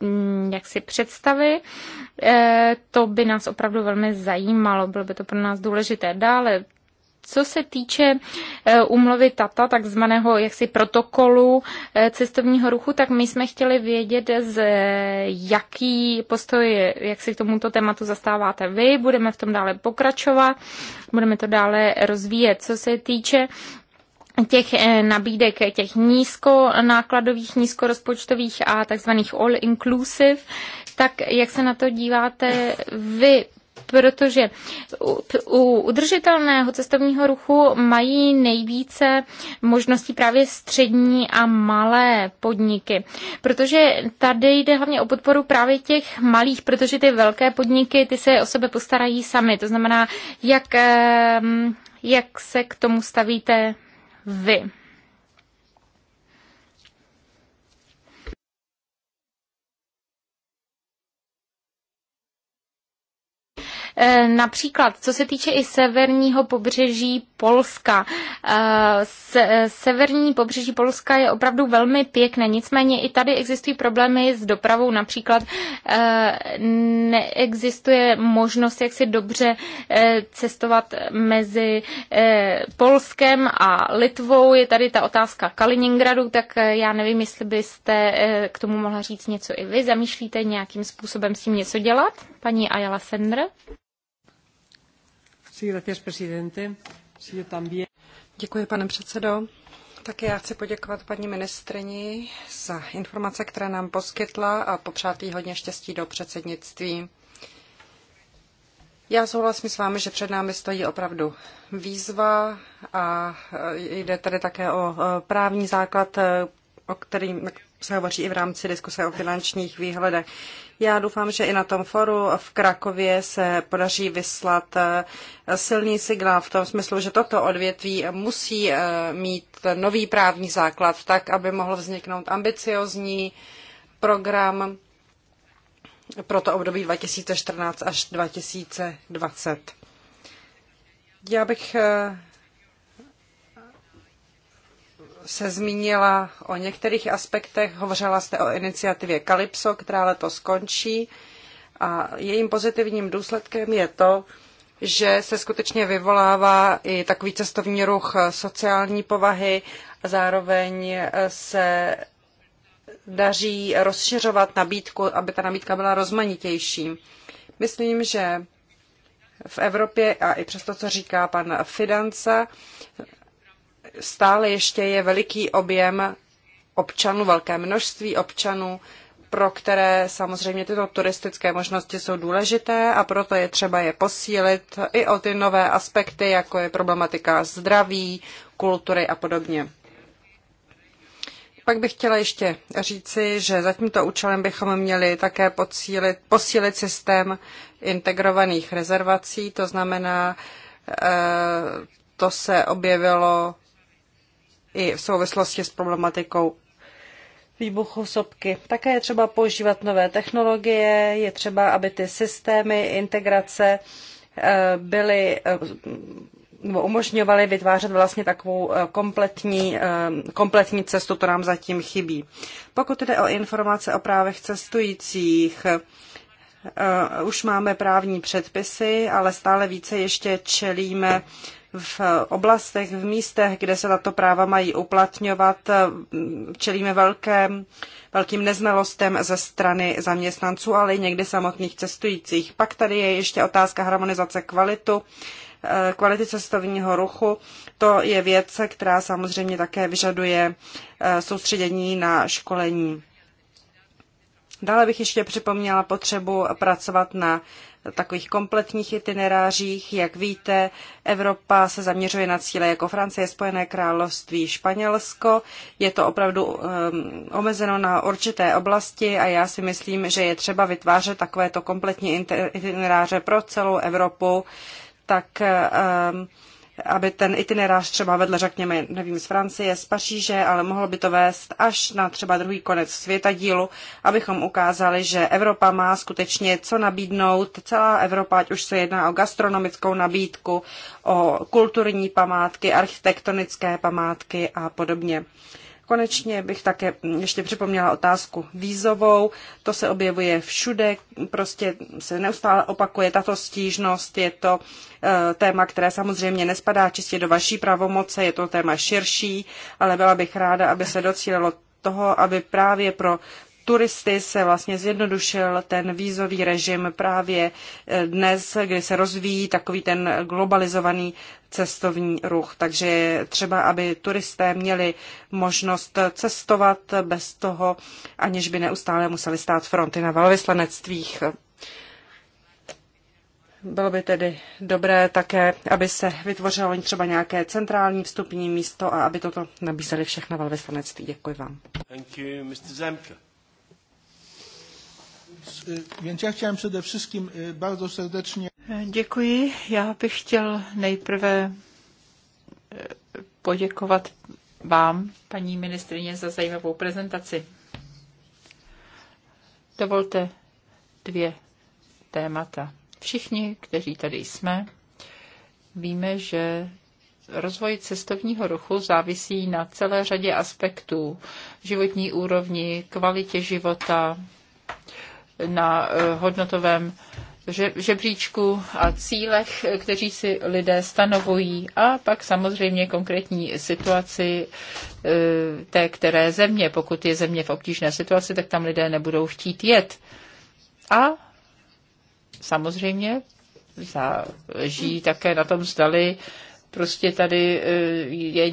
mm, jak si představy. Eh, to by nás opravdu velmi zajímalo, bylo by to pro nás důležité. Dále co se týče umluvy eh, TATA, takzvaného jaksi protokolu eh, cestovního ruchu, tak my jsme chtěli vědět, z eh, jaký postoj, jak si k tomuto tématu zastáváte vy. Budeme v tom dále pokračovat, budeme to dále rozvíjet. Co se týče těch nabídek, těch nízkonákladových, nízkorozpočtových a takzvaných all-inclusive, tak jak se na to díváte vy, protože u udržitelného cestovního ruchu mají nejvíce možností právě střední a malé podniky, protože tady jde hlavně o podporu právě těch malých, protože ty velké podniky, ty se o sebe postarají sami, to znamená, jak, jak se k tomu stavíte vy. Eh, například, co se týče i severního pobřeží Polska. Eh, eh, severní pobřeží Polska je opravdu velmi pěkné, nicméně i tady existují problémy s dopravou. Například neexistuje možnost, jak si dobře cestovat mezi Polskem a Litvou. Je tady ta otázka Kaliningradu, tak já nevím, jestli byste k tomu mohla říct něco i vy. Zamýšlíte nějakým způsobem s tím něco dělat? Paní Ayala Sendr? pane předsedo. Také já chci poděkovat paní ministrini za informace, které nám poskytla a popřát jí hodně štěstí do předsednictví. Já souhlasím s vámi, že před námi stojí opravdu výzva a jde tady také o e, právní základ, e, o který, se hovoří i v rámci diskuse o finančních výhledech. Já doufám, že i na tom foru v Krakově se podaří vyslat eh, silný signál v tom smyslu, že toto odvětví musí eh, mít nový právní základ, tak aby mohl vzniknout ambiciozní program pro to období 2014 až 2020. Já bych eh, se zmínila o některých aspektech. Hovořila jste o iniciativě Calypso, která letos končí. A jejím pozitivním důsledkem je to, že se skutečně vyvolává i takový cestovní ruch sociální povahy a zároveň se daří rozšiřovat nabídku, aby ta nabídka byla rozmanitější. Myslím, že v Evropě a i přes to, co říká pan Fidanza, stále ještě je veliký objem občanů, velké množství občanů, pro které samozřejmě tyto turistické možnosti jsou důležité a proto je třeba je posílit i o ty nové aspekty, jako je problematika zdraví, kultury a podobně. Pak bych chtěla ještě říci, že za tímto účelem bychom měli také pocílit, posílit systém integrovaných rezervací, to znamená, eh, to se objevilo i v souvislosti s problematikou výbuchu sopky. Také je třeba používat nové technologie, je třeba, aby ty systémy integrace eh, byly eh, nebo umožňovaly vytvářet vlastně takovou eh, kompletní, kompletní cestu, to nám zatím chybí. Pokud jde o informace o právech cestujících, už máme právní předpisy, ale stále více ještě čelíme v oblastech, v místech, kde se tato práva mají uplatňovat, čelíme velkém, velkým neznalostem ze strany zaměstnanců, ale i někdy samotných cestujících. Pak tady je ještě otázka harmonizace kvalitu, eh, kvality cestovního ruchu. To je věc, která samozřejmě také vyžaduje eh, soustředění na školení. Dále bych ještě připomněla potřebu pracovat na takových kompletních itinerářích. Jak víte, Evropa se zaměřuje na cíle jako Francie, Spojené království, Španělsko. Je to opravdu um, omezeno na určité oblasti a já si myslím, že je třeba vytvářet takovéto kompletní itineráře pro celou Evropu, tak um, aby ten itinerář třeba vedl, řekněme, nevím, z Francie, z Paříže, ale mohlo by to vést až na třeba druhý konec světa dílu, abychom ukázali, že Evropa má skutečně co nabídnout. Celá Evropa, ať už se jedná o gastronomickou nabídku, o kulturní památky, architektonické památky a podobně. Konečně bych také ještě připomněla otázku vízovou. To se objevuje všude, prostě se neustále opakuje tato stížnost. Je to eh, téma, které samozřejmě nespadá čistě do vaší pravomoce, je to téma širší, ale byla bych ráda, aby se docílilo toho, aby právě pro turisty se vlastně zjednodušil ten vízový režim právě eh, dnes, kdy se rozvíjí takový ten globalizovaný cestovní ruch. Takže je třeba, aby turisté měli možnost cestovat bez toho, aniž by neustále museli stát fronty na velvyslanectvích. Bylo by tedy dobré také, aby se vytvořilo třeba nějaké centrální vstupní místo a aby toto nabízeli všechna velvyslanectví. Děkuji vám. Thank you, Mr. E, więc ja chciałem przede wszystkim e, bardzo serdecznie. E, děkuji. Já bych chtěl nejprve poděkovat vám, paní ministrině, za zajímavou prezentaci. Dovolte dvě témata. Všichni, kteří tady jsme, víme, že rozvoj cestovního ruchu závisí na celé řadě aspektů životní úrovni, kvalitě života, na eh, hodnotovém žebříčku a cílech, eh, kteří si lidé stanovují a pak samozřejmě konkrétní situaci eh, té které země. Pokud je země v obtížné situaci, tak tam lidé nebudou chtít jet. A samozřejmě záleží také na tom, zdali Prostě tady eh, je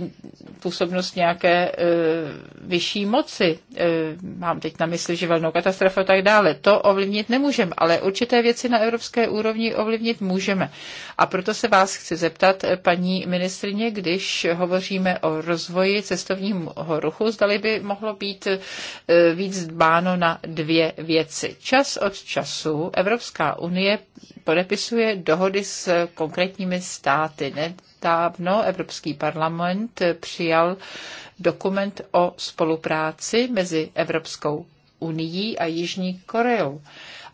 působnost nějaké eh, vyšší moci. Eh, mám teď na mysli živelnou katastrofu a tak dále. To ovlivnit nemůžeme, ale určité věci na evropské úrovni ovlivnit můžeme. A proto se vás chci zeptat, paní ministrině, když hovoříme o rozvoji cestovního ruchu, zdali by mohlo být víc dbáno na dvě věci. Čas od času Evropská unie podepisuje dohody s konkrétními státy. Ne dávno Evropský parlament přijal dokument o spolupráci mezi Evropskou unii a Jižní Koreou.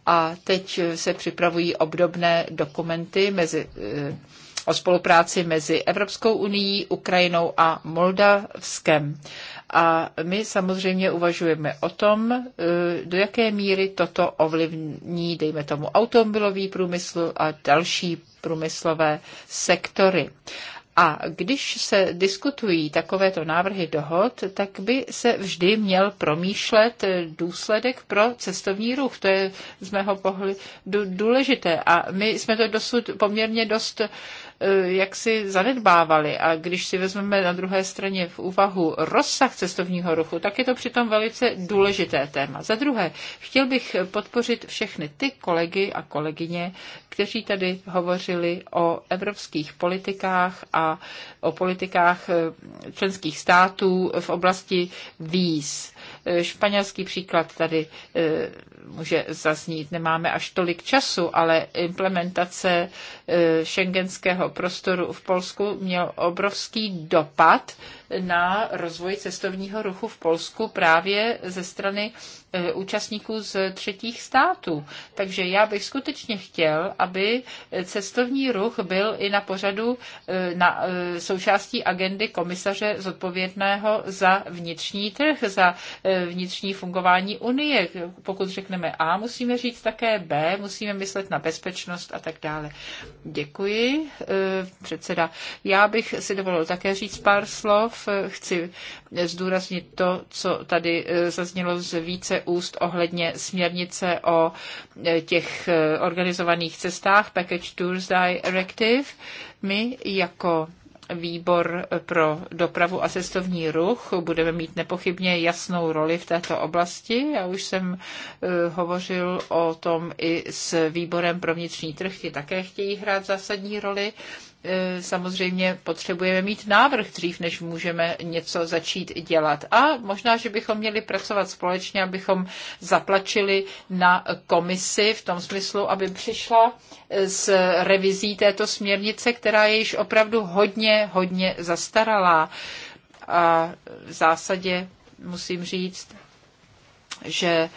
A teď se připravují obdobné dokumenty mezi eh, o spolupráci mezi Evropskou unii, Ukrajinou a Moldavskem. A my samozřejmě uvažujeme o tom, e, do jaké míry toto ovlivní, dejme tomu, automobilový průmysl a další průmyslové sektory. A když se diskutují takovéto návrhy dohod, tak by se vždy měl promýšlet důsledek pro cestovní ruch. To je z mého pohledu důležité. A my jsme to dosud poměrně dost uh, Eh, jaksi zanedbávali. A když si vezmeme na druhé straně v úvahu rozsah cestovního ruchu, tak je to přitom velice důležité téma. Za druhé, chtěl bych podpořit všechny ty kolegy a kolegyně, kteří tady hovořili o evropských politikách a o politikách eh, členských států v oblasti víz. Španělský příklad tady eh, může zaznít. Nemáme až tolik času, ale implementace šengenského eh, prostoru v Polsku měl obrovský dopad na rozvoj cestovního ruchu v Polsku právě ze strany e, účastníků z třetích států. Takže já bych skutečně chtěl, aby cestovní ruch byl i na pořadu e, na e, součástí agendy komisaře zodpovědného za vnitřní trh, za vnitřní fungování Unie. Pokud řekneme A, musíme říct také B, musíme myslet na bezpečnost a tak dále. Děkuji, předseda. Já bych si dovolil také říct pár slov Chci zdůraznit to, co tady eh, zaznělo z více úst ohledně směrnice o eh, těch eh, organizovaných cestách, Package Tours Directive. My jako výbor pro dopravu a cestovní ruch. Budeme mít nepochybně jasnou roli v této oblasti. Já už jsem hovořil o tom i s výborem pro vnitřní trh, ti také chtějí hrát zásadní roli. Eh, samozřejmě potřebujeme mít návrh dřív, než můžeme něco začít dělat. A možná, že bychom měli pracovat společně, abychom zatlačili na komisi v tom smyslu, aby přišla eh, s revizí této směrnice, která je již opravdu hodně, hodně zastaralá. A v zásadě musím říct, že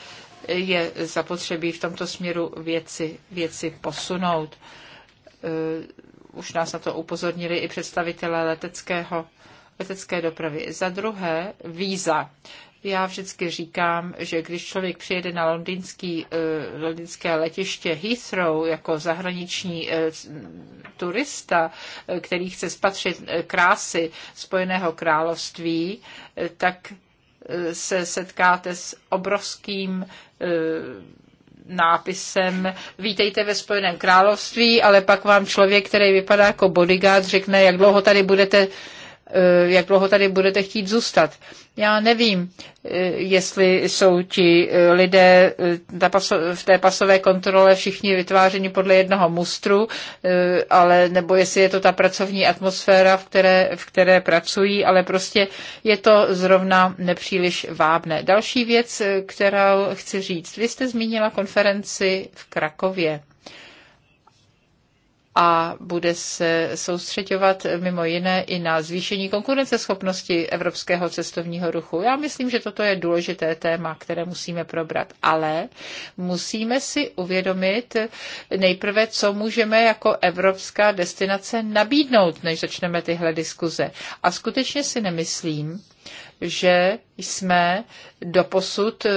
je zapotřebí v tomto směru věci, věci posunout eh, už nás na to upozornili i představitelé leteckého, letecké dopravy. Za druhé, víza. Já vždycky říkám, že když člověk přijede na londýnský, eh, londýnské letiště Heathrow jako zahraniční eh, turista, eh, který chce spatřit eh, krásy Spojeného království, eh, tak eh, se setkáte s obrovským eh, nápisem Vítejte ve Spojeném království, ale pak vám člověk, který vypadá jako bodyguard, řekne, jak dlouho tady budete Eh, jak dlouho tady budete chtít zůstat. Já nevím, eh, jestli jsou ti eh, lidé v té pasové kontrole všichni vytvářeni podle jednoho mustru, ale nebo jestli je to ta pracovní atmosféra, v které, v které pracují, ale prostě je to zrovna nepříliš vábné. Další věc, kterou chci říct. Vy jste zmínila konferenci v Krakově a bude se soustřeďovat mimo jiné i na zvýšení konkurenceschopnosti evropského cestovního ruchu. Já myslím, že toto je důležité téma, které musíme probrat, ale musíme si uvědomit nejprve, co můžeme jako evropská destinace nabídnout, než začneme tyhle diskuze. A skutečně si nemyslím, že jsme doposud eh,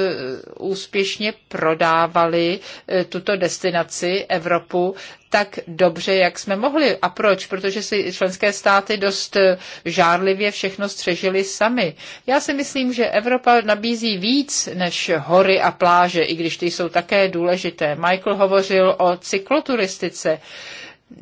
úspěšně prodávali eh, tuto destinaci Evropu tak dobře, jak jsme mohli. A proč? Protože si členské státy dost eh, žárlivě všechno střežili sami. Já si myslím, že Evropa nabízí víc než hory a pláže, i když ty jsou také důležité. Michael hovořil o cykloturistice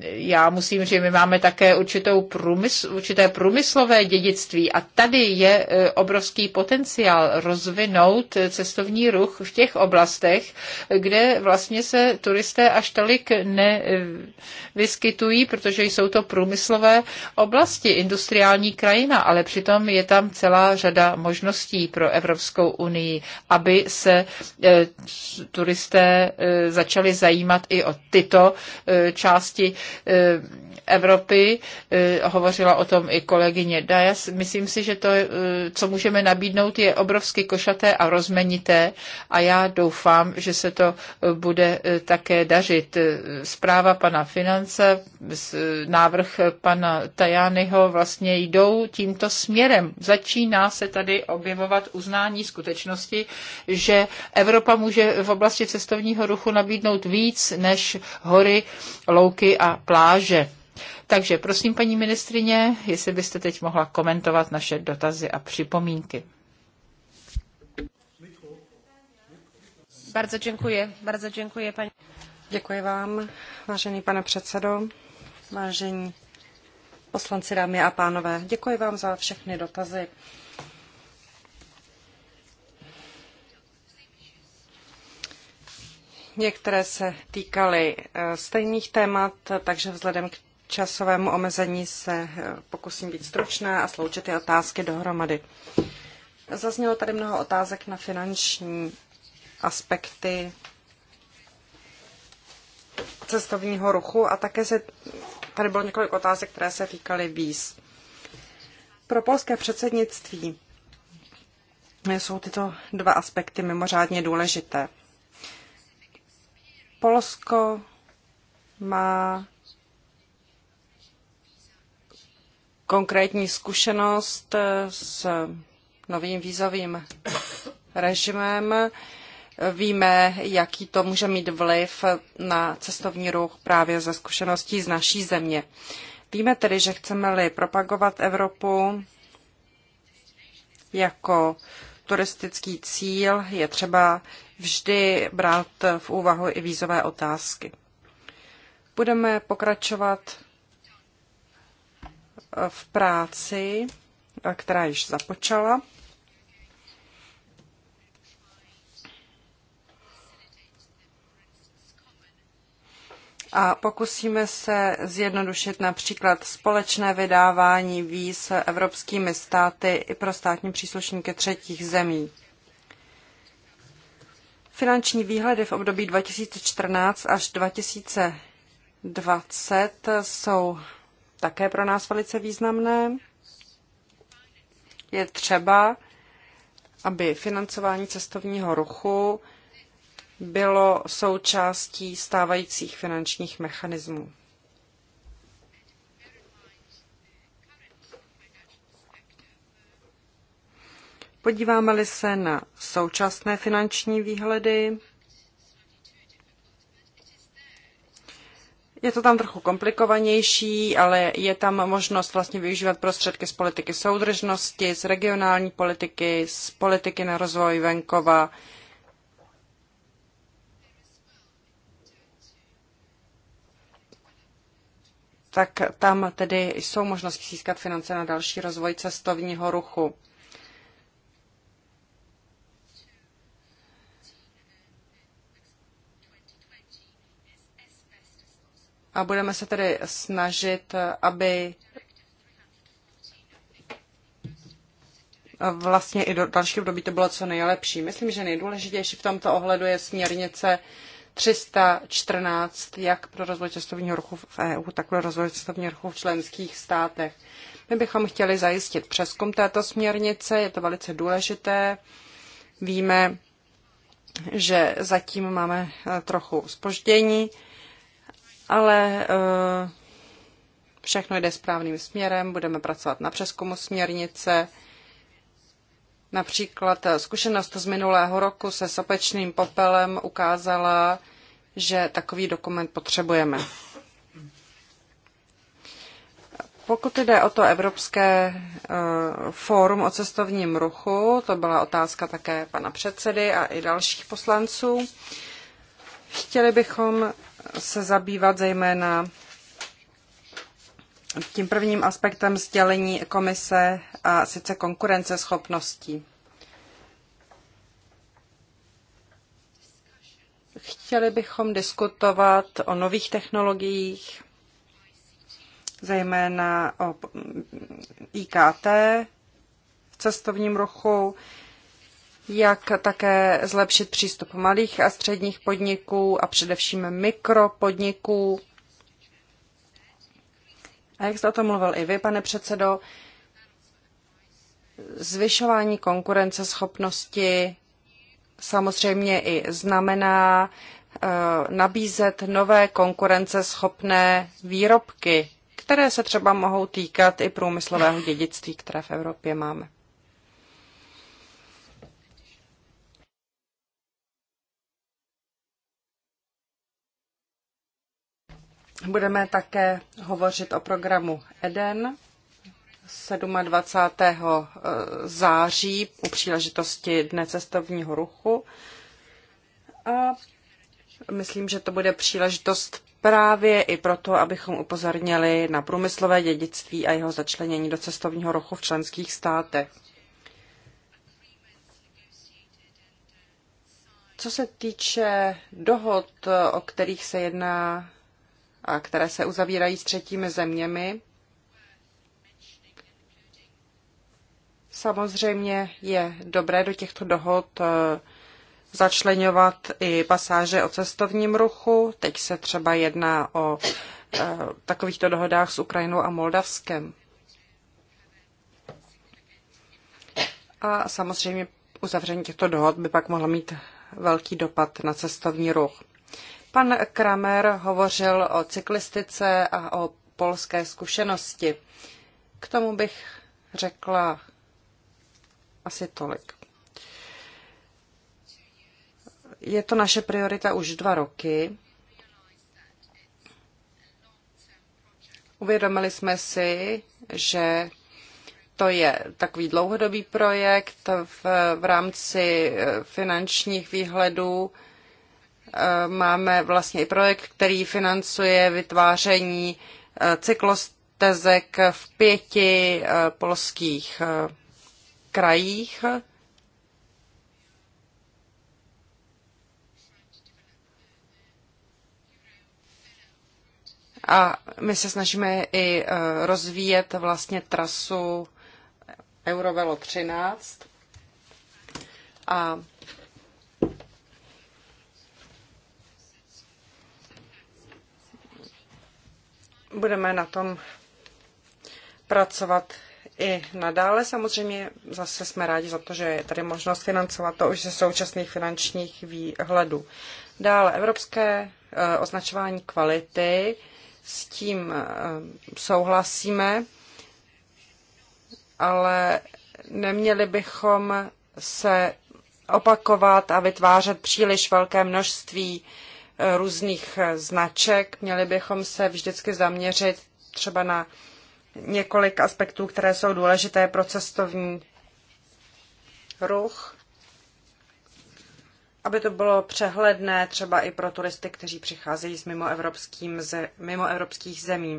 já musím, že my máme také určitou průmysl, určité průmyslové dědictví a tady je e, obrovský potenciál rozvinout cestovní ruch v těch oblastech, kde vlastně se turisté až tolik nevyskytují, protože jsou to průmyslové oblasti, industriální krajina, ale přitom je tam celá řada možností pro Evropskou unii, aby se e, turisté e, začali zajímat i o tyto části Eh, Evropy, eh, hovořila o tom i kolegyně Dajas. Myslím si, že to, eh, co můžeme nabídnout, je obrovsky košaté a rozmenité a já doufám, že se to bude také dařit. Zpráva pana finance, návrh pana Tajányho vlastně jdou tímto směrem. Začíná se tady objevovat uznání skutečnosti, že Evropa může v oblasti cestovního ruchu nabídnout víc než hory, louky a pláže. Takže prosím, paní ministrině, jestli byste teď mohla komentovat naše dotazy a připomínky. Bardzo děkuji, bardzo děkuji, paní. Děkuji vám, vážený pane předsedo, vážení poslanci, dámy a pánové. Děkuji vám za všechny dotazy. Některé se týkaly eh, stejných témat, takže vzhledem k časovému omezení se eh, pokusím být stručná a sloučit ty otázky dohromady. Zaznělo tady mnoho otázek na finanční aspekty cestovního ruchu a také se tady bylo několik otázek, které se týkaly víz. Pro polské předsednictví jsou tyto dva aspekty mimořádně důležité. Polsko má konkrétní zkušenost s novým vízovým režimem. Víme, jaký to může mít vliv na cestovní ruch právě ze zkušeností z naší země. Víme tedy, že chceme-li propagovat Evropu jako turistický cíl, je třeba vždy brát v úvahu i vízové otázky. Budeme pokračovat v práci, která již započala. a pokusíme se zjednodušit například společné vydávání víz evropskými státy i pro státní příslušníky třetích zemí. Finanční výhledy v období 2014 až 2020 jsou také pro nás velice významné. Je třeba, aby financování cestovního ruchu bylo součástí stávajících finančních mechanismů. Podíváme-li se na současné finanční výhledy, Je to tam trochu komplikovanější, ale je tam možnost vlastně využívat prostředky z politiky soudržnosti, z regionální politiky, z politiky na rozvoj venkova, tak tam tedy jsou možnosti získat finance na další rozvoj cestovního ruchu. A budeme se tedy snažit, aby vlastně i do dalšího období to bylo co nejlepší. Myslím, že nejdůležitější v tomto ohledu je směrnice 314 jak pro rozvoj cestovního ruchu v EU, tak pro rozvoj cestovního ruchu v členských státech. My bychom chtěli zajistit přeskum této směrnice, je to velice důležité. Víme, že zatím máme eh, trochu spoždění, ale eh, všechno jde správným směrem, budeme pracovat na přeskumu směrnice Například eh, zkušenost z minulého roku se sopečným popelem ukázala, že takový dokument potřebujeme. Pokud jde o to Evropské uh, fórum o cestovním ruchu, to byla otázka také pana předsedy a i dalších poslanců, chtěli bychom se zabývat zejména tím prvním aspektem sdělení komise a sice konkurenceschopností. Chtěli bychom diskutovat o nových technologiích, zejména o IKT v cestovním ruchu, jak také zlepšit přístup malých a středních podniků a především mikropodniků a jak jste o tom mluvil i vy, pane předsedo, zvyšování konkurenceschopnosti samozřejmě i znamená eh, nabízet nové konkurenceschopné výrobky, které se třeba mohou týkat i průmyslového dědictví, které v Evropě máme. Budeme také hovořit o programu EDEN 27. Eh, září u příležitosti Dne cestovního ruchu. A myslím, že to bude příležitost právě i proto, abychom upozornili na průmyslové dědictví a jeho začlenění do cestovního ruchu v členských státech. Co se týče dohod, o kterých se jedná a které se uzavírají s třetími zeměmi. Samozřejmě je dobré do těchto dohod eh, začlenovat i pasáže o cestovním ruchu. Teď se třeba jedná o eh, takovýchto dohodách s Ukrajinou a Moldavskem. A samozřejmě uzavření těchto dohod by pak mohlo mít velký dopad na cestovní ruch. Pan Kramer hovořil o cyklistice a o polské zkušenosti. K tomu bych řekla asi tolik. Je to naše priorita už dva roky. Uvědomili jsme si, že to je takový dlouhodobý projekt v, v rámci finančních výhledů Eh, máme vlastně i projekt, který financuje vytváření eh, cyklostezek v pěti eh, polských krajích. A my se snažíme i rozvíjet vlastně trasu Eurovelo 13. A Budeme na tom pracovat i nadále. Samozřejmě zase jsme rádi za to, že je tady možnost financovat to už ze současných finančních výhledů. Dále evropské eh, označování kvality, s tím eh, souhlasíme, ale neměli bychom se opakovat a vytvářet příliš velké množství různých eh, značek. Měli bychom se vždycky zaměřit třeba na několik aspektů, které jsou důležité pro cestovní ruch, aby to bylo přehledné třeba i pro turisty, kteří přicházejí z mimoevropským, z mimoevropských zemí.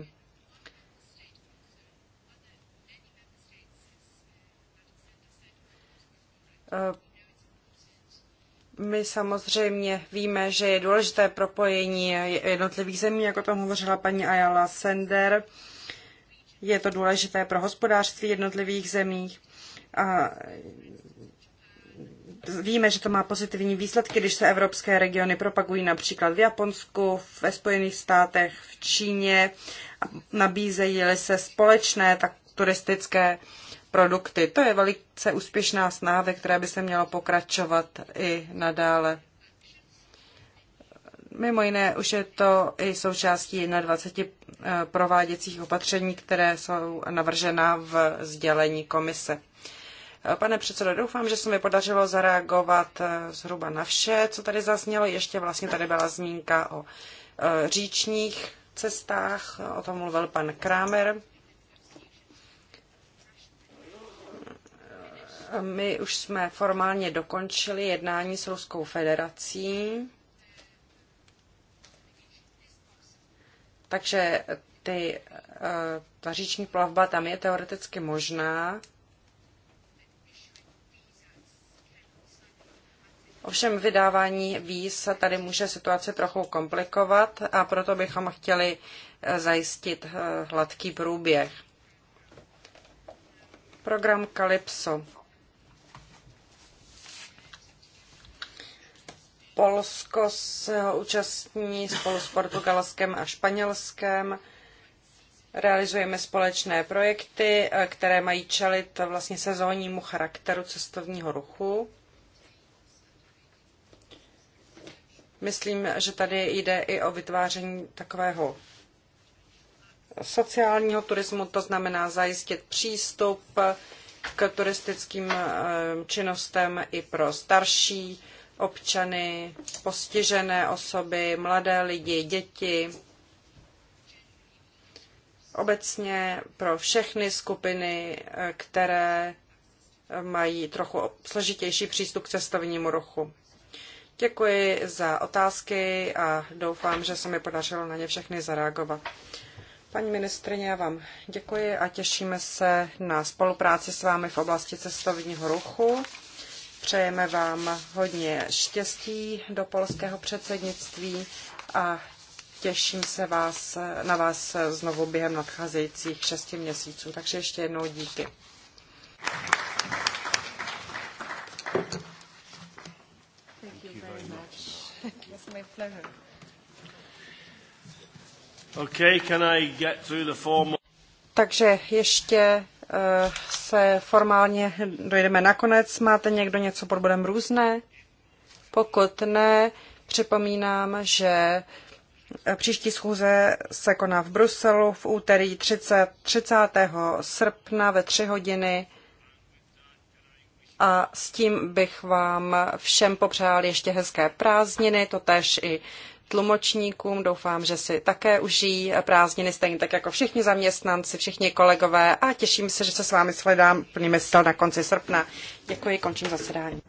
Uh, my samozřejmě víme, že je důležité propojení jednotlivých zemí, jako to hovořila paní Ayala Sender. Je to důležité pro hospodářství jednotlivých zemí. A víme, že to má pozitivní výsledky, když se evropské regiony propagují například v Japonsku, ve Spojených státech, v Číně a nabízejí-li se společné tak turistické produkty. To je velice úspěšná snaha, ve které by se mělo pokračovat i nadále. Mimo jiné už je to i součástí 21 eh, prováděcích opatření, které jsou navržena v sdělení komise. Eh, pane předsedo, doufám, že se mi podařilo zareagovat eh, zhruba na vše, co tady zaznělo. Ještě vlastně tady byla zmínka o říčních cestách, o tom mluvil pan Kramer. My už jsme formálně dokončili jednání s Ruskou federací. Takže ty, eh, ta říční plavba tam je teoreticky možná. Ovšem vydávání víz tady může situaci trochu komplikovat a proto bychom chtěli eh, zajistit eh, hladký průběh. Program Calypso. Polsko se ho účastní spolu s Portugalskem a Španělskem. Realizujeme společné projekty, eh, které mají čelit vlastně sezónnímu charakteru cestovního ruchu. Myslím, že tady jde i o vytváření takového sociálního turismu, to znamená zajistit přístup k turistickým eh, činnostem i pro starší občany, postižené osoby, mladé lidi, děti. Obecně pro všechny skupiny, které mají trochu složitější přístup k cestovnímu ruchu. Děkuji za otázky a doufám, že se mi podařilo na ně všechny zareagovat. Paní ministrině, já vám děkuji a těšíme se na spolupráci s vámi v oblasti cestovního ruchu. Přejeme vám hodně štěstí do polského předsednictví a těším se vás, na vás znovu během nadcházejících šesti měsíců. Takže ještě jednou díky. can I get through the formal... Takže ještě se formálně dojdeme nakonec. Máte někdo něco pod bodem různé? Pokud ne, připomínám, že Příští schůze se koná v Bruselu v úterý 30, 30. srpna ve 3 hodiny. A s tím bych vám všem popřál ještě hezké prázdniny, totéž i tlumočníkům. Doufám, že si také užijí prázdniny, stejně tak jako všichni zaměstnanci, všichni kolegové a těším se, že se s vámi shledám plný mysl na konci srpna. Děkuji, končím zasedání.